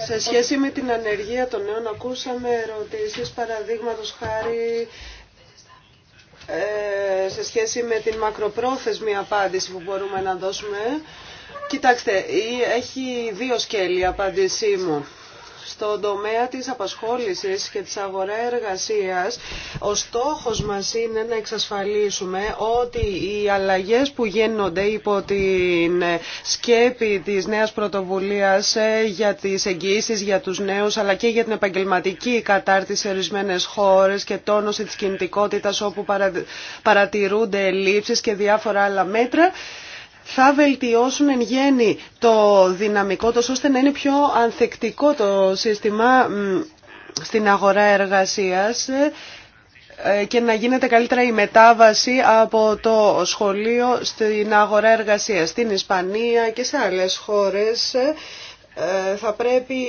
Σε σχέση με την ανεργία των νέων, ακούσαμε ερωτήσει, παραδείγματο χάρη ε, σε σχέση με την μακροπρόθεσμη απάντηση που μπορούμε να δώσουμε. Κοιτάξτε, έχει δύο σκέλη η απάντησή μου στον τομέα της απασχόλησης και της αγορά εργασίας, ο στόχος μας είναι να εξασφαλίσουμε ότι οι αλλαγές που γίνονται υπό την σκέπη της νέας πρωτοβουλίας ε, για τις εγγύσει για τους νέους αλλά και για την επαγγελματική κατάρτιση σε ορισμένες χώρες και τόνωση της κινητικότητας όπου παρατηρούνται ελλείψεις και διάφορα άλλα μέτρα θα βελτιώσουν εν γέννη το δυναμικό τους ώστε να είναι πιο ανθεκτικό το σύστημα στην αγορά εργασίας ε, και να γίνεται καλύτερα η μετάβαση από το σχολείο στην αγορά εργασίας στην Ισπανία και σε άλλες χώρες ε, θα πρέπει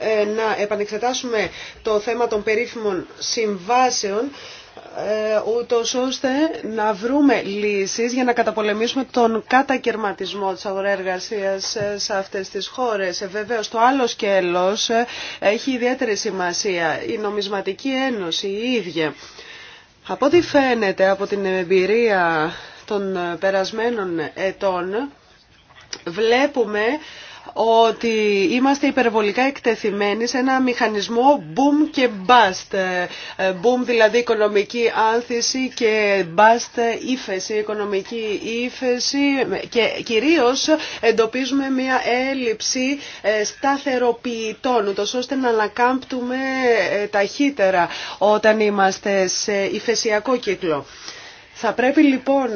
ε, να επανεξετάσουμε το θέμα των περίφημων συμβάσεων ε, ούτως ώστε να βρούμε λύσεις για να καταπολεμήσουμε τον κατακαιρματισμό της αγορα σε αυτές τις χώρες. Ε, βεβαίως το άλλο σκέλος ε, έχει ιδιαίτερη σημασία, η νομισματική ένωση η ίδια. Από ό,τι φαίνεται από την εμπειρία των περασμένων ετών βλέπουμε ότι είμαστε υπερβολικά εκτεθειμένοι σε ένα μηχανισμό boom και bust. Ε, ε, boom δηλαδή οικονομική άνθηση και bust ύφεση, οικονομική ύφεση και κυρίως εντοπίζουμε μια έλλειψη ε, σταθεροποιητών, ούτως ώστε να ανακάμπτουμε ταχύτερα όταν είμαστε σε ύφεσιακό κύκλο. Θα πρέπει λοιπόν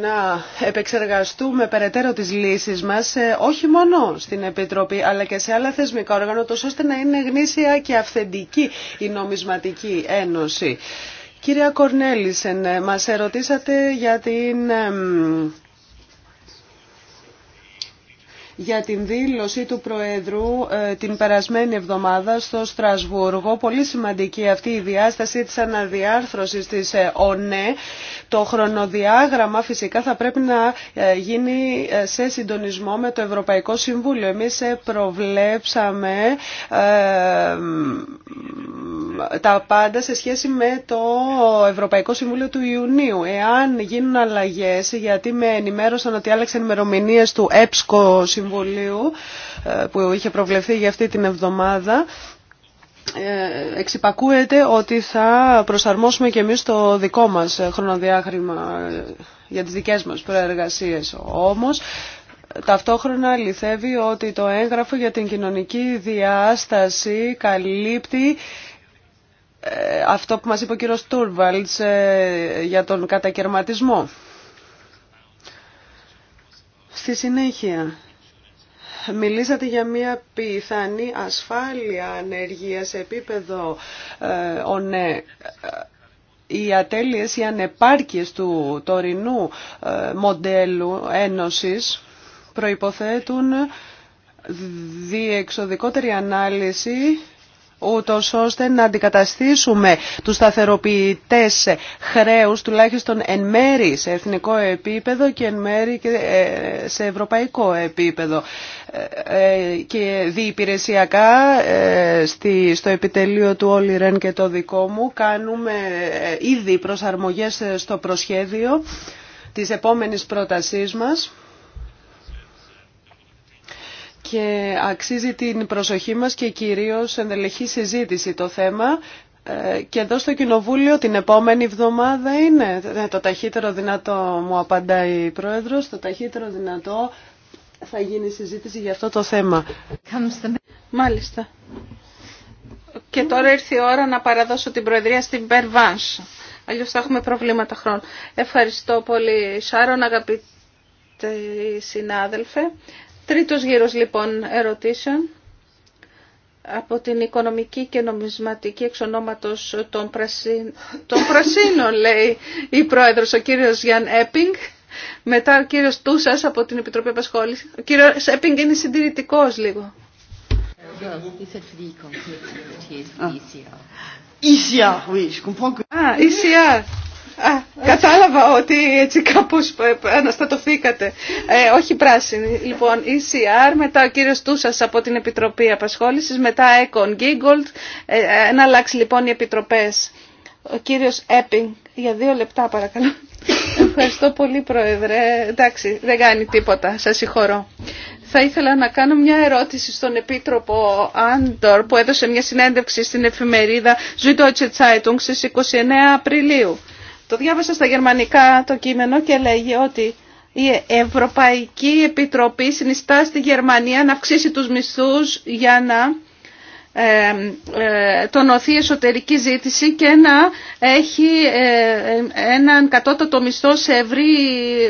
να επεξεργαστούμε περαιτέρω τις λύσεις μας ε, όχι μόνο στην Επιτροπή αλλά και σε άλλα θεσμικά όργανα ώστε να είναι γνήσια και αυθεντική η νομισματική ένωση. Κυρία Κορνέλησεν, ε, μας ερωτήσατε για την για την δήλωση του Προέδρου ε, την περασμένη εβδομάδα στο Στρασβούργο. Πολύ σημαντική αυτή η διάσταση της αναδιάρθρωσης της ε, ΟΝΕ. Το χρονοδιάγραμμα φυσικά θα πρέπει να ε, γίνει σε συντονισμό με το Ευρωπαϊκό Συμβούλιο. Εμείς προβλέψαμε τα πάντα σε σχέση με το Ευρωπαϊκό Συμβούλιο του Ιουνίου. Εάν γίνουν αλλαγές, γιατί με ενημέρωσαν ότι άλλαξαν ημερομηνίε του ΕΠΣΚΟ Συμβουλίου ε, που είχε προβλεφθεί για αυτή την εβδομάδα ε, εξυπακούεται ότι θα προσαρμόσουμε και εμείς το δικό μας χρονοδιάχρημα ε, για τις δικές μας προεργασίες. Όμως, ταυτόχρονα αληθεύει ότι το έγγραφο για την κοινωνική διάσταση καλύπτει αυτό που μας είπε ο κύριος Τούρβαλτς για τον κατακαιρματισμό. Στη συνέχεια, μιλήσατε για μια πιθανή ασφάλεια ανεργία σε επίπεδο ε, ο, ε, οι ατέλειες, οι ανεπάρκειες του τωρινού ε, μοντέλου ένωσης προϋποθέτουν διεξοδικότερη ανάλυση ούτως ώστε να αντικαταστήσουμε τους σταθεροποιητές χρέους τουλάχιστον εν μέρη σε εθνικό επίπεδο και εν μέρη ε, σε ευρωπαϊκό επίπεδο ε, ε, και διυπηρεσιακά στο επιτελείο του Όλη Ρεν και το δικό μου κάνουμε ήδη προσαρμογές στο προσχέδιο της επόμενης πρότασής μας και αξίζει την προσοχή μας και κυρίως ενδελεχή συζήτηση το θέμα ε, και εδώ στο Κοινοβούλιο την επόμενη εβδομάδα είναι ε, το ταχύτερο δυνατό, μου απαντάει η Πρόεδρος, το ταχύτερο δυνατό θα γίνει συζήτηση για αυτό το θέμα. Μάλιστα. Και τώρα ήρθε η ώρα να παραδώσω την Προεδρία στην Περβάνς. Αλλιώς θα έχουμε προβλήματα χρόνου. Ευχαριστώ πολύ Σάρων, αγαπητοί συνάδελφε. Τρίτος γύρος λοιπόν ερωτήσεων από την οικονομική και νομισματική εξ των, πρασιν... των πρασίνων, λέει η πρόεδρος, ο κύριος Γιάνν Έπινγκ. Μετά ο κύριος Τούσας από την Επιτροπή Επασχόλησης. Ο κύριος Έπινγκ είναι συντηρητικός λίγο. E ah. e Α, ECR. Α, κατάλαβα ότι έτσι κάπω αναστατωθήκατε. Ε, όχι πράσινη. Λοιπόν, ECR, μετά ο κύριο Τουσα από την Επιτροπή Απασχόλησης, μετά Econ Giggold. Ε, ε, να αλλάξει λοιπόν οι επιτροπές. Ο κύριος Έπινγκ, για δύο λεπτά παρακαλώ. Ευχαριστώ πολύ Πρόεδρε. Εντάξει, δεν κάνει τίποτα. Σας συγχωρώ. Θα ήθελα να κάνω μια ερώτηση στον Επίτροπο Άντορ που έδωσε μια συνέντευξη στην εφημερίδα Süddeutsche Zeitung στις 29 Απριλίου. Το διάβασα στα γερμανικά το κείμενο και λέγει ότι η Ευρωπαϊκή Επιτροπή συνιστά στη Γερμανία να αυξήσει τους μισθούς για να ε, ε, τονωθεί η εσωτερική ζήτηση και να έχει ε, έναν κατώτατο μισθό σε ευρύ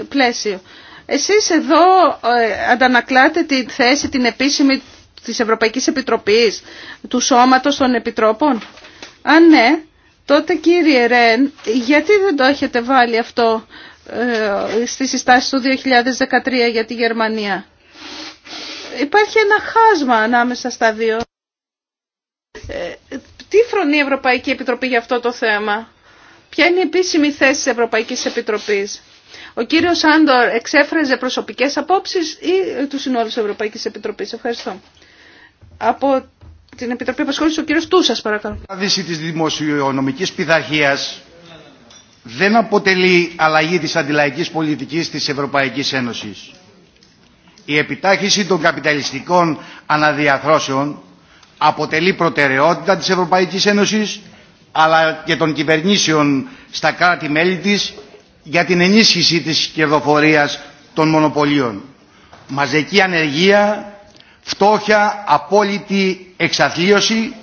πλαίσιο. Εσείς εδώ αντανακλάτε τη θέση την επίσημη της Ευρωπαϊκής Επιτροπής, του Σώματος των Επιτρόπων. Αν ναι, Τότε κύριε Ρεν, γιατί δεν το έχετε βάλει αυτό ε, στις του 2013 για τη Γερμανία. Υπάρχει ένα χάσμα ανάμεσα στα δύο. Ε, τι φρονεί η Ευρωπαϊκή Επιτροπή για αυτό το θέμα. Ποια είναι η επίσημη θέση της Ευρωπαϊκής Επιτροπής. Ο κύριος Άντορ εξέφραζε προσωπικές απόψεις ή ε, του συνόλου της Ευρωπαϊκής Επιτροπής. Ευχαριστώ. Από την Επιτροπή Απασχόλησης, ο κύριος Τούσας παρακαλώ. Η παράδειση της δημοσιονομικής πειθαρχίας δεν αποτελεί αλλαγή της αντιλαϊκής πολιτικής της Ευρωπαϊκής Ένωσης. Η επιτάχυση των καπιταλιστικών αναδιαθρώσεων αποτελεί προτεραιότητα της Ευρωπαϊκής Ένωσης αλλά και των κυβερνήσεων στα κράτη-μέλη της για την ενίσχυση της κερδοφορίας των μονοπωλίων. Μαζική ανεργία, φτώχεια, απόλυτη εξαθλίωση.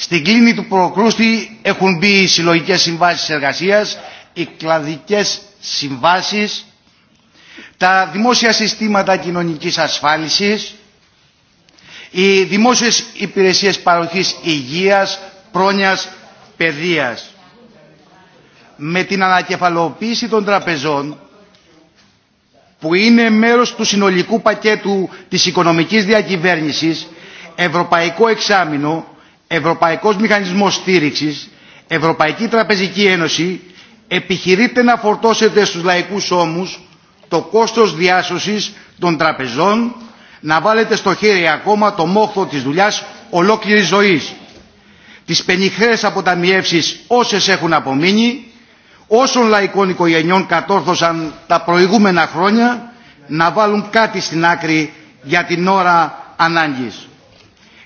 Στην κλίνη του Προκρούστη έχουν μπει οι συλλογικές συμβάσεις εργασίας, οι κλαδικές συμβάσεις, τα δημόσια συστήματα κοινωνικής ασφάλισης, οι δημόσιες υπηρεσίες παροχής υγείας, πρόνοιας, παιδείας. Με την ανακεφαλοποίηση των τραπεζών που είναι μέρος του συνολικού πακέτου της οικονομικής διακυβέρνησης, Ευρωπαϊκό Εξάμεινο, Ευρωπαϊκός Μηχανισμός Στήριξης, Ευρωπαϊκή Τραπεζική Ένωση, επιχειρείτε να φορτώσετε στους λαϊκούς ώμους το κόστος διάσωσης των τραπεζών, να βάλετε στο χέρι ακόμα το μόχθο της δουλειάς ολόκληρης ζωής. Τις πενιχρές αποταμιεύσεις όσες έχουν απομείνει, όσων λαϊκών οικογενειών κατόρθωσαν τα προηγούμενα χρόνια να βάλουν κάτι στην άκρη για την ώρα ανάγκης.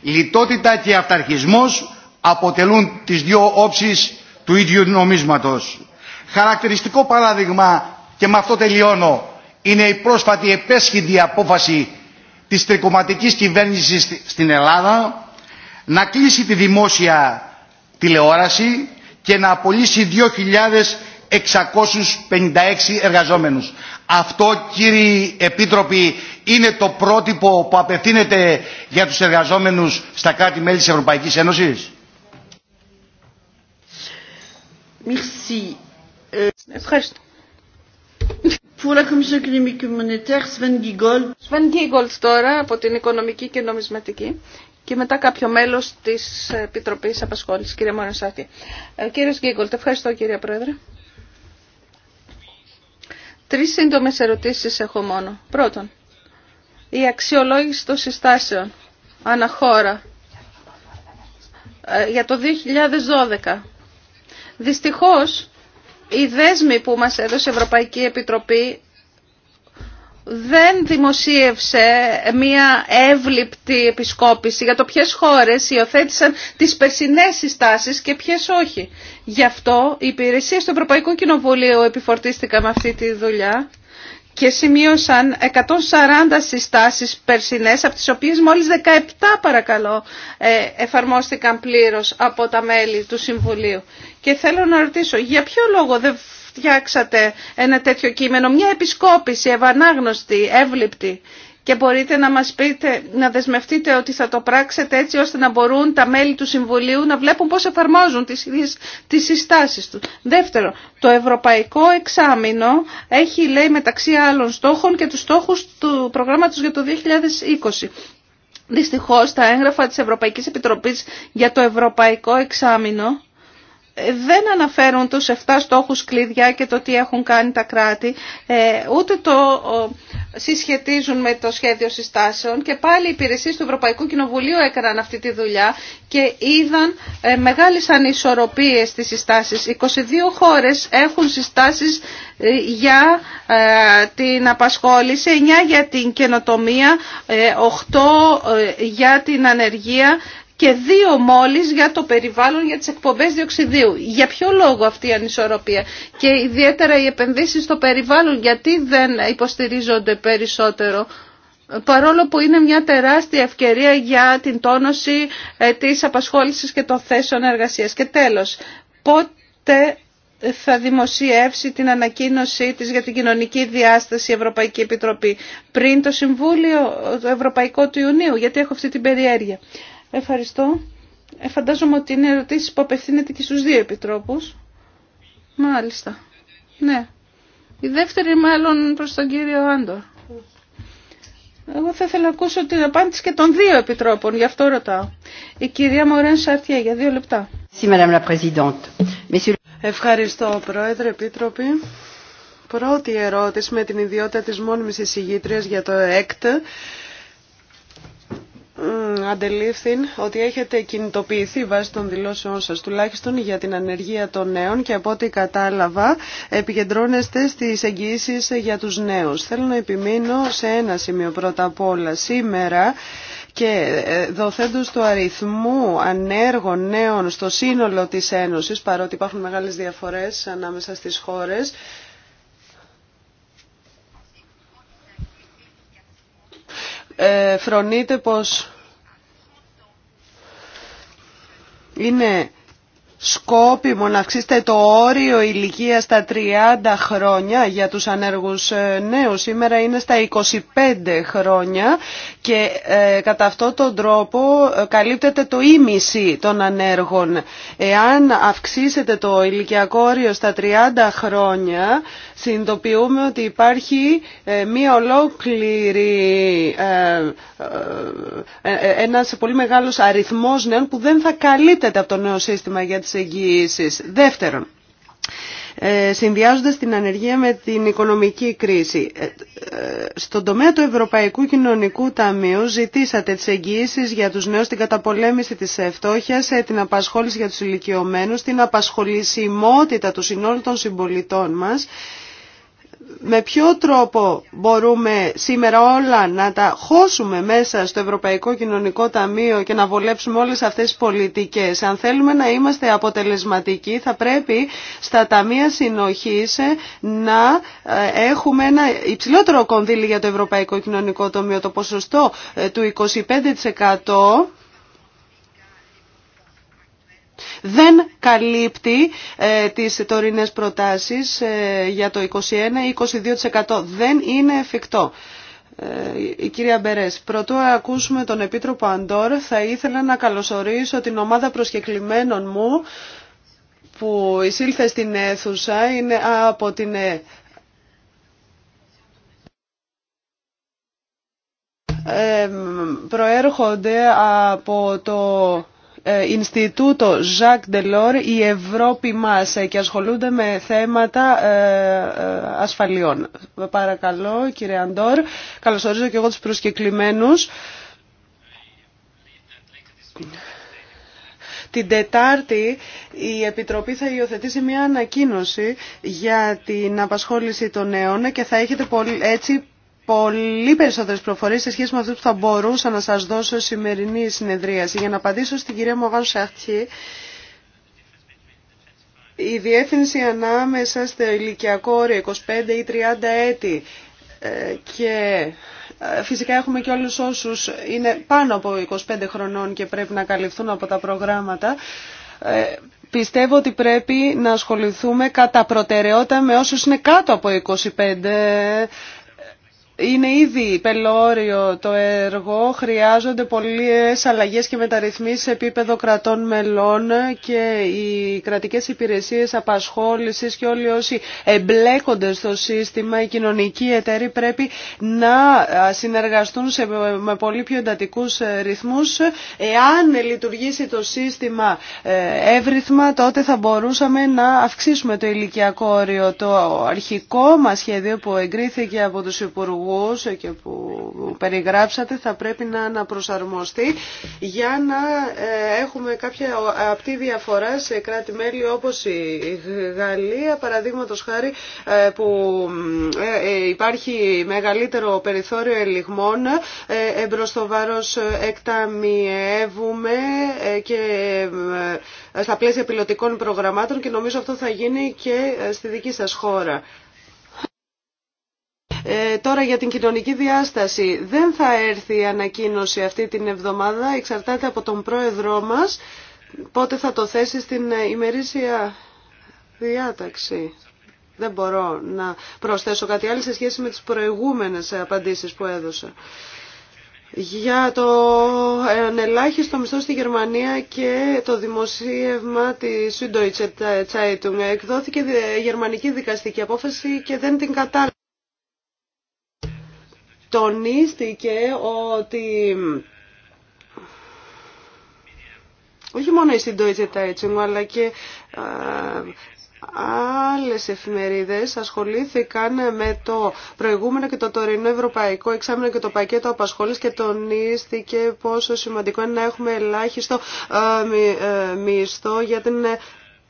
Λιτότητα και αυταρχισμός αποτελούν τις δύο όψεις του ίδιου νομίσματος. Χαρακτηριστικό παράδειγμα, και με αυτό τελειώνω, είναι η πρόσφατη επέσχυντη απόφαση της τρικοματικής κυβέρνησης στην Ελλάδα να κλείσει τη δημόσια τηλεόραση και να απολύσει 2.000 656 εργαζόμενους. Αυτό κύριοι Επίτροποι είναι το πρότυπο που απευθύνεται για τους εργαζόμενους στα κράτη-μέλη της Ευρωπαϊκής Ένωσης. Merci. Ε, ευχαριστώ. Pour la Commission économique et monétaire, Sven Sven τώρα από την Οικονομική και Νομισματική και μετά κάποιο μέλος της Επιτροπής Απασχόλησης, κύριε Μόνασάκη. Ε, κύριος Γίγκολτ, ευχαριστώ κύριε Πρόεδρε. Τρεις σύντομες ερωτήσεις έχω μόνο. Πρώτον, η αξιολόγηση των συστάσεων αναχώρα ε, για το 2012. Δυστυχώς, οι δέσμοι που μας έδωσε η Ευρωπαϊκή Επιτροπή δεν δημοσίευσε μία εύληπτη επισκόπηση για το ποιες χώρες υιοθέτησαν τις περσινές συστάσεις και ποιες όχι. Γι' αυτό οι υπηρεσίε του Ευρωπαϊκού Κοινοβουλίου επιφορτίστηκαν με αυτή τη δουλειά και σημείωσαν 140 συστάσεις περσινές, από τις οποίες μόλις 17 παρακαλώ ε, εφαρμόστηκαν πλήρως από τα μέλη του Συμβουλίου. Και θέλω να ρωτήσω, για ποιο λόγο δεν φτιάξατε ένα τέτοιο κείμενο, μια επισκόπηση ευανάγνωστη, εύληπτη και μπορείτε να μας πείτε, να δεσμευτείτε ότι θα το πράξετε έτσι ώστε να μπορούν τα μέλη του Συμβουλίου να βλέπουν πώς εφαρμόζουν τις, τις συστάσεις του. Δεύτερο, το Ευρωπαϊκό Εξάμεινο έχει λέει μεταξύ άλλων στόχων και τους στόχους του προγράμματος για το 2020. Δυστυχώς τα έγγραφα της Ευρωπαϊκής Επιτροπής για το Ευρωπαϊκό Εξάμεινο δεν αναφέρουν τους 7 στόχους κλειδιά και το τι έχουν κάνει τα κράτη, ε, ούτε το συσχετίζουν με το σχέδιο συστάσεων και πάλι οι υπηρεσίες του Ευρωπαϊκού Κοινοβουλίου έκαναν αυτή τη δουλειά και είδαν ε, μεγάλες ανισορροπίες στις συστάσεις. 22 χώρες έχουν συστάσεις ε, για την απασχόληση, 9 για την καινοτομία, 8 για την ανεργία, και δύο μόλις για το περιβάλλον για τις εκπομπές διοξιδίου. Για ποιο λόγο αυτή η ανισορροπία και ιδιαίτερα οι επενδύσεις στο περιβάλλον γιατί δεν υποστηρίζονται περισσότερο παρόλο που είναι μια τεράστια ευκαιρία για την τόνωση ε, της απασχόλησης και των θέσεων εργασίας. Και τέλος, πότε θα δημοσιεύσει την ανακοίνωσή της για την κοινωνική διάσταση η Ευρωπαϊκή Επιτροπή πριν το Συμβούλιο το Ευρωπαϊκό του Ιουνίου, γιατί έχω αυτή την περιέργεια. Ευχαριστώ. Ε, φαντάζομαι ότι είναι ερωτήσει που απευθύνεται και στου δύο επιτρόπους. Μάλιστα. Ναι. Η δεύτερη μάλλον προς τον κύριο Άντορ. Εγώ θα ήθελα να ακούσω την απάντηση και των δύο επιτρόπων, γι' αυτό ρωτάω. Η κυρία Μωρέν Σαρτιέ, για δύο λεπτά. Ευχαριστώ, Πρόεδρε, Επίτροπη. Πρώτη ερώτηση με την ιδιότητα της μόνιμης εισηγήτριας για το ΕΚΤ αντελήφθην ότι έχετε κινητοποιηθεί βάσει των δηλώσεών σας τουλάχιστον για την ανεργία των νέων και από ό,τι κατάλαβα επικεντρώνεστε στις εγγυήσεις για τους νέους. Θέλω να επιμείνω σε ένα σημείο πρώτα απ' όλα. Σήμερα και ε, δοθέντως του αριθμού ανέργων νέων στο σύνολο της Ένωσης, παρότι υπάρχουν μεγάλες διαφορές ανάμεσα στις χώρες, ε, φρονείται πως είναι σκόπιμο να αυξήσετε το όριο ηλικία στα 30 χρόνια για τους ανέργους ε, νέους. Σήμερα είναι στα 25 χρόνια και ε, κατά αυτόν τον τρόπο ε, καλύπτεται το ίμιση των ανέργων. Εάν αυξήσετε το ηλικιακό όριο στα 30 χρόνια, συνειδητοποιούμε ότι υπάρχει μία ολόκληρη, ένας πολύ μεγάλος αριθμός νέων που δεν θα καλύπτεται από το νέο σύστημα Δεύτερον, ε, συνδυάζοντας την ανεργία με την οικονομική κρίση. Ε, ε, στον τομέα του Ευρωπαϊκού Κοινωνικού Ταμείου ζητήσατε τις εγγυήσεις για τους νέους, την καταπολέμηση της φτώχειας, την απασχόληση για τους ηλικιωμένους, την απασχολησιμότητα του συνόλου των συμπολιτών μας με ποιο τρόπο μπορούμε σήμερα όλα να τα χώσουμε μέσα στο Ευρωπαϊκό Κοινωνικό Ταμείο και να βολέψουμε όλες αυτές τις πολιτικές. Αν θέλουμε να είμαστε αποτελεσματικοί θα πρέπει στα ταμεία συνοχής ε, να ε, έχουμε ένα υψηλότερο κονδύλι για το Ευρωπαϊκό Κοινωνικό Ταμείο. Το ποσοστό ε, του 25% δεν καλύπτει ε, τις τωρινές προτάσεις ε, για το 21-22%. Δεν είναι εφικτό. Ε, η κυρία Μπερές, πρωτού ακούσουμε τον Επίτροπο Αντόρ, θα ήθελα να καλωσορίσω την ομάδα προσκεκλημένων μου που εισήλθε στην αίθουσα, είναι από την προέρχονται από το ε, Ινστιτούτο Ζάκ Delors η Ευρώπη μας ε, και ασχολούνται με θέματα ε, ασφαλιών. Παρακαλώ κύριε Αντόρ, καλωσορίζω και εγώ τους προσκεκλημένους. Την Τετάρτη η Επιτροπή θα υιοθετήσει μια ανακοίνωση για την απασχόληση των νέων και θα έχετε έτσι πολύ περισσότερες προφορίες σε σχέση με αυτό που θα μπορούσα να σα δώσω σημερινή συνεδρίαση. Για να απαντήσω στην κυρία Μογάν Σαχτιέ, η διεύθυνση ανάμεσα στο ηλικιακό όριο 25 ή 30 έτη ε, και ε, φυσικά έχουμε και όλους όσους είναι πάνω από 25 χρονών και πρέπει να καλυφθούν από τα προγράμματα ε, πιστεύω ότι πρέπει να ασχοληθούμε κατά προτεραιότητα με όσους είναι κάτω από 25 είναι ήδη πελώριο το έργο, χρειάζονται πολλές αλλαγές και μεταρρυθμίσεις σε επίπεδο κρατών μελών και οι κρατικές υπηρεσίες απασχόλησης και όλοι όσοι εμπλέκονται στο σύστημα, οι κοινωνικοί εταίροι πρέπει να συνεργαστούν σε, με πολύ πιο εντατικού ρυθμούς. Εάν λειτουργήσει το σύστημα ε, εύρυθμα, τότε θα μπορούσαμε να αυξήσουμε το ηλικιακό όριο. Το αρχικό μας σχέδιο που εγκρίθηκε από τους υπουργού και που περιγράψατε θα πρέπει να αναπροσαρμοστεί για να ε, έχουμε κάποια απτή διαφορά σε κράτη-μέλη όπως η Γαλλία παραδείγματος χάρη ε, που ε, υπάρχει μεγαλύτερο περιθώριο ελιγμών εμπρος βάρος εκταμιεύουμε και στα πλαίσια πιλωτικών προγραμμάτων και νομίζω αυτό θα γίνει και στη δική σας χώρα. Ε, τώρα για την κοινωνική διάσταση. Δεν θα έρθει η ανακοίνωση αυτή την εβδομάδα. Εξαρτάται από τον πρόεδρό μας πότε θα το θέσει στην ε, ημερήσια διάταξη. Δεν μπορώ να προσθέσω κάτι άλλο σε σχέση με τις προηγούμενες απαντήσεις που έδωσα. Για το ε, ανελάχιστο μισθό στη Γερμανία και το δημοσίευμα της Süddeutsche Zeitung εκδόθηκε γερμανική δικαστική απόφαση και δεν την κατάλαβα τονίστηκε ότι όχι μόνο η έτσι Zeitung αλλά και άλλες εφημερίδες ασχολήθηκαν με το προηγούμενο και το τωρινό ευρωπαϊκό εξάμεινο και το πακέτο απασχόλης και τονίστηκε πόσο σημαντικό είναι να έχουμε ελάχιστο ε, μισθό για την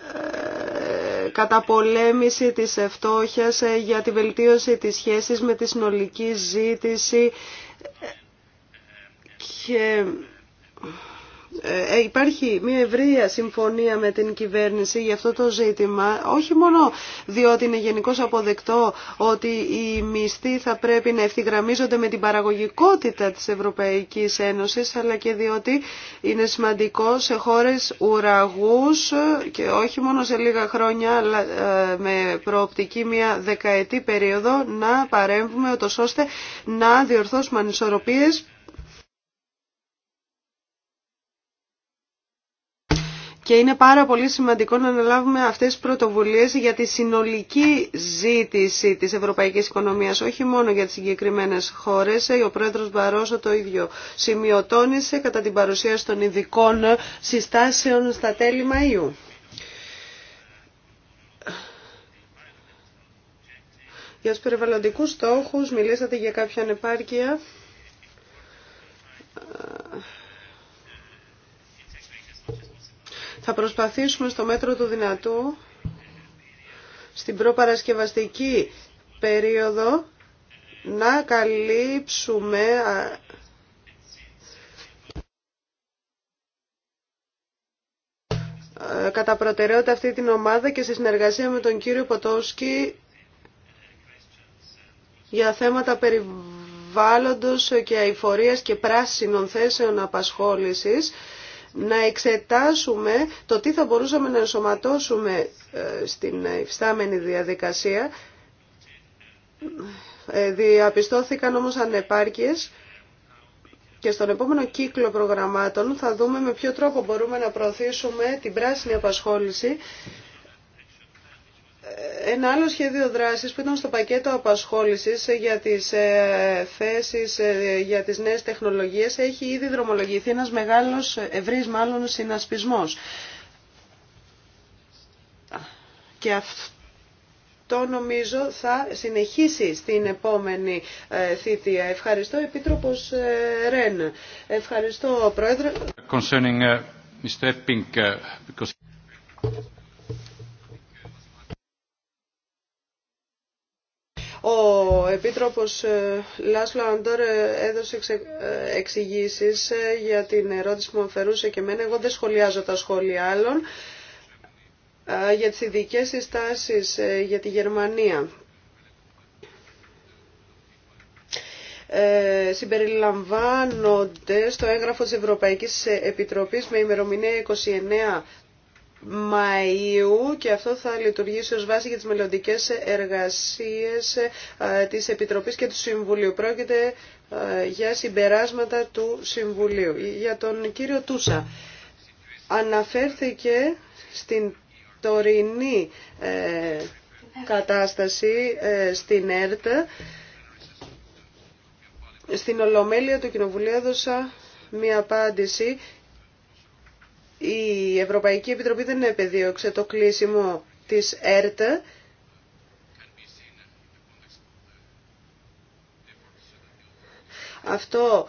ε, καταπολέμηση της ε, για τη βελτίωση της σχέσης με τη συνολική ζήτηση ε, και ε, υπάρχει μια ευρεία συμφωνία με την κυβέρνηση για αυτό το ζήτημα, όχι μόνο διότι είναι γενικώ αποδεκτό ότι οι μισθοί θα πρέπει να ευθυγραμμίζονται με την παραγωγικότητα της Ευρωπαϊκής Ένωσης, αλλά και διότι είναι σημαντικό σε χώρες ουραγούς και όχι μόνο σε λίγα χρόνια, αλλά ε, με προοπτική μια δεκαετή περίοδο να παρέμβουμε, ώστε να διορθώσουμε ανισορροπίες Και είναι πάρα πολύ σημαντικό να αναλάβουμε αυτές τις πρωτοβουλίες για τη συνολική ζήτηση της ευρωπαϊκής οικονομίας, όχι μόνο για τις συγκεκριμένες χώρες. Ο πρόεδρος Μπαρόσο το ίδιο σημειωτώνησε κατά την παρουσίαση των ειδικών συστάσεων στα τέλη Μαΐου. Για τους περιβαλλοντικούς στόχους μιλήσατε για κάποια ανεπάρκεια Θα προσπαθήσουμε στο μέτρο του δυνατού στην προπαρασκευαστική περίοδο να καλύψουμε ε, κατά προτεραιότητα αυτή την ομάδα και σε συνεργασία με τον κύριο Ποτόσκι για θέματα περιβάλλοντος και αηφορίας και πράσινων θέσεων απασχόλησης να εξετάσουμε το τι θα μπορούσαμε να ενσωματώσουμε ε, στην υφιστάμενη διαδικασία. Ε, διαπιστώθηκαν όμως ανεπάρκειες και στον επόμενο κύκλο προγραμμάτων θα δούμε με ποιο τρόπο μπορούμε να προωθήσουμε την πράσινη απασχόληση ένα άλλο σχέδιο δράσης που ήταν στο πακέτο απασχόλησης για τις ε, θέσεις, ε, για τις νέες τεχνολογίες, έχει ήδη δρομολογηθεί ένας μεγάλος, ευρύς μάλλον, συνασπισμός. Και αυτό νομίζω θα συνεχίσει στην επόμενη ε, θήτια. Ευχαριστώ, Επίτροπος Ρεν. Ευχαριστώ, Πρόεδρε. Concerning, Mr. Ο Επίτροπος ε, Λάσλο Αντόρ ε, έδωσε ε, εξηγήσει για την ερώτηση που μου αφαιρούσε και εμένα. Εγώ δεν σχολιάζω τα σχόλια άλλων για τις ειδικέ συστάσεις για τη Γερμανία. Ε, συμπεριλαμβάνονται στο έγγραφο της Ευρωπαϊκής Επιτροπής με ημερομηνία 29 Μαΐου και αυτό θα λειτουργήσει ως βάση για τις μελλοντικέ εργασίες ε, της Επιτροπής και του Συμβουλίου. Πρόκειται ε, για συμπεράσματα του Συμβουλίου. Για τον κύριο Τούσα, αναφέρθηκε στην τωρινή ε, κατάσταση στην ΕΡΤ. Στην Ολομέλεια του Κοινοβουλίου έδωσα μία απάντηση η Ευρωπαϊκή Επιτροπή δεν επεδίωξε το κλείσιμο της ΕΡΤ. Αυτό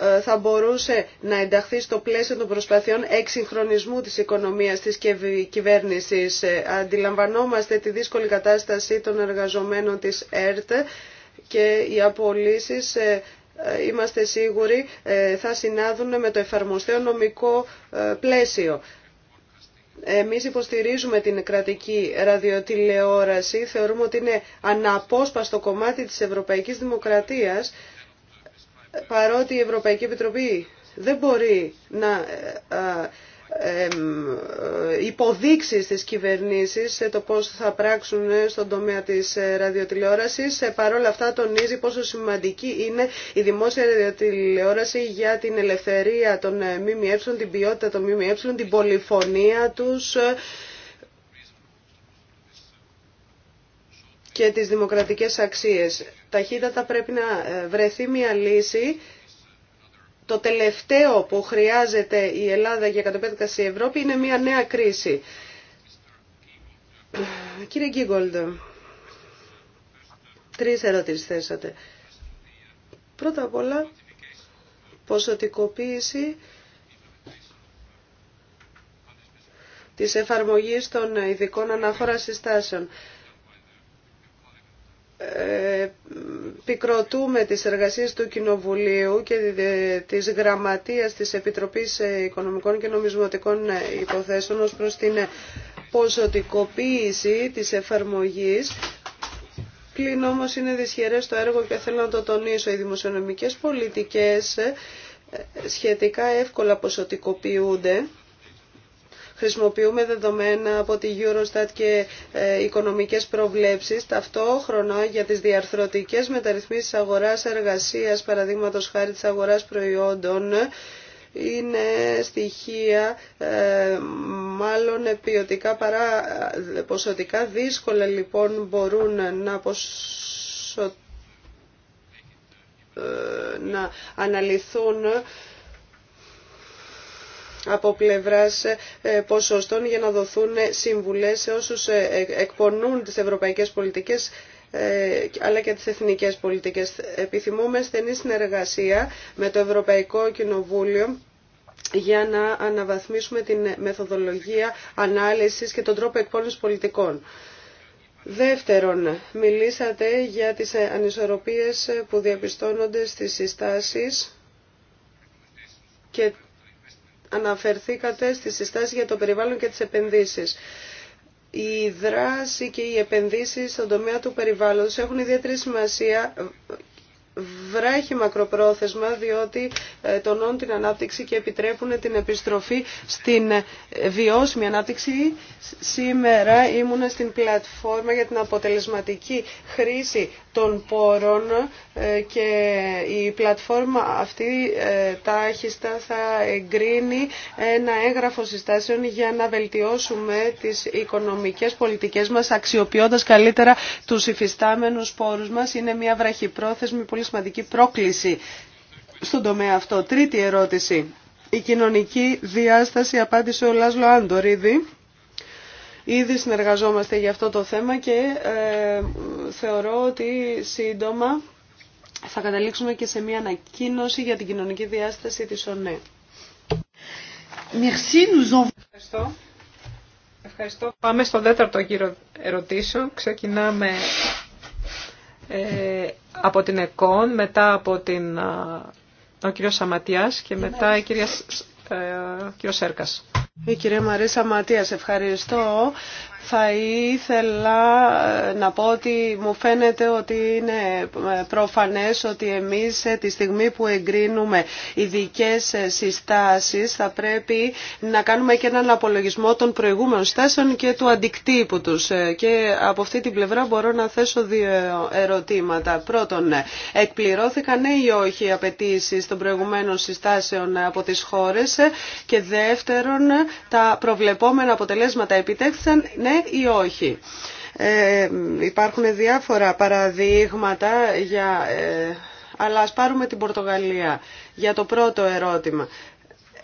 ε, θα μπορούσε να ενταχθεί στο πλαίσιο των προσπαθειών εξυγχρονισμού της οικονομίας της κυβέρνησης. Ε, αντιλαμβανόμαστε τη δύσκολη κατάσταση των εργαζομένων της ΕΡΤ και οι απολύσεις ε, ε, είμαστε σίγουροι ε, θα συνάδουν με το εφαρμοστέο νομικό ε, πλαίσιο. Εμείς υποστηρίζουμε την κρατική ραδιοτηλεόραση, θεωρούμε ότι είναι αναπόσπαστο κομμάτι της Ευρωπαϊκής Δημοκρατίας, παρότι η Ευρωπαϊκή Επιτροπή δεν μπορεί να υποδείξεις της κυβερνήσεις το πώς θα πράξουν στον τομέα της ε, ραδιοτηλεόρασης. Ε, παρόλα αυτά τονίζει πόσο σημαντική είναι η δημόσια ραδιοτηλεόραση για την ελευθερία των ε, ΜΜΕ, την ποιότητα των ΜΜΕ, την πολυφωνία τους και τις δημοκρατικές αξίες. Ταχύτατα πρέπει να βρεθεί μια λύση το τελευταίο που χρειάζεται η Ελλάδα για κατοπέτραση η Ευρώπη είναι μια νέα κρίση. Κύριε Γκίγκολντ, τρεις ερωτήσεις θέσατε. Πρώτα απ' όλα, ποσοτικοποίηση της εφαρμογής των ειδικών ανάχώρα συστάσεων. Ε, πικροτούμε τις εργασίες του Κοινοβουλίου και της Γραμματείας της Επιτροπής Οικονομικών και Νομισματικών Υποθέσεων ως προς την ποσοτικοποίηση της εφαρμογής. Πλην όμως είναι δυσχερές το έργο και θέλω να το τονίσω. Οι δημοσιονομικές πολιτικές ε, σχετικά εύκολα ποσοτικοποιούνται χρησιμοποιούμε δεδομένα από τη Eurostat και ε, οικονομικές προβλέψεις. Ταυτόχρονα για τις διαρθρωτικές μεταρρυθμίσεις αγοράς εργασίας, παραδείγματος χάρη της αγοράς προϊόντων, είναι στοιχεία ε, μάλλον ποιοτικά παρά ε, ποσοτικά. Δύσκολα λοιπόν μπορούν να να αναλυθούν από πλευράς ε, ποσοστών για να δοθούν συμβουλές σε όσους ε, εκπονούν τις ευρωπαϊκές πολιτικές ε, αλλά και τις εθνικές πολιτικές. Επιθυμούμε στενή συνεργασία με το Ευρωπαϊκό Κοινοβούλιο για να αναβαθμίσουμε την μεθοδολογία ανάλυσης και τον τρόπο εκπόνησης πολιτικών. Δεύτερον, μιλήσατε για τις ανισορροπίες που διαπιστώνονται στις συστάσεις και αναφερθήκατε στις συστάσεις για το περιβάλλον και τις επενδύσεις. Η δράση και οι επενδύσεις στον τομέα του περιβάλλοντος έχουν ιδιαίτερη σημασία βράχει μακροπρόθεσμα διότι ε, τονώνουν την ανάπτυξη και επιτρέπουν την επιστροφή στην ε, βιώσιμη ανάπτυξη. Σήμερα ήμουν στην πλατφόρμα για την αποτελεσματική χρήση των πόρων ε, και η πλατφόρμα αυτή τάχιστα θα εγκρίνει ένα έγγραφο συστάσεων για να βελτιώσουμε τις οικονομικές πολιτικές μας αξιοποιώντας καλύτερα τους υφιστάμενους πόρους μας. Είναι μια βραχυπρόθεσμη πολύ σημαντική πρόκληση στον τομέα αυτό. Τρίτη ερώτηση. Η κοινωνική διάσταση απάντησε ο Λάσλο Άντορίδη. Ήδη συνεργαζόμαστε για αυτό το θέμα και ε, θεωρώ ότι σύντομα θα καταλήξουμε και σε μια ανακοίνωση για την κοινωνική διάσταση της ΟΝΕ. Ευχαριστώ. Ευχαριστώ. Πάμε στο τέταρτο γύρο ερωτήσεων. Ξεκινάμε ε, από την ΕΚΟΝ, μετά από την, ο κύριος Σαματιάς και μετά η κυρία, ε, ο κύριος Σέρκας. Η κυρία Μαρίσα Ματίας, ευχαριστώ. Θα ήθελα ε, να πω ότι μου φαίνεται ότι είναι ε, προφανές ότι εμείς ε, τη στιγμή που εγκρίνουμε ειδικέ συστάσεις θα πρέπει να κάνουμε και έναν απολογισμό των προηγούμενων στάσεων και του αντικτύπου τους. Και από αυτή την πλευρά μπορώ να θέσω δύο ερωτήματα. Πρώτον, εκπληρώθηκαν ναι ή όχι οι απαιτήσει των προηγουμένων συστάσεων από τις χώρες και δεύτερον, τα προβλεπόμενα αποτελέσματα επιτέχθησαν ναι ναι ή όχι. Ε, υπάρχουν διάφορα παραδείγματα για... Ε, αλλά ας πάρουμε την Πορτογαλία για το πρώτο ερώτημα.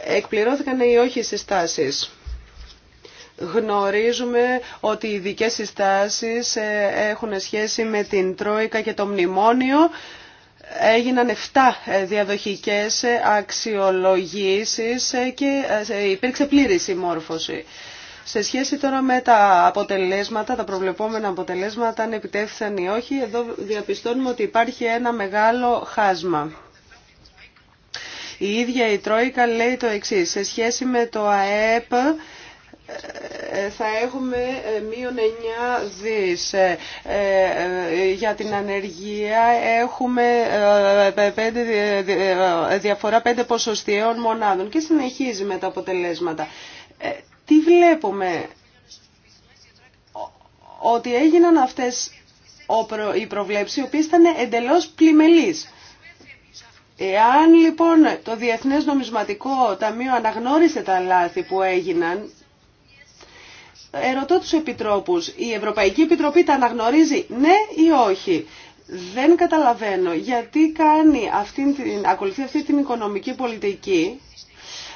Εκπληρώθηκαν ή όχι οι συστάσεις. Γνωρίζουμε ότι οι ειδικέ συστάσεις ε, έχουν σχέση με την Τρόικα και το Μνημόνιο. Έγιναν 7 ε, διαδοχικές αξιολογήσεις και υπήρξε πλήρη συμμόρφωση. Σε σχέση τώρα με τα αποτελέσματα, τα προβλεπόμενα αποτελέσματα, αν επιτεύχθηκαν ή όχι, εδώ διαπιστώνουμε ότι υπάρχει ένα μεγάλο χάσμα. Η ίδια η Τρόικα λέει το εξή. σε σχέση με το ΑΕΠ, ε, θα έχουμε ε, μείον 9 δις ε, για την ανεργία έχουμε διαφορά 5 ποσοστιαίων μονάδων και συνεχίζει με τα αποτελέσματα τι βλέπουμε ότι έγιναν αυτές οι προβλέψεις, οι οποίες ήταν εντελώς πλημελείς. Εάν λοιπόν το Διεθνές Νομισματικό Ταμείο αναγνώρισε τα λάθη που έγιναν, ερωτώ τους επιτρόπους, η Ευρωπαϊκή Επιτροπή τα αναγνωρίζει ναι ή όχι. Δεν καταλαβαίνω γιατί κάνει αυτή, ακολουθεί αυτή την οικονομική πολιτική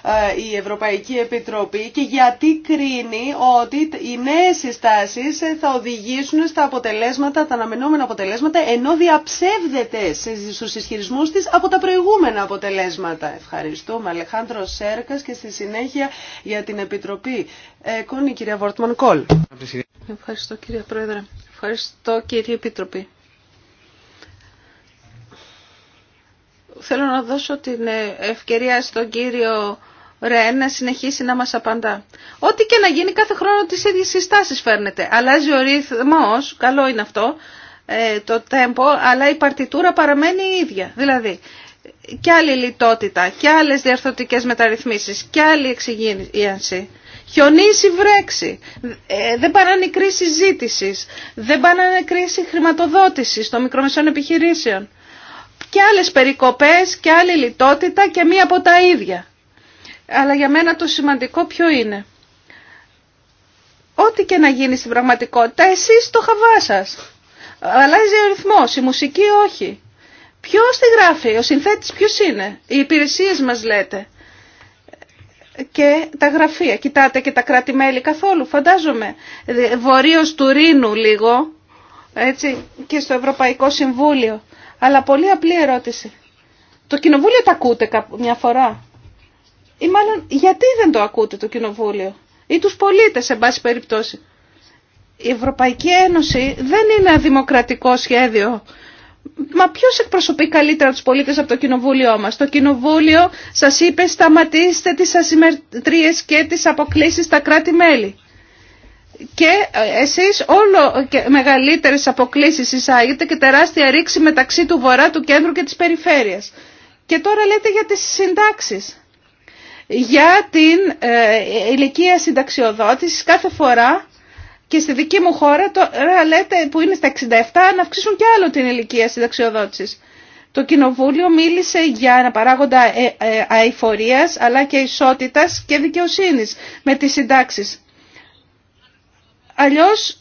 ε, η Ευρωπαϊκή Επιτροπή και γιατί κρίνει ότι οι νέε συστάσεις ε, θα οδηγήσουν στα αποτελέσματα, τα αναμενόμενα αποτελέσματα, ενώ διαψεύδεται στους ισχυρισμούς της από τα προηγούμενα αποτελέσματα. Ευχαριστούμε Αλεχάνδρο Σέρκας και στη συνέχεια για την Επιτροπή. Ε, Κόνη, κυρία Βόρτμαν Κόλ. Ευχαριστώ κύριε Πρόεδρε. Ευχαριστώ κύριε Επίτροπη. Θέλω να δώσω την ε, ευκαιρία στον κύριο Ρε, να συνεχίσει να μας απαντά. Ό,τι και να γίνει κάθε χρόνο τις ίδιες συστάσεις φέρνεται. Αλλάζει ο ρυθμός, καλό είναι αυτό, ε, το τέμπο, αλλά η παρτιτούρα παραμένει η ίδια. Δηλαδή, και άλλη λιτότητα, και άλλες διαρθρωτικές μεταρρυθμίσεις, και άλλη εξυγίανση. Χιονίσει Χιονίση-βρέξη, ε, δεν παράνε κρίση ζήτηση, δεν παράνε κρίση χρηματοδότηση των μικρομεσών επιχειρήσεων. Και άλλες περικοπές και άλλη λιτότητα και μία από τα ίδια. Αλλά για μένα το σημαντικό ποιο είναι. Ό,τι και να γίνει στην πραγματικότητα, εσείς το χαβά σας. Αλλάζει ο ρυθμός, η μουσική όχι. Ποιος τη γράφει, ο συνθέτης ποιος είναι. Οι υπηρεσίες μας λέτε. Και τα γραφεία. Κοιτάτε και τα κράτη-μέλη καθόλου, φαντάζομαι. Βορείος του Ρήνου λίγο, έτσι, και στο Ευρωπαϊκό Συμβούλιο. Αλλά πολύ απλή ερώτηση. Το κοινοβούλιο τα ακούτε μια φορά ή μάλλον γιατί δεν το ακούτε το κοινοβούλιο ή τους πολίτες σε πάση περιπτώσει. Η Ευρωπαϊκή Ένωση δεν είναι αδημοκρατικό σχέδιο. Μα ποιο εκπροσωπεί καλύτερα του πολίτε από το κοινοβούλιο μα. Το κοινοβούλιο σα είπε σταματήστε τι ασυμμετρίε και τι αποκλήσει στα κράτη-μέλη. Και ε, εσεί όλο και μεγαλύτερες αποκλήσει εισάγετε και τεράστια ρήξη μεταξύ του βορρά, του κέντρου και τη περιφέρεια. Και τώρα λέτε για τι συντάξει για την ε, ηλικία συνταξιοδότησης κάθε φορά και στη δική μου χώρα τώρα λέτε που είναι στα 67 να αυξήσουν και άλλο την ηλικία συνταξιοδότησης. Το Κοινοβούλιο μίλησε για ένα παράγοντα ε, ε, αηφορίας αλλά και ισότητας και δικαιοσύνης με τις συντάξεις. Αλλιώς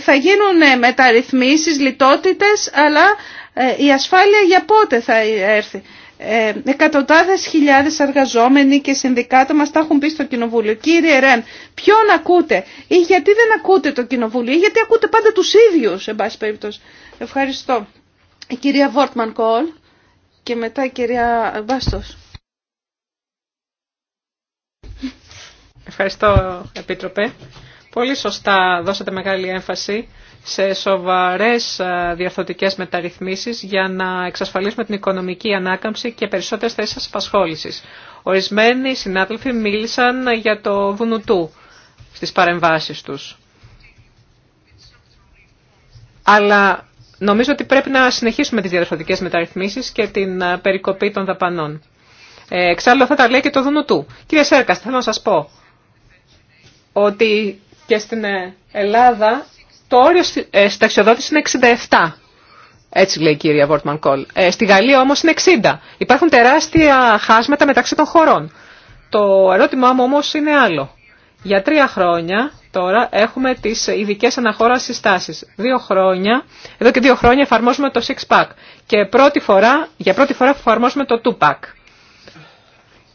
θα γίνουν μεταρρυθμίσεις, λιτότητες, αλλά η ασφάλεια για πότε θα έρθει ε, εκατοντάδες χιλιάδες εργαζόμενοι και συνδικάτα μας τα έχουν πει στο Κοινοβούλιο. Κύριε Ρεν, ποιον ακούτε ή γιατί δεν ακούτε το Κοινοβούλιο ή γιατί ακούτε πάντα τους ίδιους, εν πάση περίπτωση. Ευχαριστώ. Η κυρία Βόρτμαν Κόλ και μετά η κυρία Μπάστος. Ευχαριστώ, Επίτροπε. Πολύ σωστά δώσατε μεγάλη έμφαση σε σοβαρές διαρθωτικές μεταρρυθμίσεις για να εξασφαλίσουμε την οικονομική ανάκαμψη και περισσότερες θέσεις απασχόλησης. Ορισμένοι συνάδελφοι μίλησαν για το Βουνουτού στις παρεμβάσεις τους. Αλλά νομίζω ότι πρέπει να συνεχίσουμε τις διαρθωτικές μεταρρυθμίσεις και την περικοπή των δαπανών. Ε, εξάλλου αυτά τα λέει και το Δουνουτού. Κύριε Σέρκας, θέλω να σας πω ότι και στην ε, Ελλάδα το όριο συνταξιοδότηση ε, είναι 67. Έτσι λέει η κυρία Βόρτμαν Κόλ. Ε, στη Γαλλία όμως είναι 60. Υπάρχουν τεράστια χάσματα μεταξύ των χωρών. Το ερώτημά μου όμως είναι άλλο. Για τρία χρόνια τώρα έχουμε τις ειδικέ αναχώρασει στάσεις. Δύο χρόνια, εδώ και δύο χρόνια εφαρμόζουμε το six pack και πρώτη φορά, για πρώτη φορά εφαρμόζουμε το two pack.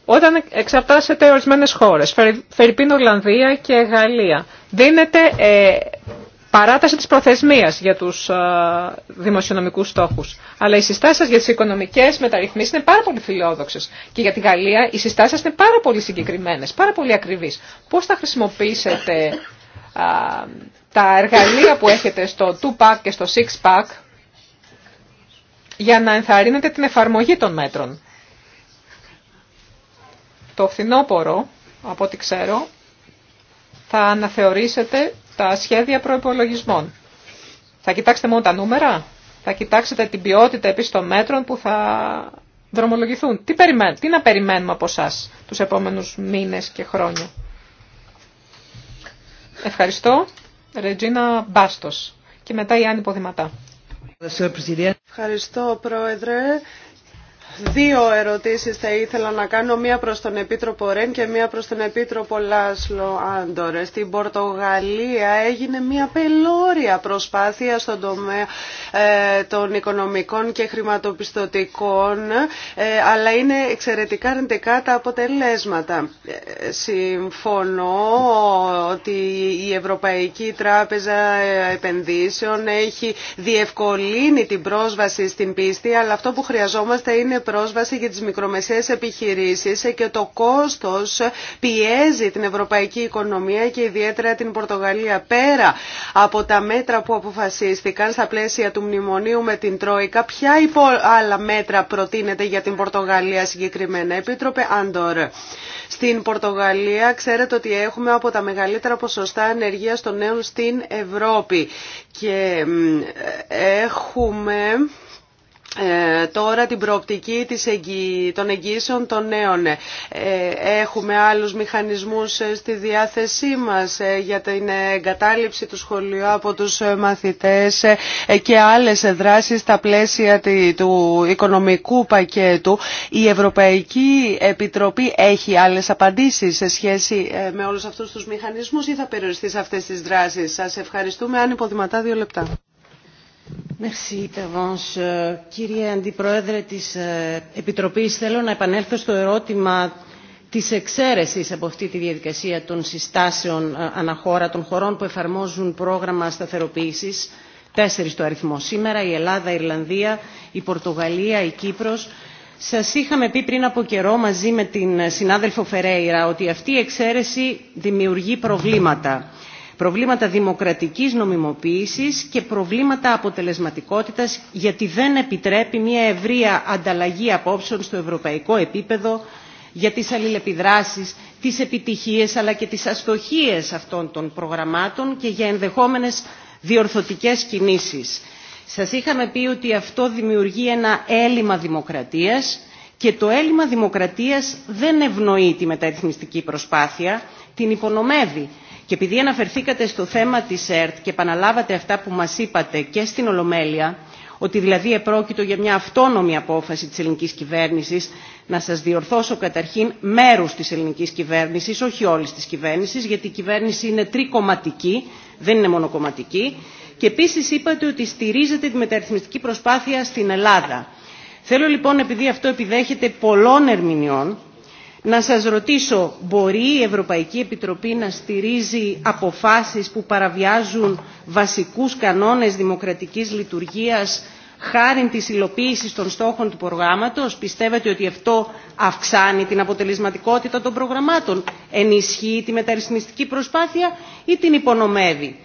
Όταν εξαρτάσετε ορισμένε χώρε, Φερρυπίν, Ολλανδία και Γαλλία, ε, παράταση της προθεσμίας για τους ε, δημοσιονομικούς στόχους. Αλλά οι συστάσεις για τις οικονομικές μεταρρυθμίσεις είναι πάρα πολύ φιλόδοξες. Και για τη Γαλλία οι συστάσεις είναι πάρα πολύ συγκεκριμένες, πάρα πολύ ακριβείς. Πώς θα χρησιμοποιήσετε ε, τα εργαλεία που έχετε στο 2-pack και στο 6-pack για να ενθαρρύνετε την εφαρμογή των μέτρων. Το φθινόπορο, από ό,τι ξέρω, θα αναθεωρήσετε τα σχέδια προπολογισμών. Θα κοιτάξετε μόνο τα νούμερα, θα κοιτάξετε την ποιότητα επίσης των μέτρων που θα δρομολογηθούν. Τι, τι να περιμένουμε από εσά τους επόμενους μήνες και χρόνια. Ευχαριστώ. Ρετζίνα Μπάστος. Και μετά η Άννη Ποδηματά. Ευχαριστώ, Πρόεδρε. Δύο ερωτήσεις θα ήθελα να κάνω, μία προς τον Επίτροπο Ρεν και μία προς τον Επίτροπο Λάσλο Άντορε. Στην Πορτογαλία έγινε μία πελώρια προσπάθεια στον τομέα ε, των οικονομικών και χρηματοπιστωτικών, ε, αλλά είναι εξαιρετικά αρνητικά τα αποτελέσματα. Ε, συμφωνώ ότι η Ευρωπαϊκή Τράπεζα Επενδύσεων έχει διευκολύνει την πρόσβαση στην πίστη, αλλά αυτό που χρειαζόμαστε είναι πρόσβαση για τις μικρομεσαίες επιχειρήσεις και το κόστος πιέζει την ευρωπαϊκή οικονομία και ιδιαίτερα την Πορτογαλία. Πέρα από τα μέτρα που αποφασίστηκαν στα πλαίσια του μνημονίου με την Τρόικα, ποια υπό άλλα μέτρα προτείνεται για την Πορτογαλία συγκεκριμένα. Επίτροπε Άντορ, στην Πορτογαλία ξέρετε ότι έχουμε από τα μεγαλύτερα ποσοστά ενεργεία των νέων στην Ευρώπη και ε, έχουμε ε, τώρα την προοπτική της των εγγύσεων των νέων. Ε, έχουμε άλλους μηχανισμούς ε, στη διάθεσή μας για την εγκατάλειψη του σχολείου από τους μαθητές και άλλες δράσεις στα πλαίσια του οικονομικού πακέτου. Η Ευρωπαϊκή Επιτροπή έχει άλλες απαντήσεις σε σχέση με όλους αυτούς τους μηχανισμούς ή θα περιοριστεί σε αυτές τις δράσεις. Σας ευχαριστούμε. Αν υποδηματά δύο λεπτά. Ε, κύριε Αντιπρόεδρε της ε, Επιτροπής, θέλω να επανέλθω στο ερώτημα της εξαίρεσης από αυτή τη διαδικασία των συστάσεων ε, αναχώρα των χωρών που εφαρμόζουν πρόγραμμα σταθεροποίησης, τέσσερις το αριθμό σήμερα, η Ελλάδα, η Ιρλανδία, η Πορτογαλία, η Κύπρος. Σας είχαμε πει πριν από καιρό μαζί με την συνάδελφο Φερέιρα ότι αυτή η εξαίρεση δημιουργεί προβλήματα προβλήματα δημοκρατικής νομιμοποίησης και προβλήματα αποτελεσματικότητας γιατί δεν επιτρέπει μια ευρεία ανταλλαγή απόψεων στο ευρωπαϊκό επίπεδο για τις αλληλεπιδράσεις, τις επιτυχίες αλλά και τις αστοχίες αυτών των προγραμμάτων και για ενδεχόμενες διορθωτικές κινήσεις. Σας είχαμε πει ότι αυτό δημιουργεί ένα έλλειμμα δημοκρατίας και το έλλειμμα δημοκρατίας δεν ευνοεί τη μεταρρυθμιστική προσπάθεια, την υπονομεύει και επειδή αναφερθήκατε στο θέμα της ΕΡΤ και επαναλάβατε αυτά που μας είπατε και στην Ολομέλεια, ότι δηλαδή επρόκειτο για μια αυτόνομη απόφαση της ελληνικής κυβέρνησης, να σας διορθώσω καταρχήν μέρους της ελληνικής κυβέρνησης, όχι όλης της κυβέρνησης, γιατί η κυβέρνηση είναι τρικομματική, δεν είναι μονοκομματική. Και επίσης είπατε ότι στηρίζετε τη μεταρρυθμιστική προσπάθεια στην Ελλάδα. Θέλω λοιπόν, επειδή αυτό επιδέχεται πολλών ερμηνεών, να σας ρωτήσω, μπορεί η Ευρωπαϊκή Επιτροπή να στηρίζει αποφάσεις που παραβιάζουν βασικούς κανόνες δημοκρατικής λειτουργίας χάρη της υλοποίησης των στόχων του προγράμματος. Πιστεύετε ότι αυτό αυξάνει την αποτελεσματικότητα των προγραμμάτων, ενισχύει τη μεταρρυθμιστική προσπάθεια ή την υπονομεύει.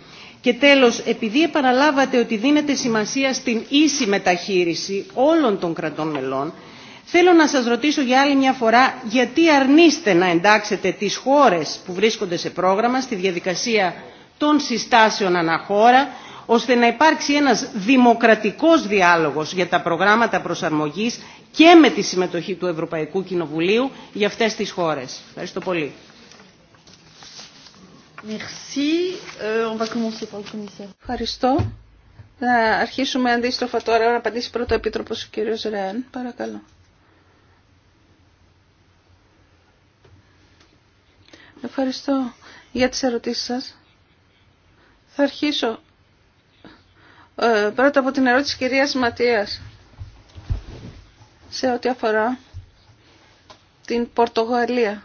Και τέλος, επειδή επαναλάβατε ότι δίνεται σημασία στην ίση μεταχείριση όλων των κρατών μελών, Θέλω να σας ρωτήσω για άλλη μια φορά γιατί αρνείστε να εντάξετε τις χώρες που βρίσκονται σε πρόγραμμα στη διαδικασία των συστάσεων αναχώρα ώστε να υπάρξει ένας δημοκρατικός διάλογος για τα προγράμματα προσαρμογής και με τη συμμετοχή του Ευρωπαϊκού Κοινοβουλίου για αυτές τις χώρες. Ευχαριστώ πολύ. Euh, Ευχαριστώ. Θα αρχίσουμε αντίστροφα τώρα να απαντήσει πρώτο ο Επίτροπος ο κ. Ρέν. Παρακαλώ. Ευχαριστώ για τις ερωτήσεις σας. Θα αρχίσω ε, πρώτα από την ερώτηση της κυρίας Ματίας σε ό,τι αφορά την Πορτογαλία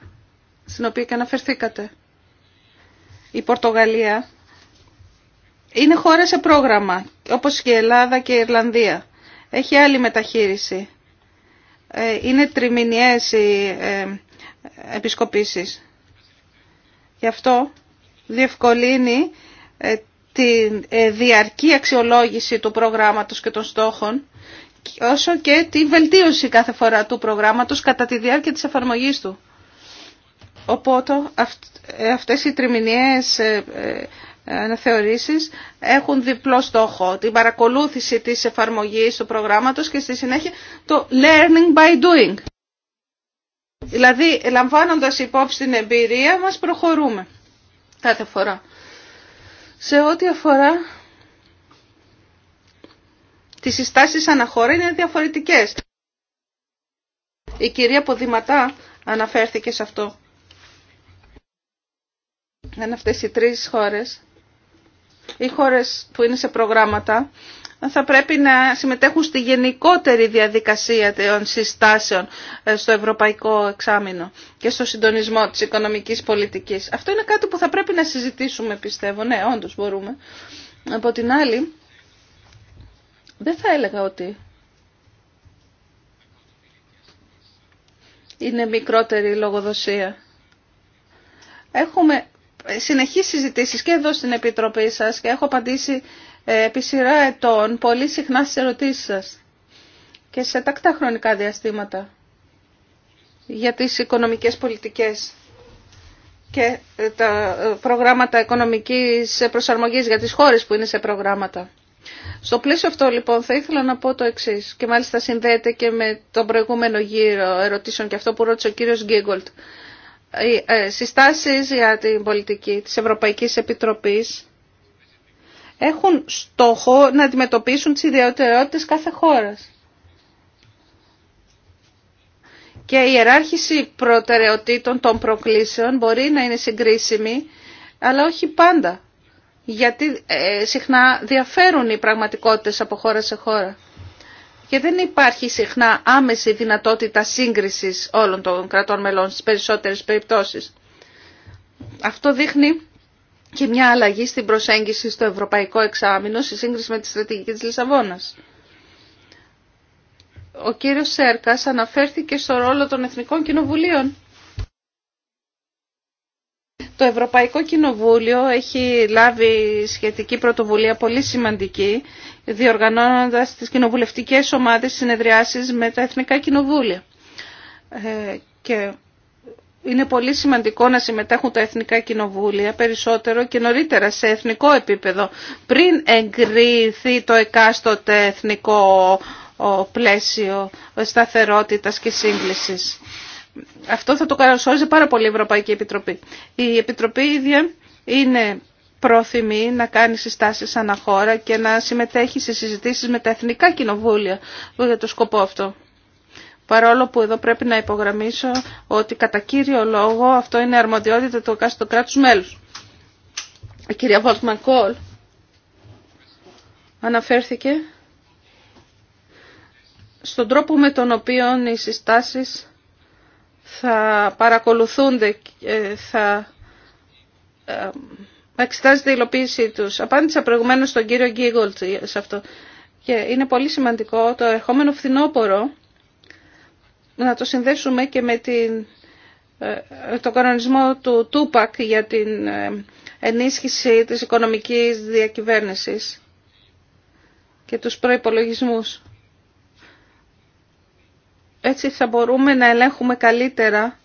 στην οποία και αναφερθήκατε. Η Πορτογαλία είναι χώρα σε πρόγραμμα όπως και η Ελλάδα και η Ιρλανδία. Έχει άλλη μεταχείριση. Ε, είναι τριμηνιές οι ε, επισκοπήσεις. Γι' αυτό διευκολύνει ε, τη ε, διαρκή αξιολόγηση του προγράμματος και των στόχων όσο και τη βελτίωση κάθε φορά του προγράμματος κατά τη διάρκεια της εφαρμογής του. Οπότε ε, αυτές οι τριμηνιές αναθεωρήσεις έχουν διπλό στόχο. Την παρακολούθηση της εφαρμογής του προγράμματος και στη συνέχεια το learning by doing. Δηλαδή, λαμβάνοντας υπόψη την εμπειρία μας, προχωρούμε κάθε φορά. Σε ό,τι αφορά τις συστάσεις αναχώρα είναι διαφορετικές. Η κυρία Ποδηματά αναφέρθηκε σε αυτό. Είναι αυτές οι τρεις χώρες. Οι χώρες που είναι σε προγράμματα θα πρέπει να συμμετέχουν στη γενικότερη διαδικασία των συστάσεων ε, στο ευρωπαϊκό εξάμεινο και στο συντονισμό της οικονομικής πολιτικής. Αυτό είναι κάτι που θα πρέπει να συζητήσουμε πιστεύω. Ναι, όντως μπορούμε. Από την άλλη, δεν θα έλεγα ότι είναι μικρότερη η λογοδοσία. Έχουμε συνεχείς συζητήσεις και εδώ στην Επιτροπή σας και έχω απαντήσει ε, επί σειρά ετών πολύ συχνά στις ερωτήσεις σας και σε τακτά χρονικά διαστήματα για τις οικονομικές πολιτικές και ε, τα ε, προγράμματα οικονομικής προσαρμογής για τις χώρες που είναι σε προγράμματα. Στο πλαίσιο αυτό λοιπόν θα ήθελα να πω το εξή και μάλιστα συνδέεται και με τον προηγούμενο γύρο ερωτήσεων και αυτό που ρώτησε ο κύριος Γκίγκολτ. συστάσεις για την πολιτική της Ευρωπαϊκής Επιτροπής έχουν στόχο να αντιμετωπίσουν τις ιδιαιτερότητες κάθε χώρας. Και η ιεράρχηση προτεραιοτήτων των προκλήσεων μπορεί να είναι συγκρίσιμη, αλλά όχι πάντα, γιατί ε, συχνά διαφέρουν οι πραγματικότητες από χώρα σε χώρα. Και δεν υπάρχει συχνά άμεση δυνατότητα σύγκρισης όλων των κρατών μελών στις περισσότερες περιπτώσεις. Αυτό δείχνει και μια αλλαγή στην προσέγγιση στο ευρωπαϊκό εξάμεινο σε σύγκριση με τη στρατηγική της Λισαβόνας. Ο κύριος Σέρκας αναφέρθηκε στο ρόλο των Εθνικών Κοινοβουλίων. Το Ευρωπαϊκό Κοινοβούλιο έχει λάβει σχετική πρωτοβουλία πολύ σημαντική, διοργανώνοντας τις κοινοβουλευτικές ομάδες συνεδριάσεις με τα Εθνικά Κοινοβούλια. Ε, και είναι πολύ σημαντικό να συμμετέχουν τα εθνικά κοινοβούλια περισσότερο και νωρίτερα σε εθνικό επίπεδο πριν εγκρίθει το εκάστοτε εθνικό πλαίσιο σταθερότητας και σύγκληση. Αυτό θα το καλωσόριζε πάρα πολύ η Ευρωπαϊκή Επιτροπή. Η Επιτροπή ίδια είναι πρόθυμη να κάνει συστάσεις χώρα και να συμμετέχει σε συζητήσεις με τα εθνικά κοινοβούλια για το σκοπό αυτό. Παρόλο που εδώ πρέπει να υπογραμμίσω ότι κατά κύριο λόγο αυτό είναι αρμοδιότητα του κάστο κράτου μέλου. Η κυρία Βόλτμαν Κόλ αναφέρθηκε στον τρόπο με τον οποίο οι συστάσεις θα παρακολουθούνται, θα ε, εξετάζεται η υλοποίησή τους. Απάντησα προηγουμένως στον κύριο Γκίγολτ σε αυτό. Και είναι πολύ σημαντικό το ερχόμενο φθινόπωρο να το συνδέσουμε και με την, ε, τον κανονισμό του Τούπακ για την ε, ενίσχυση της οικονομικής διακυβέρνησης και τους προϋπολογισμούς. Έτσι θα μπορούμε να ελέγχουμε καλύτερα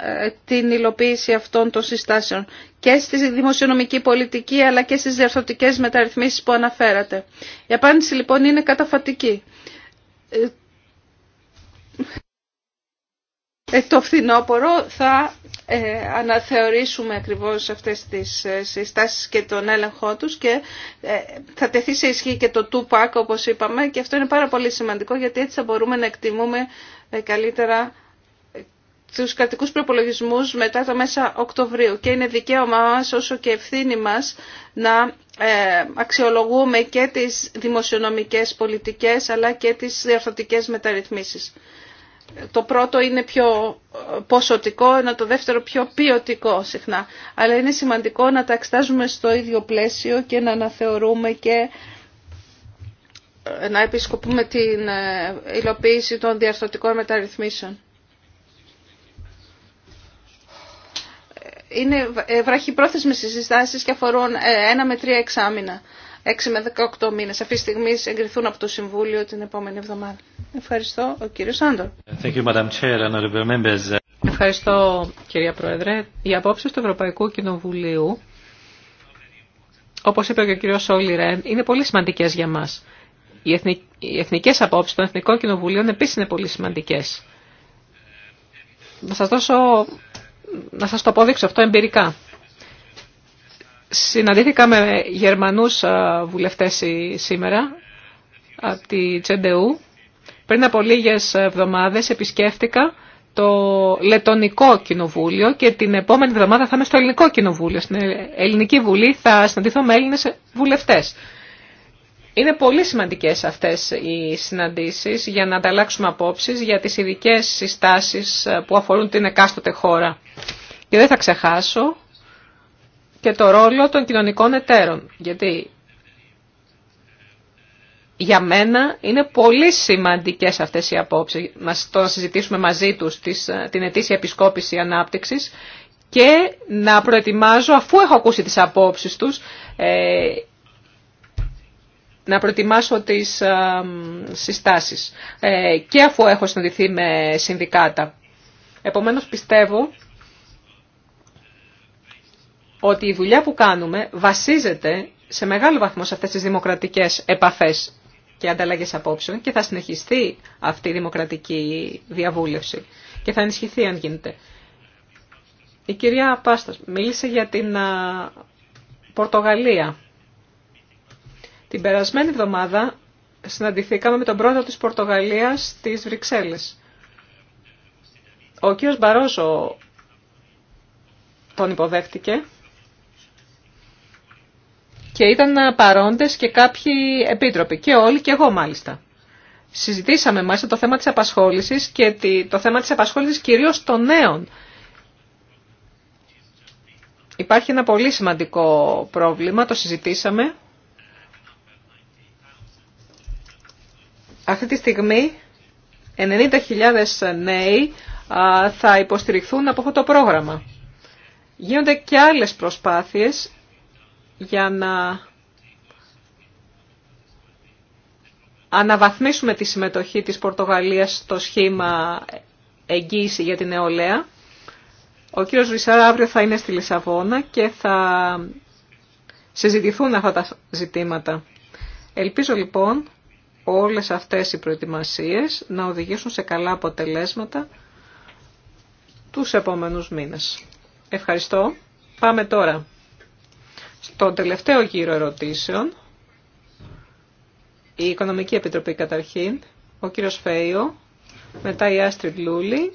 ε, την υλοποίηση αυτών των συστάσεων και στη δημοσιονομική πολιτική αλλά και στις διαρθρωτικές μεταρρυθμίσεις που αναφέρατε. Η απάντηση λοιπόν είναι καταφατική. Ε, το φθινόπωρο θα ε, αναθεωρήσουμε ακριβώς αυτές τις ε, συστάσεις και τον έλεγχό τους και θα τεθεί σε ισχύ και το 2 όπως είπαμε και αυτό είναι πάρα πολύ σημαντικό γιατί έτσι θα μπορούμε να εκτιμούμε καλύτερα τους κρατικούς προπολογισμούς μετά τα μέσα Οκτωβρίου και είναι δικαίωμά μας όσο και ευθύνη μας να αξιολογούμε και τις δημοσιονομικές πολιτικές αλλά και τις διορθωτικές μεταρρυθμίσεις το πρώτο είναι πιο ποσοτικό, ένα το δεύτερο πιο ποιοτικό συχνά. Αλλά είναι σημαντικό να τα εξτάζουμε στο ίδιο πλαίσιο και να αναθεωρούμε και ε, να επισκοπούμε την ε, υλοποίηση των διαρθρωτικών μεταρρυθμίσεων. Ε, είναι βραχυπρόθεσμες συζητάσεις και αφορούν ένα με τρία εξάμηνα. 6 με 18 μήνες. Αυτή τη στιγμή εγκριθούν από το Συμβούλιο την επόμενη εβδομάδα. Ευχαριστώ, ο κύριος Άντορ. Ευχαριστώ, κυρία Πρόεδρε. Οι απόψεις του Ευρωπαϊκού Κοινοβουλίου, όπως είπε και ο κύριος Σόλι Ρεν, είναι πολύ σημαντικές για μας. Οι, εθνικ... Οι εθνικές απόψεις των Εθνικών Κοινοβουλίων επίσης είναι πολύ σημαντικές. Να σα δώσω, να σας το αποδείξω αυτό εμπειρικά. Συναντήθηκα με Γερμανούς ε, βουλευτές σήμερα από τη Τσεντεού. Πριν από λίγες εβδομάδες επισκέφτηκα το Λετωνικό Κοινοβούλιο και την επόμενη εβδομάδα θα είμαι στο Ελληνικό Κοινοβούλιο. Στην Ελληνική Βουλή θα συναντηθώ με Έλληνες βουλευτές. Είναι πολύ σημαντικές αυτές οι συναντήσεις για να ανταλλάξουμε απόψεις για τις ειδικέ συστάσεις που αφορούν την εκάστοτε χώρα. Και δεν θα ξεχάσω και το ρόλο των κοινωνικών εταίρων. Γιατί για μένα είναι πολύ σημαντικές αυτές οι απόψεις. Μας το να συζητήσουμε μαζί τους την ετήσια επισκόπηση ανάπτυξης και να προετοιμάζω, αφού έχω ακούσει τις απόψεις τους, ε, να προετοιμάσω τις ε, συστάσεις ε, και αφού έχω συναντηθεί με συνδικάτα. Επομένως πιστεύω ότι η δουλειά που κάνουμε βασίζεται σε μεγάλο βαθμό σε αυτές τις δημοκρατικές επαφές και ανταλλαγές απόψεων και θα συνεχιστεί αυτή η δημοκρατική διαβούλευση και θα ενισχυθεί αν γίνεται. Η κυρία Πάστας μίλησε για την Πορτογαλία. Την περασμένη εβδομάδα συναντηθήκαμε με τον πρόεδρο της Πορτογαλίας στις Βρυξέλλες. Ο κύριος Μπαρόζο τον υποδέχτηκε και ήταν παρόντες και κάποιοι επίτροποι και όλοι και εγώ μάλιστα. Συζητήσαμε μάλιστα το θέμα της απασχόλησης και το θέμα της απασχόλησης κυρίως των νέων. Υπάρχει ένα πολύ σημαντικό πρόβλημα, το συζητήσαμε. Αυτή τη στιγμή 90.000 νέοι θα υποστηριχθούν από αυτό το πρόγραμμα. Γίνονται και άλλες προσπάθειες για να αναβαθμίσουμε τη συμμετοχή της Πορτογαλίας στο σχήμα εγγύηση για την νεολαία. Ο κύριος Ρισάρα αύριο θα είναι στη Λισαβόνα και θα συζητηθούν αυτά τα ζητήματα. Ελπίζω λοιπόν όλες αυτές οι προετοιμασίες να οδηγήσουν σε καλά αποτελέσματα τους επόμενους μήνες. Ευχαριστώ. Πάμε τώρα στο τελευταίο γύρο ερωτήσεων, η Οικονομική Επιτροπή καταρχήν, ο κύριος Φέιο, μετά η Άστριντ Λούλη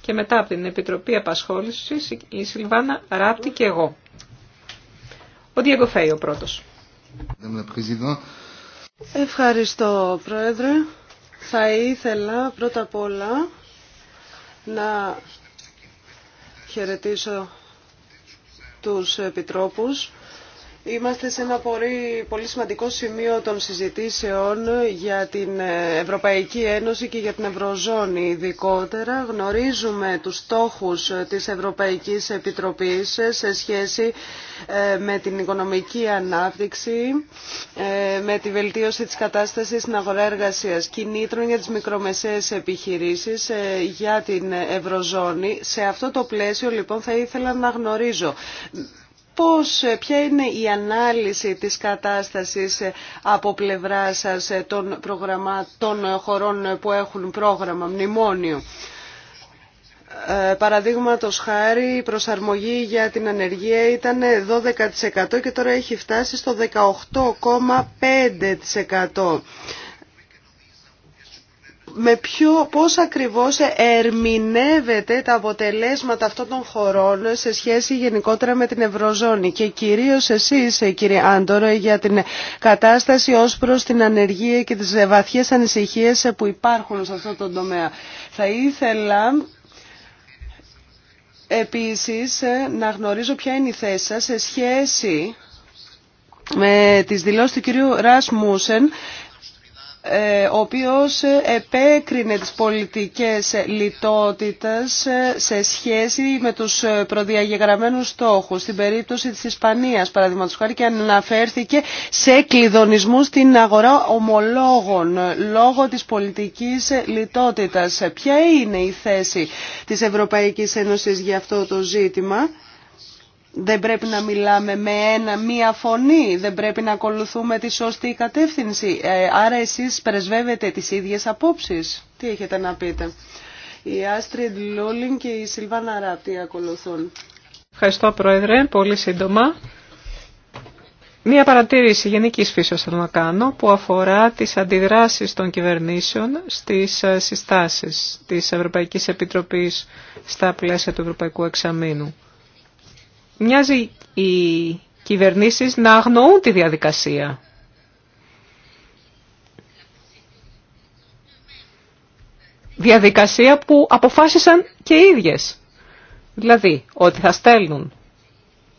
και μετά από την Επιτροπή Απασχόλησης η Σιλβάνα Ράπτη και εγώ. Ο Διέγκο Φέιο πρώτος. Ευχαριστώ Πρόεδρε. Θα ήθελα πρώτα απ' όλα να χαιρετήσω τους επιτρόπους Είμαστε σε ένα πολύ, σημαντικό σημείο των συζητήσεων για την Ευρωπαϊκή Ένωση και για την Ευρωζώνη ειδικότερα. Γνωρίζουμε τους στόχους της Ευρωπαϊκής Επιτροπής σε σχέση ε, με την οικονομική ανάπτυξη, ε, με τη βελτίωση της κατάστασης στην αγορά εργασίας, κινήτρων για τις μικρομεσαίες επιχειρήσεις ε, για την Ευρωζώνη. Σε αυτό το πλαίσιο λοιπόν θα ήθελα να γνωρίζω πώς, ε, ποια είναι η ανάλυση της κατάστασης ε, από πλευρά σας ε, των, χωρών που έχουν πρόγραμμα μνημόνιο. Ε, Παραδείγματο χάρη, η προσαρμογή για την ανεργία ήταν 12% και τώρα έχει φτάσει στο 18,5% με ποιο, πώς ακριβώς ερμηνεύεται τα αποτελέσματα αυτών των χωρών σε σχέση γενικότερα με την Ευρωζώνη και κυρίως εσείς κύριε Άντορο για την κατάσταση ως προς την ανεργία και τις βαθιές ανησυχίες που υπάρχουν σε αυτό τον τομέα. Θα ήθελα επίσης να γνωρίζω ποια είναι η θέση σας σε σχέση με τις δηλώσεις του κυρίου Ρασμούσεν ε, ο οποίος επέκρινε τις πολιτικές λιτότητας ε, σε σχέση με τους ε, προδιαγεγραμμένους στόχους. Στην περίπτωση της Ισπανίας, παραδείγματος χάρη, και αναφέρθηκε σε κλειδονισμού στην αγορά ομολόγων λόγω της πολιτικής λιτότητας. Ποια είναι η θέση της Ευρωπαϊκής Ένωσης για αυτό το ζήτημα. Δεν πρέπει να μιλάμε με ένα, μία φωνή, δεν πρέπει να ακολουθούμε τη σωστή κατεύθυνση. Ε, άρα εσείς πρεσβεύετε τις ίδιες απόψεις. Τι έχετε να πείτε. Η Άστριντ Λούλιν και η Σιλβάν Αράπτη ακολουθούν. Ευχαριστώ Πρόεδρε, πολύ σύντομα. Μία παρατήρηση γενική φύσεως θέλω να κάνω που αφορά τις αντιδράσεις των κυβερνήσεων στις ε, συστάσεις της Ευρωπαϊκής Επιτροπής στα πλαίσια του Ευρωπαϊκού Εξαμήνου μοιάζει οι κυβερνήσεις να αγνοούν τη διαδικασία. Διαδικασία που αποφάσισαν και οι ίδιες. Δηλαδή, ότι θα στέλνουν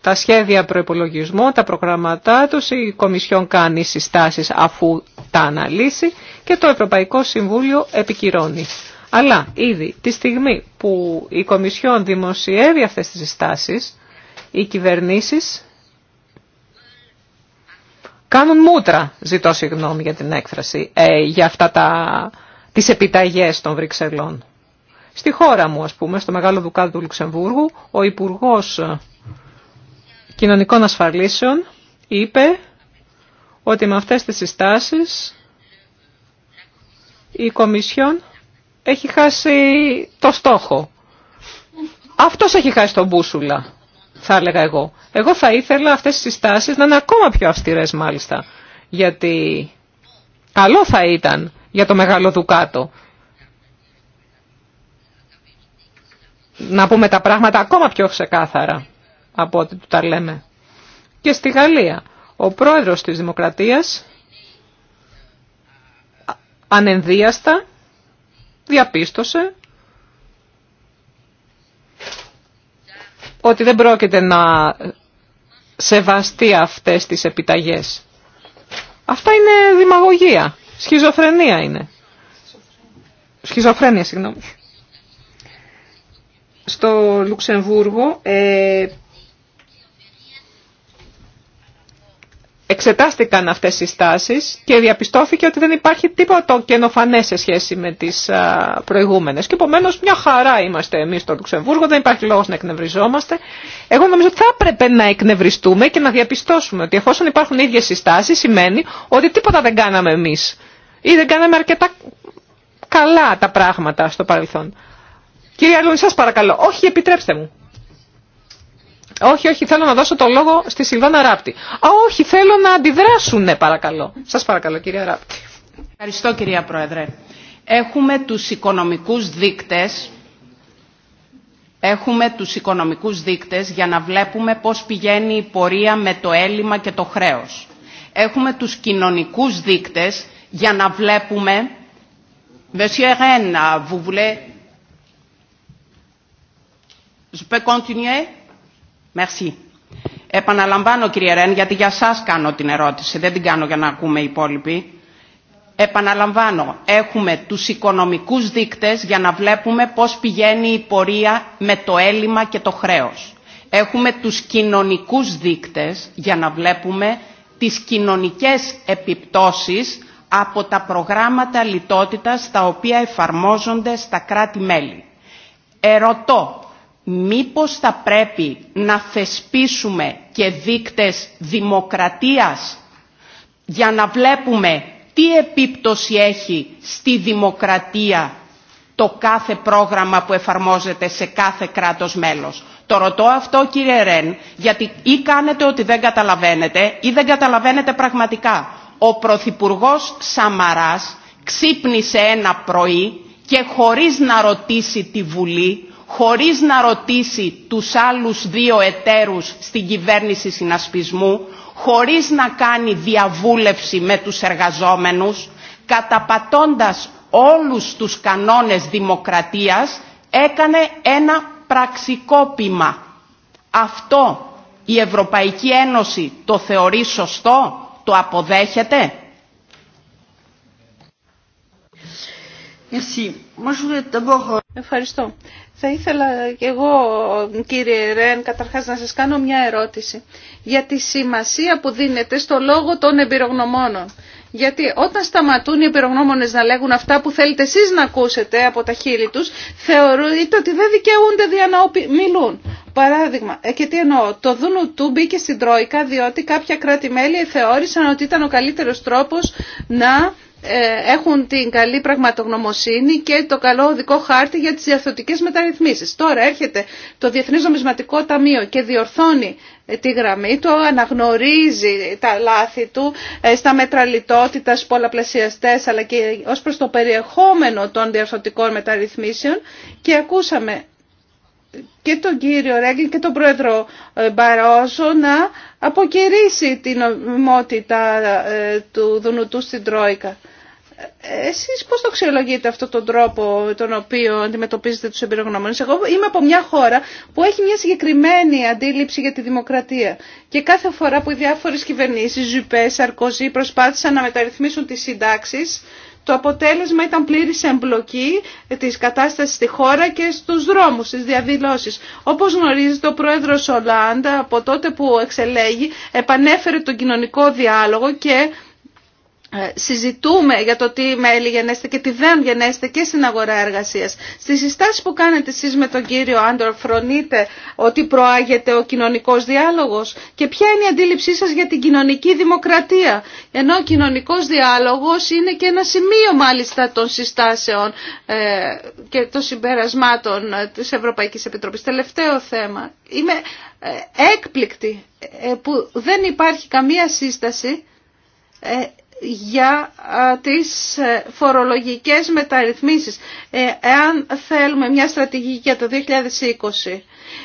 τα σχέδια προϋπολογισμού, τα προγραμματά τους, η Κομισιόν κάνει συστάσεις αφού τα αναλύσει και το Ευρωπαϊκό Συμβούλιο επικυρώνει. Αλλά ήδη τη στιγμή που η Κομισιόν δημοσιεύει αυτές τις συστάσεις, οι κυβερνήσεις κάνουν μούτρα, ζητώ συγγνώμη για την έκφραση, ε, για αυτά τα, τις επιταγές των Βρυξελών. Στη χώρα μου, ας πούμε, στο Μεγάλο Δουκάδο του Λουξεμβούργου, ο Υπουργός Κοινωνικών Ασφαλίσεων είπε ότι με αυτές τις συστάσεις η Κομισιόν έχει χάσει το στόχο. Αυτός έχει χάσει τον μπούσουλα θα έλεγα εγώ. Εγώ θα ήθελα αυτές τις συστάσεις να είναι ακόμα πιο αυστηρές μάλιστα. Γιατί καλό θα ήταν για το μεγάλο δουκάτο να πούμε τα πράγματα ακόμα πιο ξεκάθαρα από ό,τι του τα λέμε. Και στη Γαλλία, ο πρόεδρος της Δημοκρατίας ανενδίαστα διαπίστωσε ότι δεν πρόκειται να σεβαστεί αυτές τις επιταγές. Αυτά είναι δημαγωγία. Σχιζοφρενία είναι. Σχιζοφρένεια, συγγνώμη. Στο Λουξεμβούργο ε, εξετάστηκαν αυτές οι στάσεις και διαπιστώθηκε ότι δεν υπάρχει τίποτα καινοφανέ σε σχέση με τις προηγούμενες. Και επομένω μια χαρά είμαστε εμείς στο Λουξεμβούργο, δεν υπάρχει λόγος να εκνευριζόμαστε. Εγώ νομίζω ότι θα έπρεπε να εκνευριστούμε και να διαπιστώσουμε ότι εφόσον υπάρχουν ίδιες συστάσεις σημαίνει ότι τίποτα δεν κάναμε εμείς ή δεν κάναμε αρκετά καλά τα πράγματα στο παρελθόν. Κύριε Αλούνη, σας παρακαλώ, όχι επιτρέψτε μου. Όχι, όχι, θέλω να δώσω το λόγο στη Σιλβάνα Ράπτη. Α, όχι, θέλω να αντιδράσουν, παρακαλώ. Σας παρακαλώ, κυρία Ράπτη. Ευχαριστώ, κυρία Πρόεδρε. Έχουμε τους οικονομικούς δείκτες, έχουμε τους οικονομικούς δείκτες για να βλέπουμε πώς πηγαίνει η πορεία με το έλλειμμα και το χρέος. Έχουμε τους κοινωνικού δείκτες για να βλέπουμε... Je peux continuer? Merci. Επαναλαμβάνω κύριε Ρεν, γιατί για σας κάνω την ερώτηση, δεν την κάνω για να ακούμε οι υπόλοιποι. Επαναλαμβάνω, έχουμε τους οικονομικούς δείκτες για να βλέπουμε πώς πηγαίνει η πορεία με το έλλειμμα και το χρέος. Έχουμε τους κοινωνικούς δείκτες για να βλέπουμε τις κοινωνικές επιπτώσεις από τα προγράμματα λιτότητας τα οποία εφαρμόζονται στα κράτη-μέλη. Ερωτώ, μήπως θα πρέπει να θεσπίσουμε και δίκτες δημοκρατίας για να βλέπουμε τι επίπτωση έχει στη δημοκρατία το κάθε πρόγραμμα που εφαρμόζεται σε κάθε κράτος μέλος. Το ρωτώ αυτό κύριε Ρεν, γιατί ή κάνετε ότι δεν καταλαβαίνετε ή δεν καταλαβαίνετε πραγματικά. Ο Πρωθυπουργό Σαμαράς ξύπνησε ένα πρωί και χωρίς να ρωτήσει τη Βουλή χωρίς να ρωτήσει τους άλλους δύο εταίρους στην κυβέρνηση συνασπισμού, χωρίς να κάνει διαβούλευση με τους εργαζόμενους, καταπατώντας όλους τους κανόνες δημοκρατίας, έκανε ένα πραξικόπημα. Αυτό η Ευρωπαϊκή Ένωση το θεωρεί σωστό, το αποδέχεται. Merci. Moi, je voudrais d'abord euh, Ευχαριστώ. Θα ήθελα και εγώ, κύριε Ρέν, καταρχάς να σας κάνω μια ερώτηση για τη σημασία που δίνεται στο λόγο των εμπειρογνωμόνων. Γιατί όταν σταματούν οι εμπειρογνώμονε να λέγουν αυτά που θέλετε εσεί να ακούσετε από τα χείλη του, θεωρείτε ότι δεν δικαιούνται δια να μιλούν. Παράδειγμα, ε, και τι εννοώ, το Δούνου του μπήκε στην Τρόικα διότι κάποια κράτη-μέλη θεώρησαν ότι ήταν ο καλύτερο τρόπο να ε, έχουν την καλή πραγματογνωμοσύνη και το καλό οδικό χάρτη για τις διαθωτικές μεταρρυθμίσεις. Τώρα έρχεται το Διεθνές Νομισματικό Ταμείο και διορθώνει ε, τη γραμμή του, αναγνωρίζει τα λάθη του ε, στα μέτρα λιτότητας, πολλαπλασιαστές αλλά και ως προς το περιεχόμενο των διαρθωτικών μεταρρυθμίσεων και ακούσαμε και τον κύριο Ρέγγιν και τον πρόεδρο Μπαρόζο να αποκηρύσει την νομιμότητα του Δουνουτού στην Τρόικα. Εσείς πώς το αξιολογείτε αυτόν τον τρόπο τον οποίο αντιμετωπίζετε τους εμπειρογνώμονες. Εγώ είμαι από μια χώρα που έχει μια συγκεκριμένη αντίληψη για τη δημοκρατία. Και κάθε φορά που οι διάφορες κυβερνήσεις, Ζουπέ, Σαρκοζή, προσπάθησαν να μεταρρυθμίσουν τις συντάξεις, το αποτέλεσμα ήταν πλήρης εμπλοκή τη κατάσταση στη χώρα και στου δρόμου, στι διαδηλώσει. Όπω γνωρίζετε, ο πρόεδρο Ολάντα από τότε που εξελέγει επανέφερε τον κοινωνικό διάλογο και ε, συζητούμε για το τι μέλη γενέστε και τι δεν γενέστε και στην αγορά εργασίας. Στις συστάσεις που κάνετε εσείς με τον κύριο Άντορ φρονείτε ότι προάγεται ο κοινωνικός διάλογος και ποια είναι η αντίληψή σας για την κοινωνική δημοκρατία. Ενώ ο κοινωνικός διάλογος είναι και ένα σημείο μάλιστα των συστάσεων ε, και των συμπερασμάτων ε, της Ευρωπαϊκής Επιτροπής. Τελευταίο θέμα. Είμαι έκπληκτη που δεν υπάρχει καμία σύσταση για τις ε, φορολογικές μεταρρυθμίσεις. Ε, εάν θέλουμε μια στρατηγική για το 2020,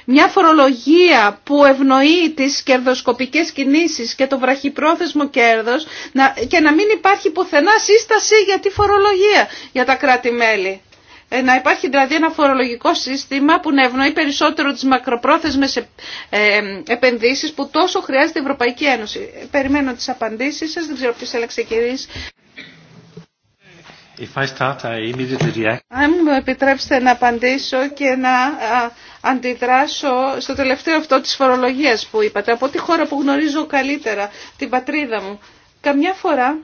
μια φορολογία που ευνοεί τις κερδοσκοπικές κινήσεις και το βραχυπρόθεσμο κέρδος και να μην υπάρχει πουθενά σύσταση για τη φορολογία για τα κράτη-μέλη. Ε, να υπάρχει δηλαδή ένα φορολογικό σύστημα που να ευνοεί περισσότερο τις μακροπρόθεσμες ε, ε, επενδύσεις που τόσο χρειάζεται η Ευρωπαϊκή Ένωση. Περιμένω τις απαντήσεις σας, δεν ξέρω ποιος έλεξε κυρίες. start, immediately... Αν μου επιτρέψετε να απαντήσω και να αντιδράσω στο τελευταίο αυτό της φορολογίας που είπατε, από τη χώρα που γνωρίζω καλύτερα, την πατρίδα μου. Καμιά φορά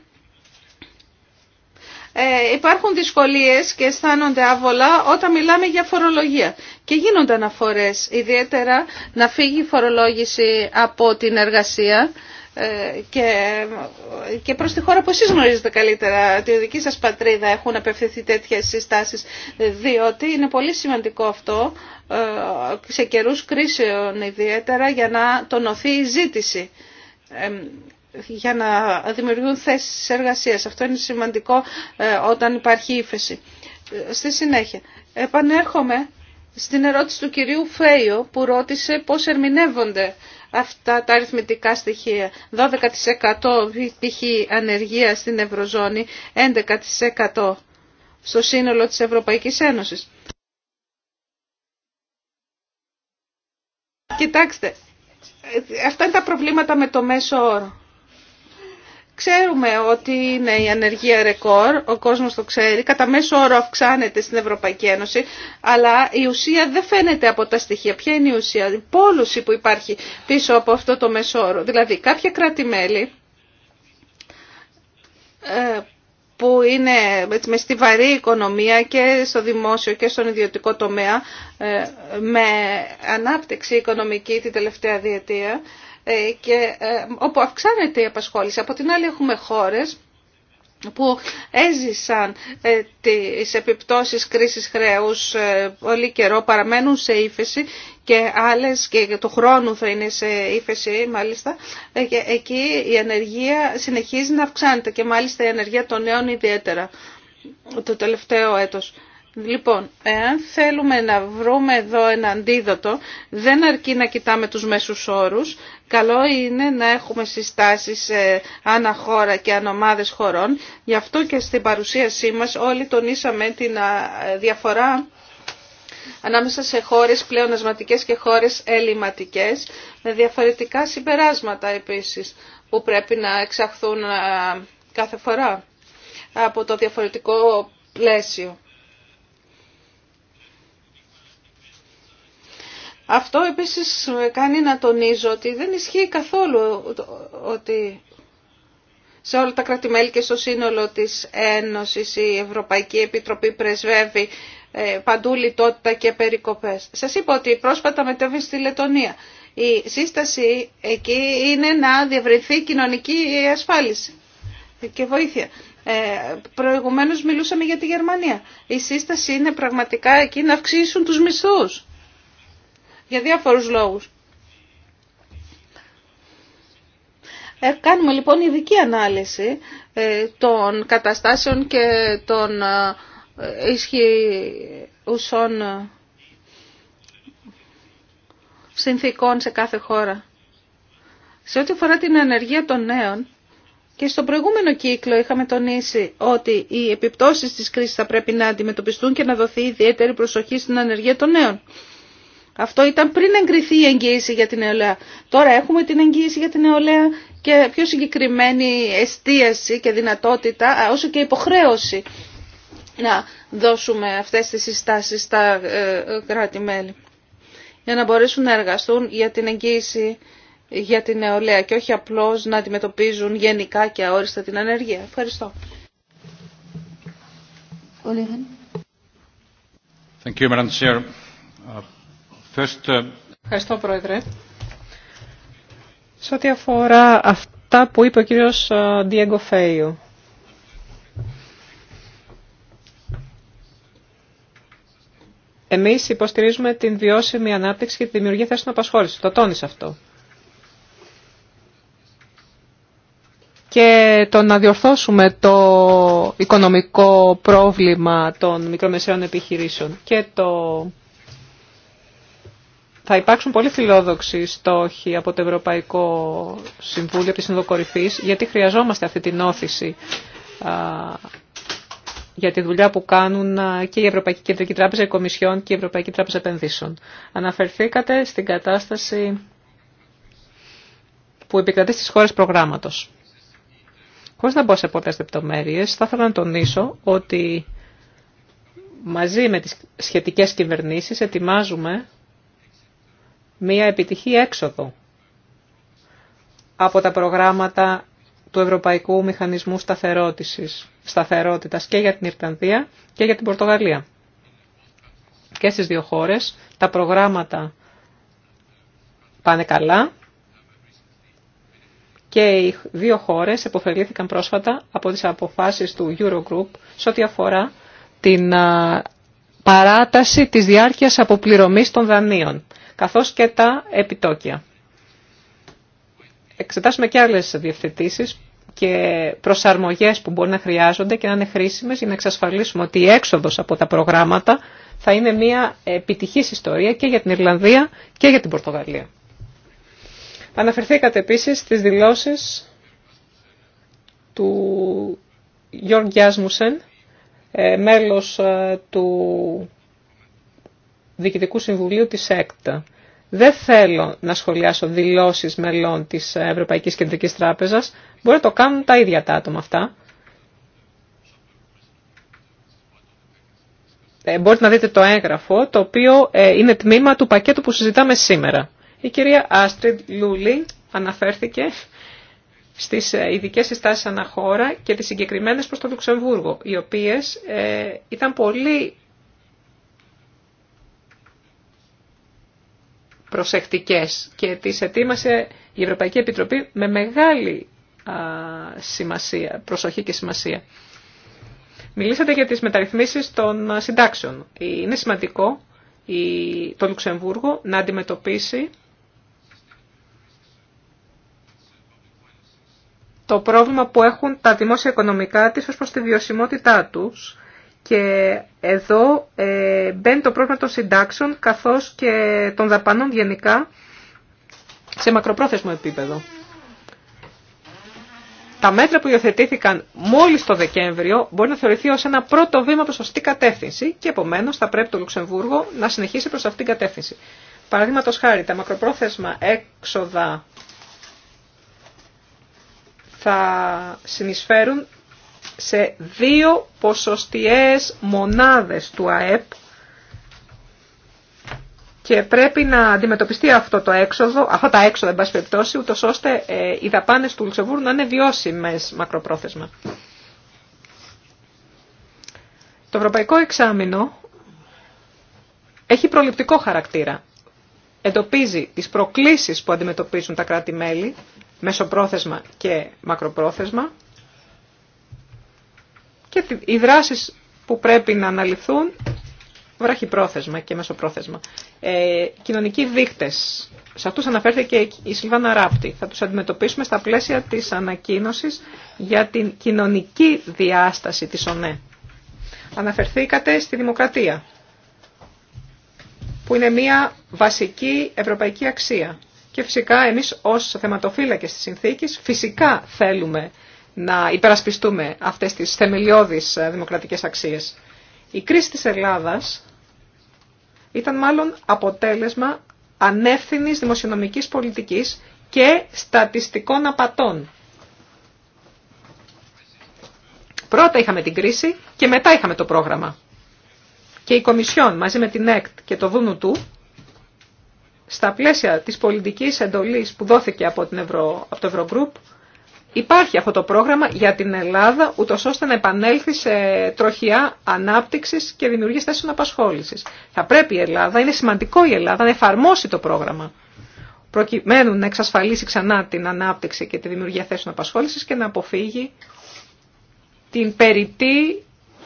ε, υπάρχουν δυσκολίες και αισθάνονται άβολα όταν μιλάμε για φορολογία. Και γίνονται αναφορές, ιδιαίτερα να φύγει η φορολόγηση από την εργασία ε, και, και προς τη χώρα που εσείς γνωρίζετε καλύτερα, τη δική σας πατρίδα έχουν απευθυνθεί τέτοιες συστάσεις, διότι είναι πολύ σημαντικό αυτό ε, σε καιρούς κρίσεων ιδιαίτερα για να τονωθεί η ζήτηση ε, για να δημιουργούν θέσεις εργασίας. Αυτό είναι σημαντικό ε, όταν υπάρχει ύφεση. Ε, στη συνέχεια, επανέρχομαι στην ερώτηση του κυρίου Φέιο που ρώτησε πώς ερμηνεύονται αυτά τα αριθμητικά στοιχεία. 12% π.χ. ανεργία στην Ευρωζώνη, 11% στο σύνολο της Ευρωπαϊκής Ένωσης. Κοιτάξτε, ε, αυτά είναι τα προβλήματα με το μέσο όρο. Ξέρουμε ότι είναι η ανεργία ρεκόρ, ο κόσμος το ξέρει, κατά μέσο όρο αυξάνεται στην Ευρωπαϊκή Ένωση, αλλά η ουσία δεν φαίνεται από τα στοιχεία. Ποια είναι η ουσία, η πόλωση που υπάρχει πίσω από αυτό το μέσο όρο. Δηλαδή κάποια κράτη-μέλη ε, που είναι με στιβαρή οικονομία και στο δημόσιο και στον ιδιωτικό τομέα, ε, με ανάπτυξη οικονομική την τελευταία διετία, ε, και ε, όπου αυξάνεται η απασχόληση. Από την άλλη έχουμε χώρες που έζησαν ε, τις επιπτώσεις κρίσης χρέους πολύ καιρό, παραμένουν σε ύφεση και άλλες και το χρόνου θα είναι σε ύφεση μάλιστα. Και εκεί η ανεργία συνεχίζει να αυξάνεται και μάλιστα η ανεργία των νέων ιδιαίτερα το τελευταίο έτος. Λοιπόν, εάν θέλουμε να βρούμε εδώ ένα αντίδοτο, δεν αρκεί να κοιτάμε τους μέσους όρους. Καλό είναι να έχουμε συστάσεις ε, ανά χώρα και ανομάδες χωρών. Γι' αυτό και στην παρουσίασή μας όλοι τονίσαμε την διαφορά ανάμεσα σε χώρες πλεονασματικές και χώρες ελληματικές, με διαφορετικά συμπεράσματα επίσης που πρέπει να εξαχθούν κάθε φορά από το διαφορετικό πλαίσιο. Αυτό επίσης κάνει να τονίζω ότι δεν ισχύει καθόλου ότι σε όλα τα κρατημέλη και στο σύνολο της Ένωσης η Ευρωπαϊκή Επιτροπή πρεσβεύει ε, παντού λιτότητα και περικοπές. Σας είπα ότι πρόσφατα μετέβη στη Λετωνία. Η σύσταση εκεί είναι να διευρυνθεί κοινωνική ασφάλιση και βοήθεια. Ε, προηγουμένως μιλούσαμε για τη Γερμανία. Η σύσταση είναι πραγματικά εκεί να αυξήσουν τους μισθούς για διάφορους λόγους. Ε, κάνουμε λοιπόν ειδική ανάλυση ε, των καταστάσεων και των ε, ισχυουσών ε, συνθήκων σε κάθε χώρα. Σε ό,τι αφορά την ανεργία των νέων, και στο προηγούμενο κύκλο είχαμε τονίσει ότι οι επιπτώσεις της κρίσης θα πρέπει να αντιμετωπιστούν και να δοθεί ιδιαίτερη προσοχή στην ανεργία των νέων. Αυτό ήταν πριν εγκριθεί η εγγύηση για την νεολαία. Τώρα έχουμε την εγγύηση για την νεολαία και πιο συγκεκριμένη εστίαση και δυνατότητα, όσο και υποχρέωση να δώσουμε αυτές τις συστάσεις στα ε, κράτη-μέλη για να μπορέσουν να εργαστούν για την εγγύηση για την νεολαία και όχι απλώς να αντιμετωπίζουν γενικά και αόριστα την ανεργία. Ευχαριστώ. Thank you, uh, Uh, Ευχαριστώ, Πρόεδρε. Σε ό,τι αφορά αυτά που είπε ο κύριος Διέγκο ε, Φέιου Εμείς υποστηρίζουμε την βιώσιμη ανάπτυξη και τη δημιουργία θέσεων απασχόλησης. Το τόνισε αυτό. και το να διορθώσουμε το οικονομικό πρόβλημα των μικρομεσαίων επιχειρήσεων και το θα υπάρξουν πολύ φιλόδοξοι στόχοι από το Ευρωπαϊκό Συμβούλιο, από τη Συνδοκορυφή, γιατί χρειαζόμαστε αυτή την όθηση για τη δουλειά που κάνουν και η Ευρωπαϊκή Κεντρική Τράπεζα Εκομισιών και η Ευρωπαϊκή Τράπεζα Επενδύσεων. Αναφερθήκατε στην κατάσταση που επικρατεί στις χώρες προγράμματος. Χωρίς να μπω σε πολλές λεπτομέρειε, θα ήθελα να τονίσω ότι μαζί με τις σχετικές κυβερνήσεις ετοιμάζουμε μία επιτυχή έξοδο από τα προγράμματα του Ευρωπαϊκού Μηχανισμού Σταθερότητας και για την Ιρτανδία και για την Πορτογαλία. Και στις δύο χώρες τα προγράμματα πάνε καλά και οι δύο χώρες επωφελήθηκαν πρόσφατα από τις αποφάσεις του Eurogroup σε ό,τι αφορά την παράταση της διάρκειας αποπληρωμής των δανείων καθώς και τα επιτόκια. Εξετάσουμε και άλλες διευθετήσεις και προσαρμογές που μπορεί να χρειάζονται και να είναι χρήσιμες για να εξασφαλίσουμε ότι η έξοδος από τα προγράμματα θα είναι μια επιτυχής ιστορία και για την Ιρλανδία και για την Πορτογαλία. Αναφερθήκατε επίσης στις δηλώσεις του Γιώργ Γιάσμουσεν, ε, μέλος ε, του Διοικητικού Συμβουλίου της ΕΚΤΑ. Δεν θέλω να σχολιάσω δηλώσεις μελών της Ευρωπαϊκής Κεντρικής Τράπεζας. Μπορεί να το κάνουν τα ίδια τα άτομα αυτά. Ε, μπορείτε να δείτε το έγγραφο, το οποίο ε, είναι τμήμα του πακέτου που συζητάμε σήμερα. Η κυρία Άστριντ Λούλη αναφέρθηκε στις ε, ειδικές συστάσεις αναχώρα και τις συγκεκριμένες προς το Λουξεμβούργο, οι οποίες ήταν πολύ προσεκτικές και τις ετοίμασε η Ευρωπαϊκή Επιτροπή με μεγάλη σημασία, προσοχή και σημασία. Μιλήσατε για τις μεταρρυθμίσεις των συντάξεων. Είναι σημαντικό το Λουξεμβούργο να αντιμετωπίσει το πρόβλημα που έχουν τα δημόσια οικονομικά της ως προς τη βιωσιμότητά τους και εδώ ε, μπαίνει το πρόγραμμα των συντάξεων καθώς και των δαπανών γενικά σε μακροπρόθεσμο επίπεδο. Τα μέτρα που υιοθετήθηκαν μόλις το Δεκέμβριο μπορεί να θεωρηθεί ως ένα πρώτο βήμα προς την κατεύθυνση και επομένως θα πρέπει το Λουξεμβούργο να συνεχίσει προς αυτή την κατεύθυνση. Παραδείγματο χάρη, τα μακροπρόθεσμα έξοδα θα συνεισφέρουν σε δύο ποσοστιαίες μονάδες του ΑΕΠ και πρέπει να αντιμετωπιστεί αυτό το έξοδο, αυτά τα έξοδα, εν πάση περιπτώσει, ούτως ώστε ε, οι δαπάνες του Λουξεβούρου να είναι βιώσιμες μακροπρόθεσμα. Το Ευρωπαϊκό Εξάμεινο έχει προληπτικό χαρακτήρα. Εντοπίζει τις προκλήσεις που αντιμετωπίζουν τα κράτη-μέλη, μεσοπρόθεσμα και μακροπρόθεσμα, και οι δράσεις που πρέπει να αναλυθούν πρόθεσμα και μεσοπρόθεσμα. Ε, κοινωνικοί δείκτες. Σε αυτούς αναφέρθηκε η Σιλβάνα Ράπτη. Θα τους αντιμετωπίσουμε στα πλαίσια της ανακοίνωσης για την κοινωνική διάσταση της ΟΝΕ. Αναφερθήκατε στη δημοκρατία, που είναι μια βασική ευρωπαϊκή αξία. Και φυσικά εμείς ως θεματοφύλακες της συνθήκης φυσικά θέλουμε να υπερασπιστούμε αυτές τις θεμελιώδεις ε, δημοκρατικές αξίες. Η κρίση της Ελλάδας ήταν μάλλον αποτέλεσμα ανεύθυνης δημοσιονομικής πολιτικής και στατιστικών απατών. Πρώτα είχαμε την κρίση και μετά είχαμε το πρόγραμμα. Και η Κομισιόν μαζί με την ΕΚΤ και το Δούνου του, στα πλαίσια της πολιτικής εντολής που δόθηκε από, την το Ευρωγκρουπ Υπάρχει αυτό το πρόγραμμα για την Ελλάδα, ούτω ώστε να επανέλθει σε τροχιά ανάπτυξη και δημιουργία θέσεων απασχόληση. Θα πρέπει η Ελλάδα, είναι σημαντικό η Ελλάδα, να εφαρμόσει το πρόγραμμα, προκειμένου να εξασφαλίσει ξανά την ανάπτυξη και τη δημιουργία θέσεων απασχόληση και να αποφύγει την περιττή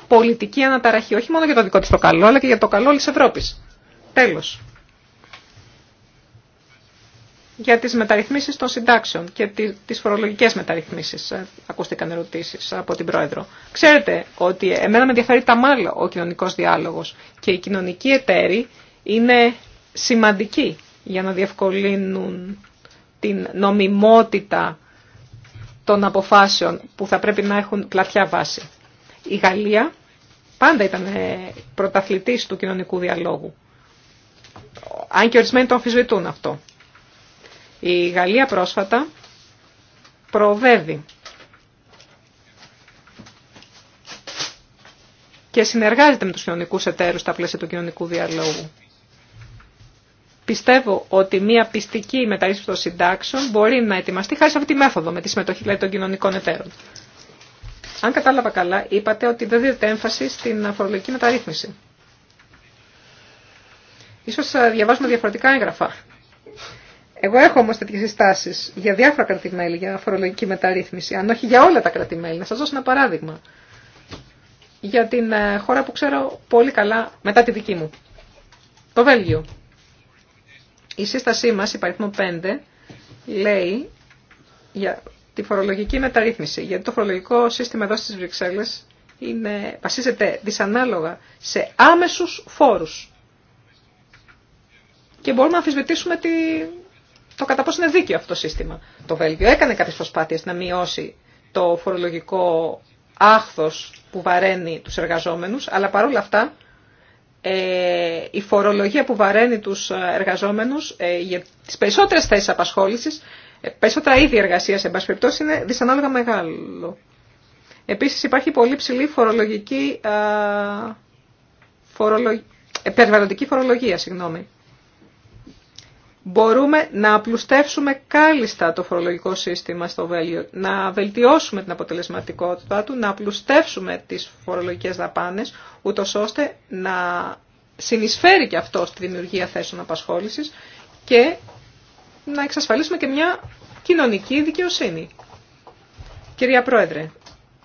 πολιτική αναταραχή, όχι μόνο για το δικό τη το καλό, αλλά και για το καλό όλη Ευρώπη. Τέλος για τις μεταρρυθμίσεις των συντάξεων και τις φορολογικές μεταρρυθμίσεις. Ε, ακούστηκαν ερωτήσεις από την Πρόεδρο. Ξέρετε ότι εμένα με ενδιαφέρει τα μάλλα ο κοινωνικός διάλογος και οι κοινωνικοί εταίροι είναι σημαντικοί για να διευκολύνουν την νομιμότητα των αποφάσεων που θα πρέπει να έχουν πλατιά βάση. Η Γαλλία πάντα ήταν ε, πρωταθλητής του κοινωνικού διαλόγου. Αν και ορισμένοι το αμφισβητούν αυτό. Η Γαλλία πρόσφατα προοδεύει και συνεργάζεται με τους κοινωνικούς εταίρους στα πλαίσια του κοινωνικού διαλόγου. Πιστεύω ότι μια πιστική μεταρρύθμιση των συντάξεων μπορεί να ετοιμαστεί χάρη σε αυτή τη μέθοδο με τη συμμετοχή δηλαδή, των κοινωνικών εταίρων. Αν κατάλαβα καλά, είπατε ότι δεν δίνετε έμφαση στην αφορολογική μεταρρύθμιση. Ίσως ε, διαβάζουμε διαφορετικά έγγραφα. Εγώ έχω όμω τέτοιε συστάσει για διάφορα κρατημέλη για φορολογική μεταρρύθμιση, αν όχι για όλα τα κρατημέλη. Να σα δώσω ένα παράδειγμα. Για την ε, χώρα που ξέρω πολύ καλά μετά τη δική μου. Το Βέλγιο. Η σύστασή μα, η παριθμό 5, λέει για τη φορολογική μεταρρύθμιση. Γιατί το φορολογικό σύστημα εδώ στι Βρυξέλλε βασίζεται δυσανάλογα σε άμεσους φόρους. Και μπορούμε να αμφισβητήσουμε τη το κατά πόσο είναι δίκαιο αυτό το σύστημα. Το Βέλγιο έκανε κάποιε προσπάθειε να μειώσει το φορολογικό άχθο που βαραίνει τους εργαζόμενους, αλλά παρόλα αυτά ε, η φορολογία που βαραίνει τους εργαζόμενους ε, για τις περισσότερες θέσεις απασχόλησης, ε, περισσότερα είδη εργασία εν πάση περιπτώσει, είναι δυσανάλογα μεγάλο. Επίση υπάρχει πολύ ψηλή φορολογική, περιβαλλοντική φορολογία, συγγνώμη μπορούμε να απλουστεύσουμε κάλλιστα το φορολογικό σύστημα στο Βέλιο, να βελτιώσουμε την αποτελεσματικότητά του, να απλουστεύσουμε τις φορολογικές δαπάνες, ούτω ώστε να συνεισφέρει και αυτό στη δημιουργία θέσεων απασχόλησης και να εξασφαλίσουμε και μια κοινωνική δικαιοσύνη. Κυρία Πρόεδρε,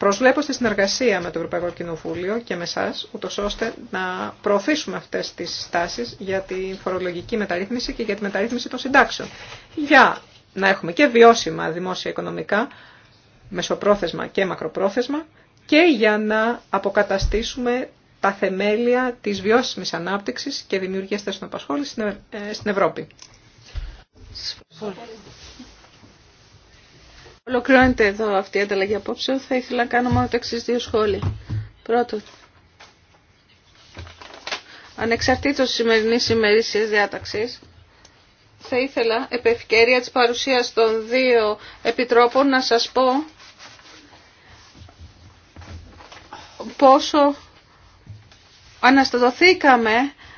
Προσβλέπω στη συνεργασία με το Ευρωπαϊκό Κοινοβούλιο και με εσά, ούτω ώστε να προωθήσουμε αυτέ τι στάσεις για τη φορολογική μεταρρύθμιση και για τη μεταρρύθμιση των συντάξεων. Για να έχουμε και βιώσιμα δημόσια οικονομικά, μεσοπρόθεσμα και μακροπρόθεσμα και για να αποκαταστήσουμε τα θεμέλια της βιώσιμης ανάπτυξης και δημιουργίας θέσεων απασχόλησης στην ε, Ευρώπη. Ολοκληρώνεται εδώ αυτή η ανταλλαγή απόψεων. Θα ήθελα να κάνω μόνο τα εξή δύο σχόλια. Πρώτον, ανεξαρτήτως της σημερινής ημερήσιας διάταξης, θα ήθελα επ' ευκαιρία της παρουσίας των δύο επιτρόπων να σας πω πόσο αναστατωθήκαμε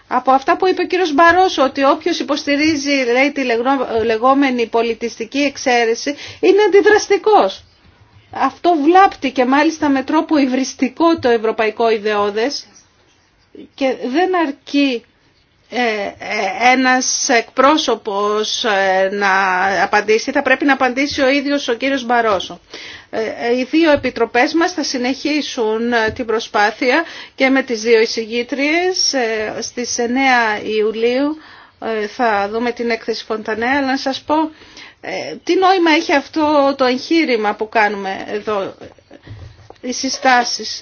από αυτά που είπε ο κύριος Μπαρόσο ότι όποιος υποστηρίζει λέει, τη λεγόμενη πολιτιστική εξαίρεση είναι αντιδραστικός. Αυτό βλάπτει και μάλιστα με τρόπο υβριστικό το ευρωπαϊκό ιδεώδες και δεν αρκεί ε, ε, ένας εκπρόσωπος ε, να απαντήσει, θα πρέπει να απαντήσει ο ίδιος ο κύριος Μπαρόσο. Ε, ε, οι δύο επιτροπές μας θα συνεχίσουν ε, την προσπάθεια και με τις δύο εισηγήτριες. Στις 9 Ιουλίου θα δούμε την έκθεση Φοντανέ, αλλά να σας πω τι νόημα έχει αυτό το εγχείρημα που κάνουμε εδώ, οι συστάσεις.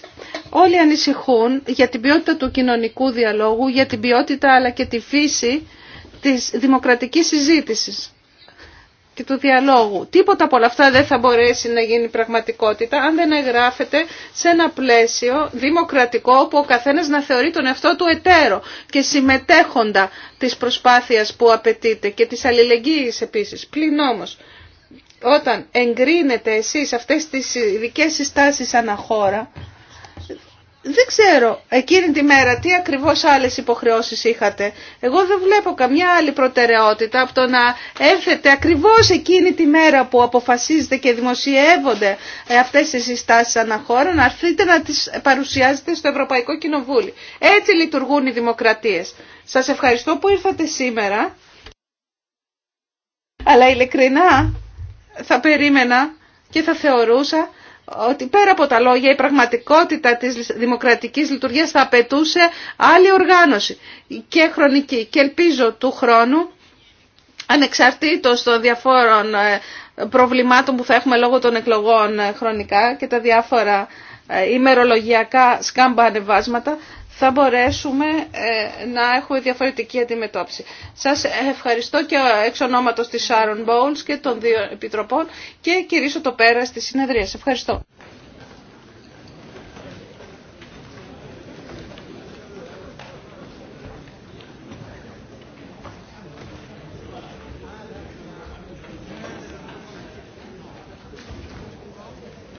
Όλοι ανησυχούν για την ποιότητα του κοινωνικού διαλόγου, για την ποιότητα αλλά και τη φύση της δημοκρατικής συζήτησης του διαλόγου. Τίποτα από όλα αυτά δεν θα μπορέσει να γίνει πραγματικότητα αν δεν εγγράφεται σε ένα πλαίσιο δημοκρατικό όπου ο καθένας να θεωρεί τον εαυτό του εταίρο και συμμετέχοντα της προσπάθειας που απαιτείται και της αλληλεγγύης επίσης. Πλην όμως, όταν εγκρίνετε εσείς αυτές τις ειδικέ συστάσεις αναχώρα, δεν ξέρω εκείνη τη μέρα τι ακριβώς άλλες υποχρεώσεις είχατε. Εγώ δεν βλέπω καμιά άλλη προτεραιότητα από το να έρθετε ακριβώς εκείνη τη μέρα που αποφασίζετε και δημοσιεύονται ε, αυτές τις συστάσεις αναχώρα να έρθετε να τις παρουσιάζετε στο Ευρωπαϊκό Κοινοβούλιο. Έτσι λειτουργούν οι δημοκρατίες. Σας ευχαριστώ που ήρθατε σήμερα. Αλλά ειλικρινά θα περίμενα και θα θεωρούσα ότι πέρα από τα λόγια η πραγματικότητα της δημοκρατικής λειτουργίας θα απαιτούσε άλλη οργάνωση και χρονική. Και ελπίζω του χρόνου, ανεξαρτήτως των διαφόρων ε, προβλημάτων που θα έχουμε λόγω των εκλογών ε, χρονικά και τα διάφορα ε, ημερολογιακά σκάμπα ανεβάσματα, θα μπορέσουμε ε, να έχουμε διαφορετική αντιμετώπιση. Σας ευχαριστώ και εξ ονόματος της Sharon Bowles και των δύο επιτροπών και κηρύσω το πέρα στη συνεδρία. ευχαριστώ.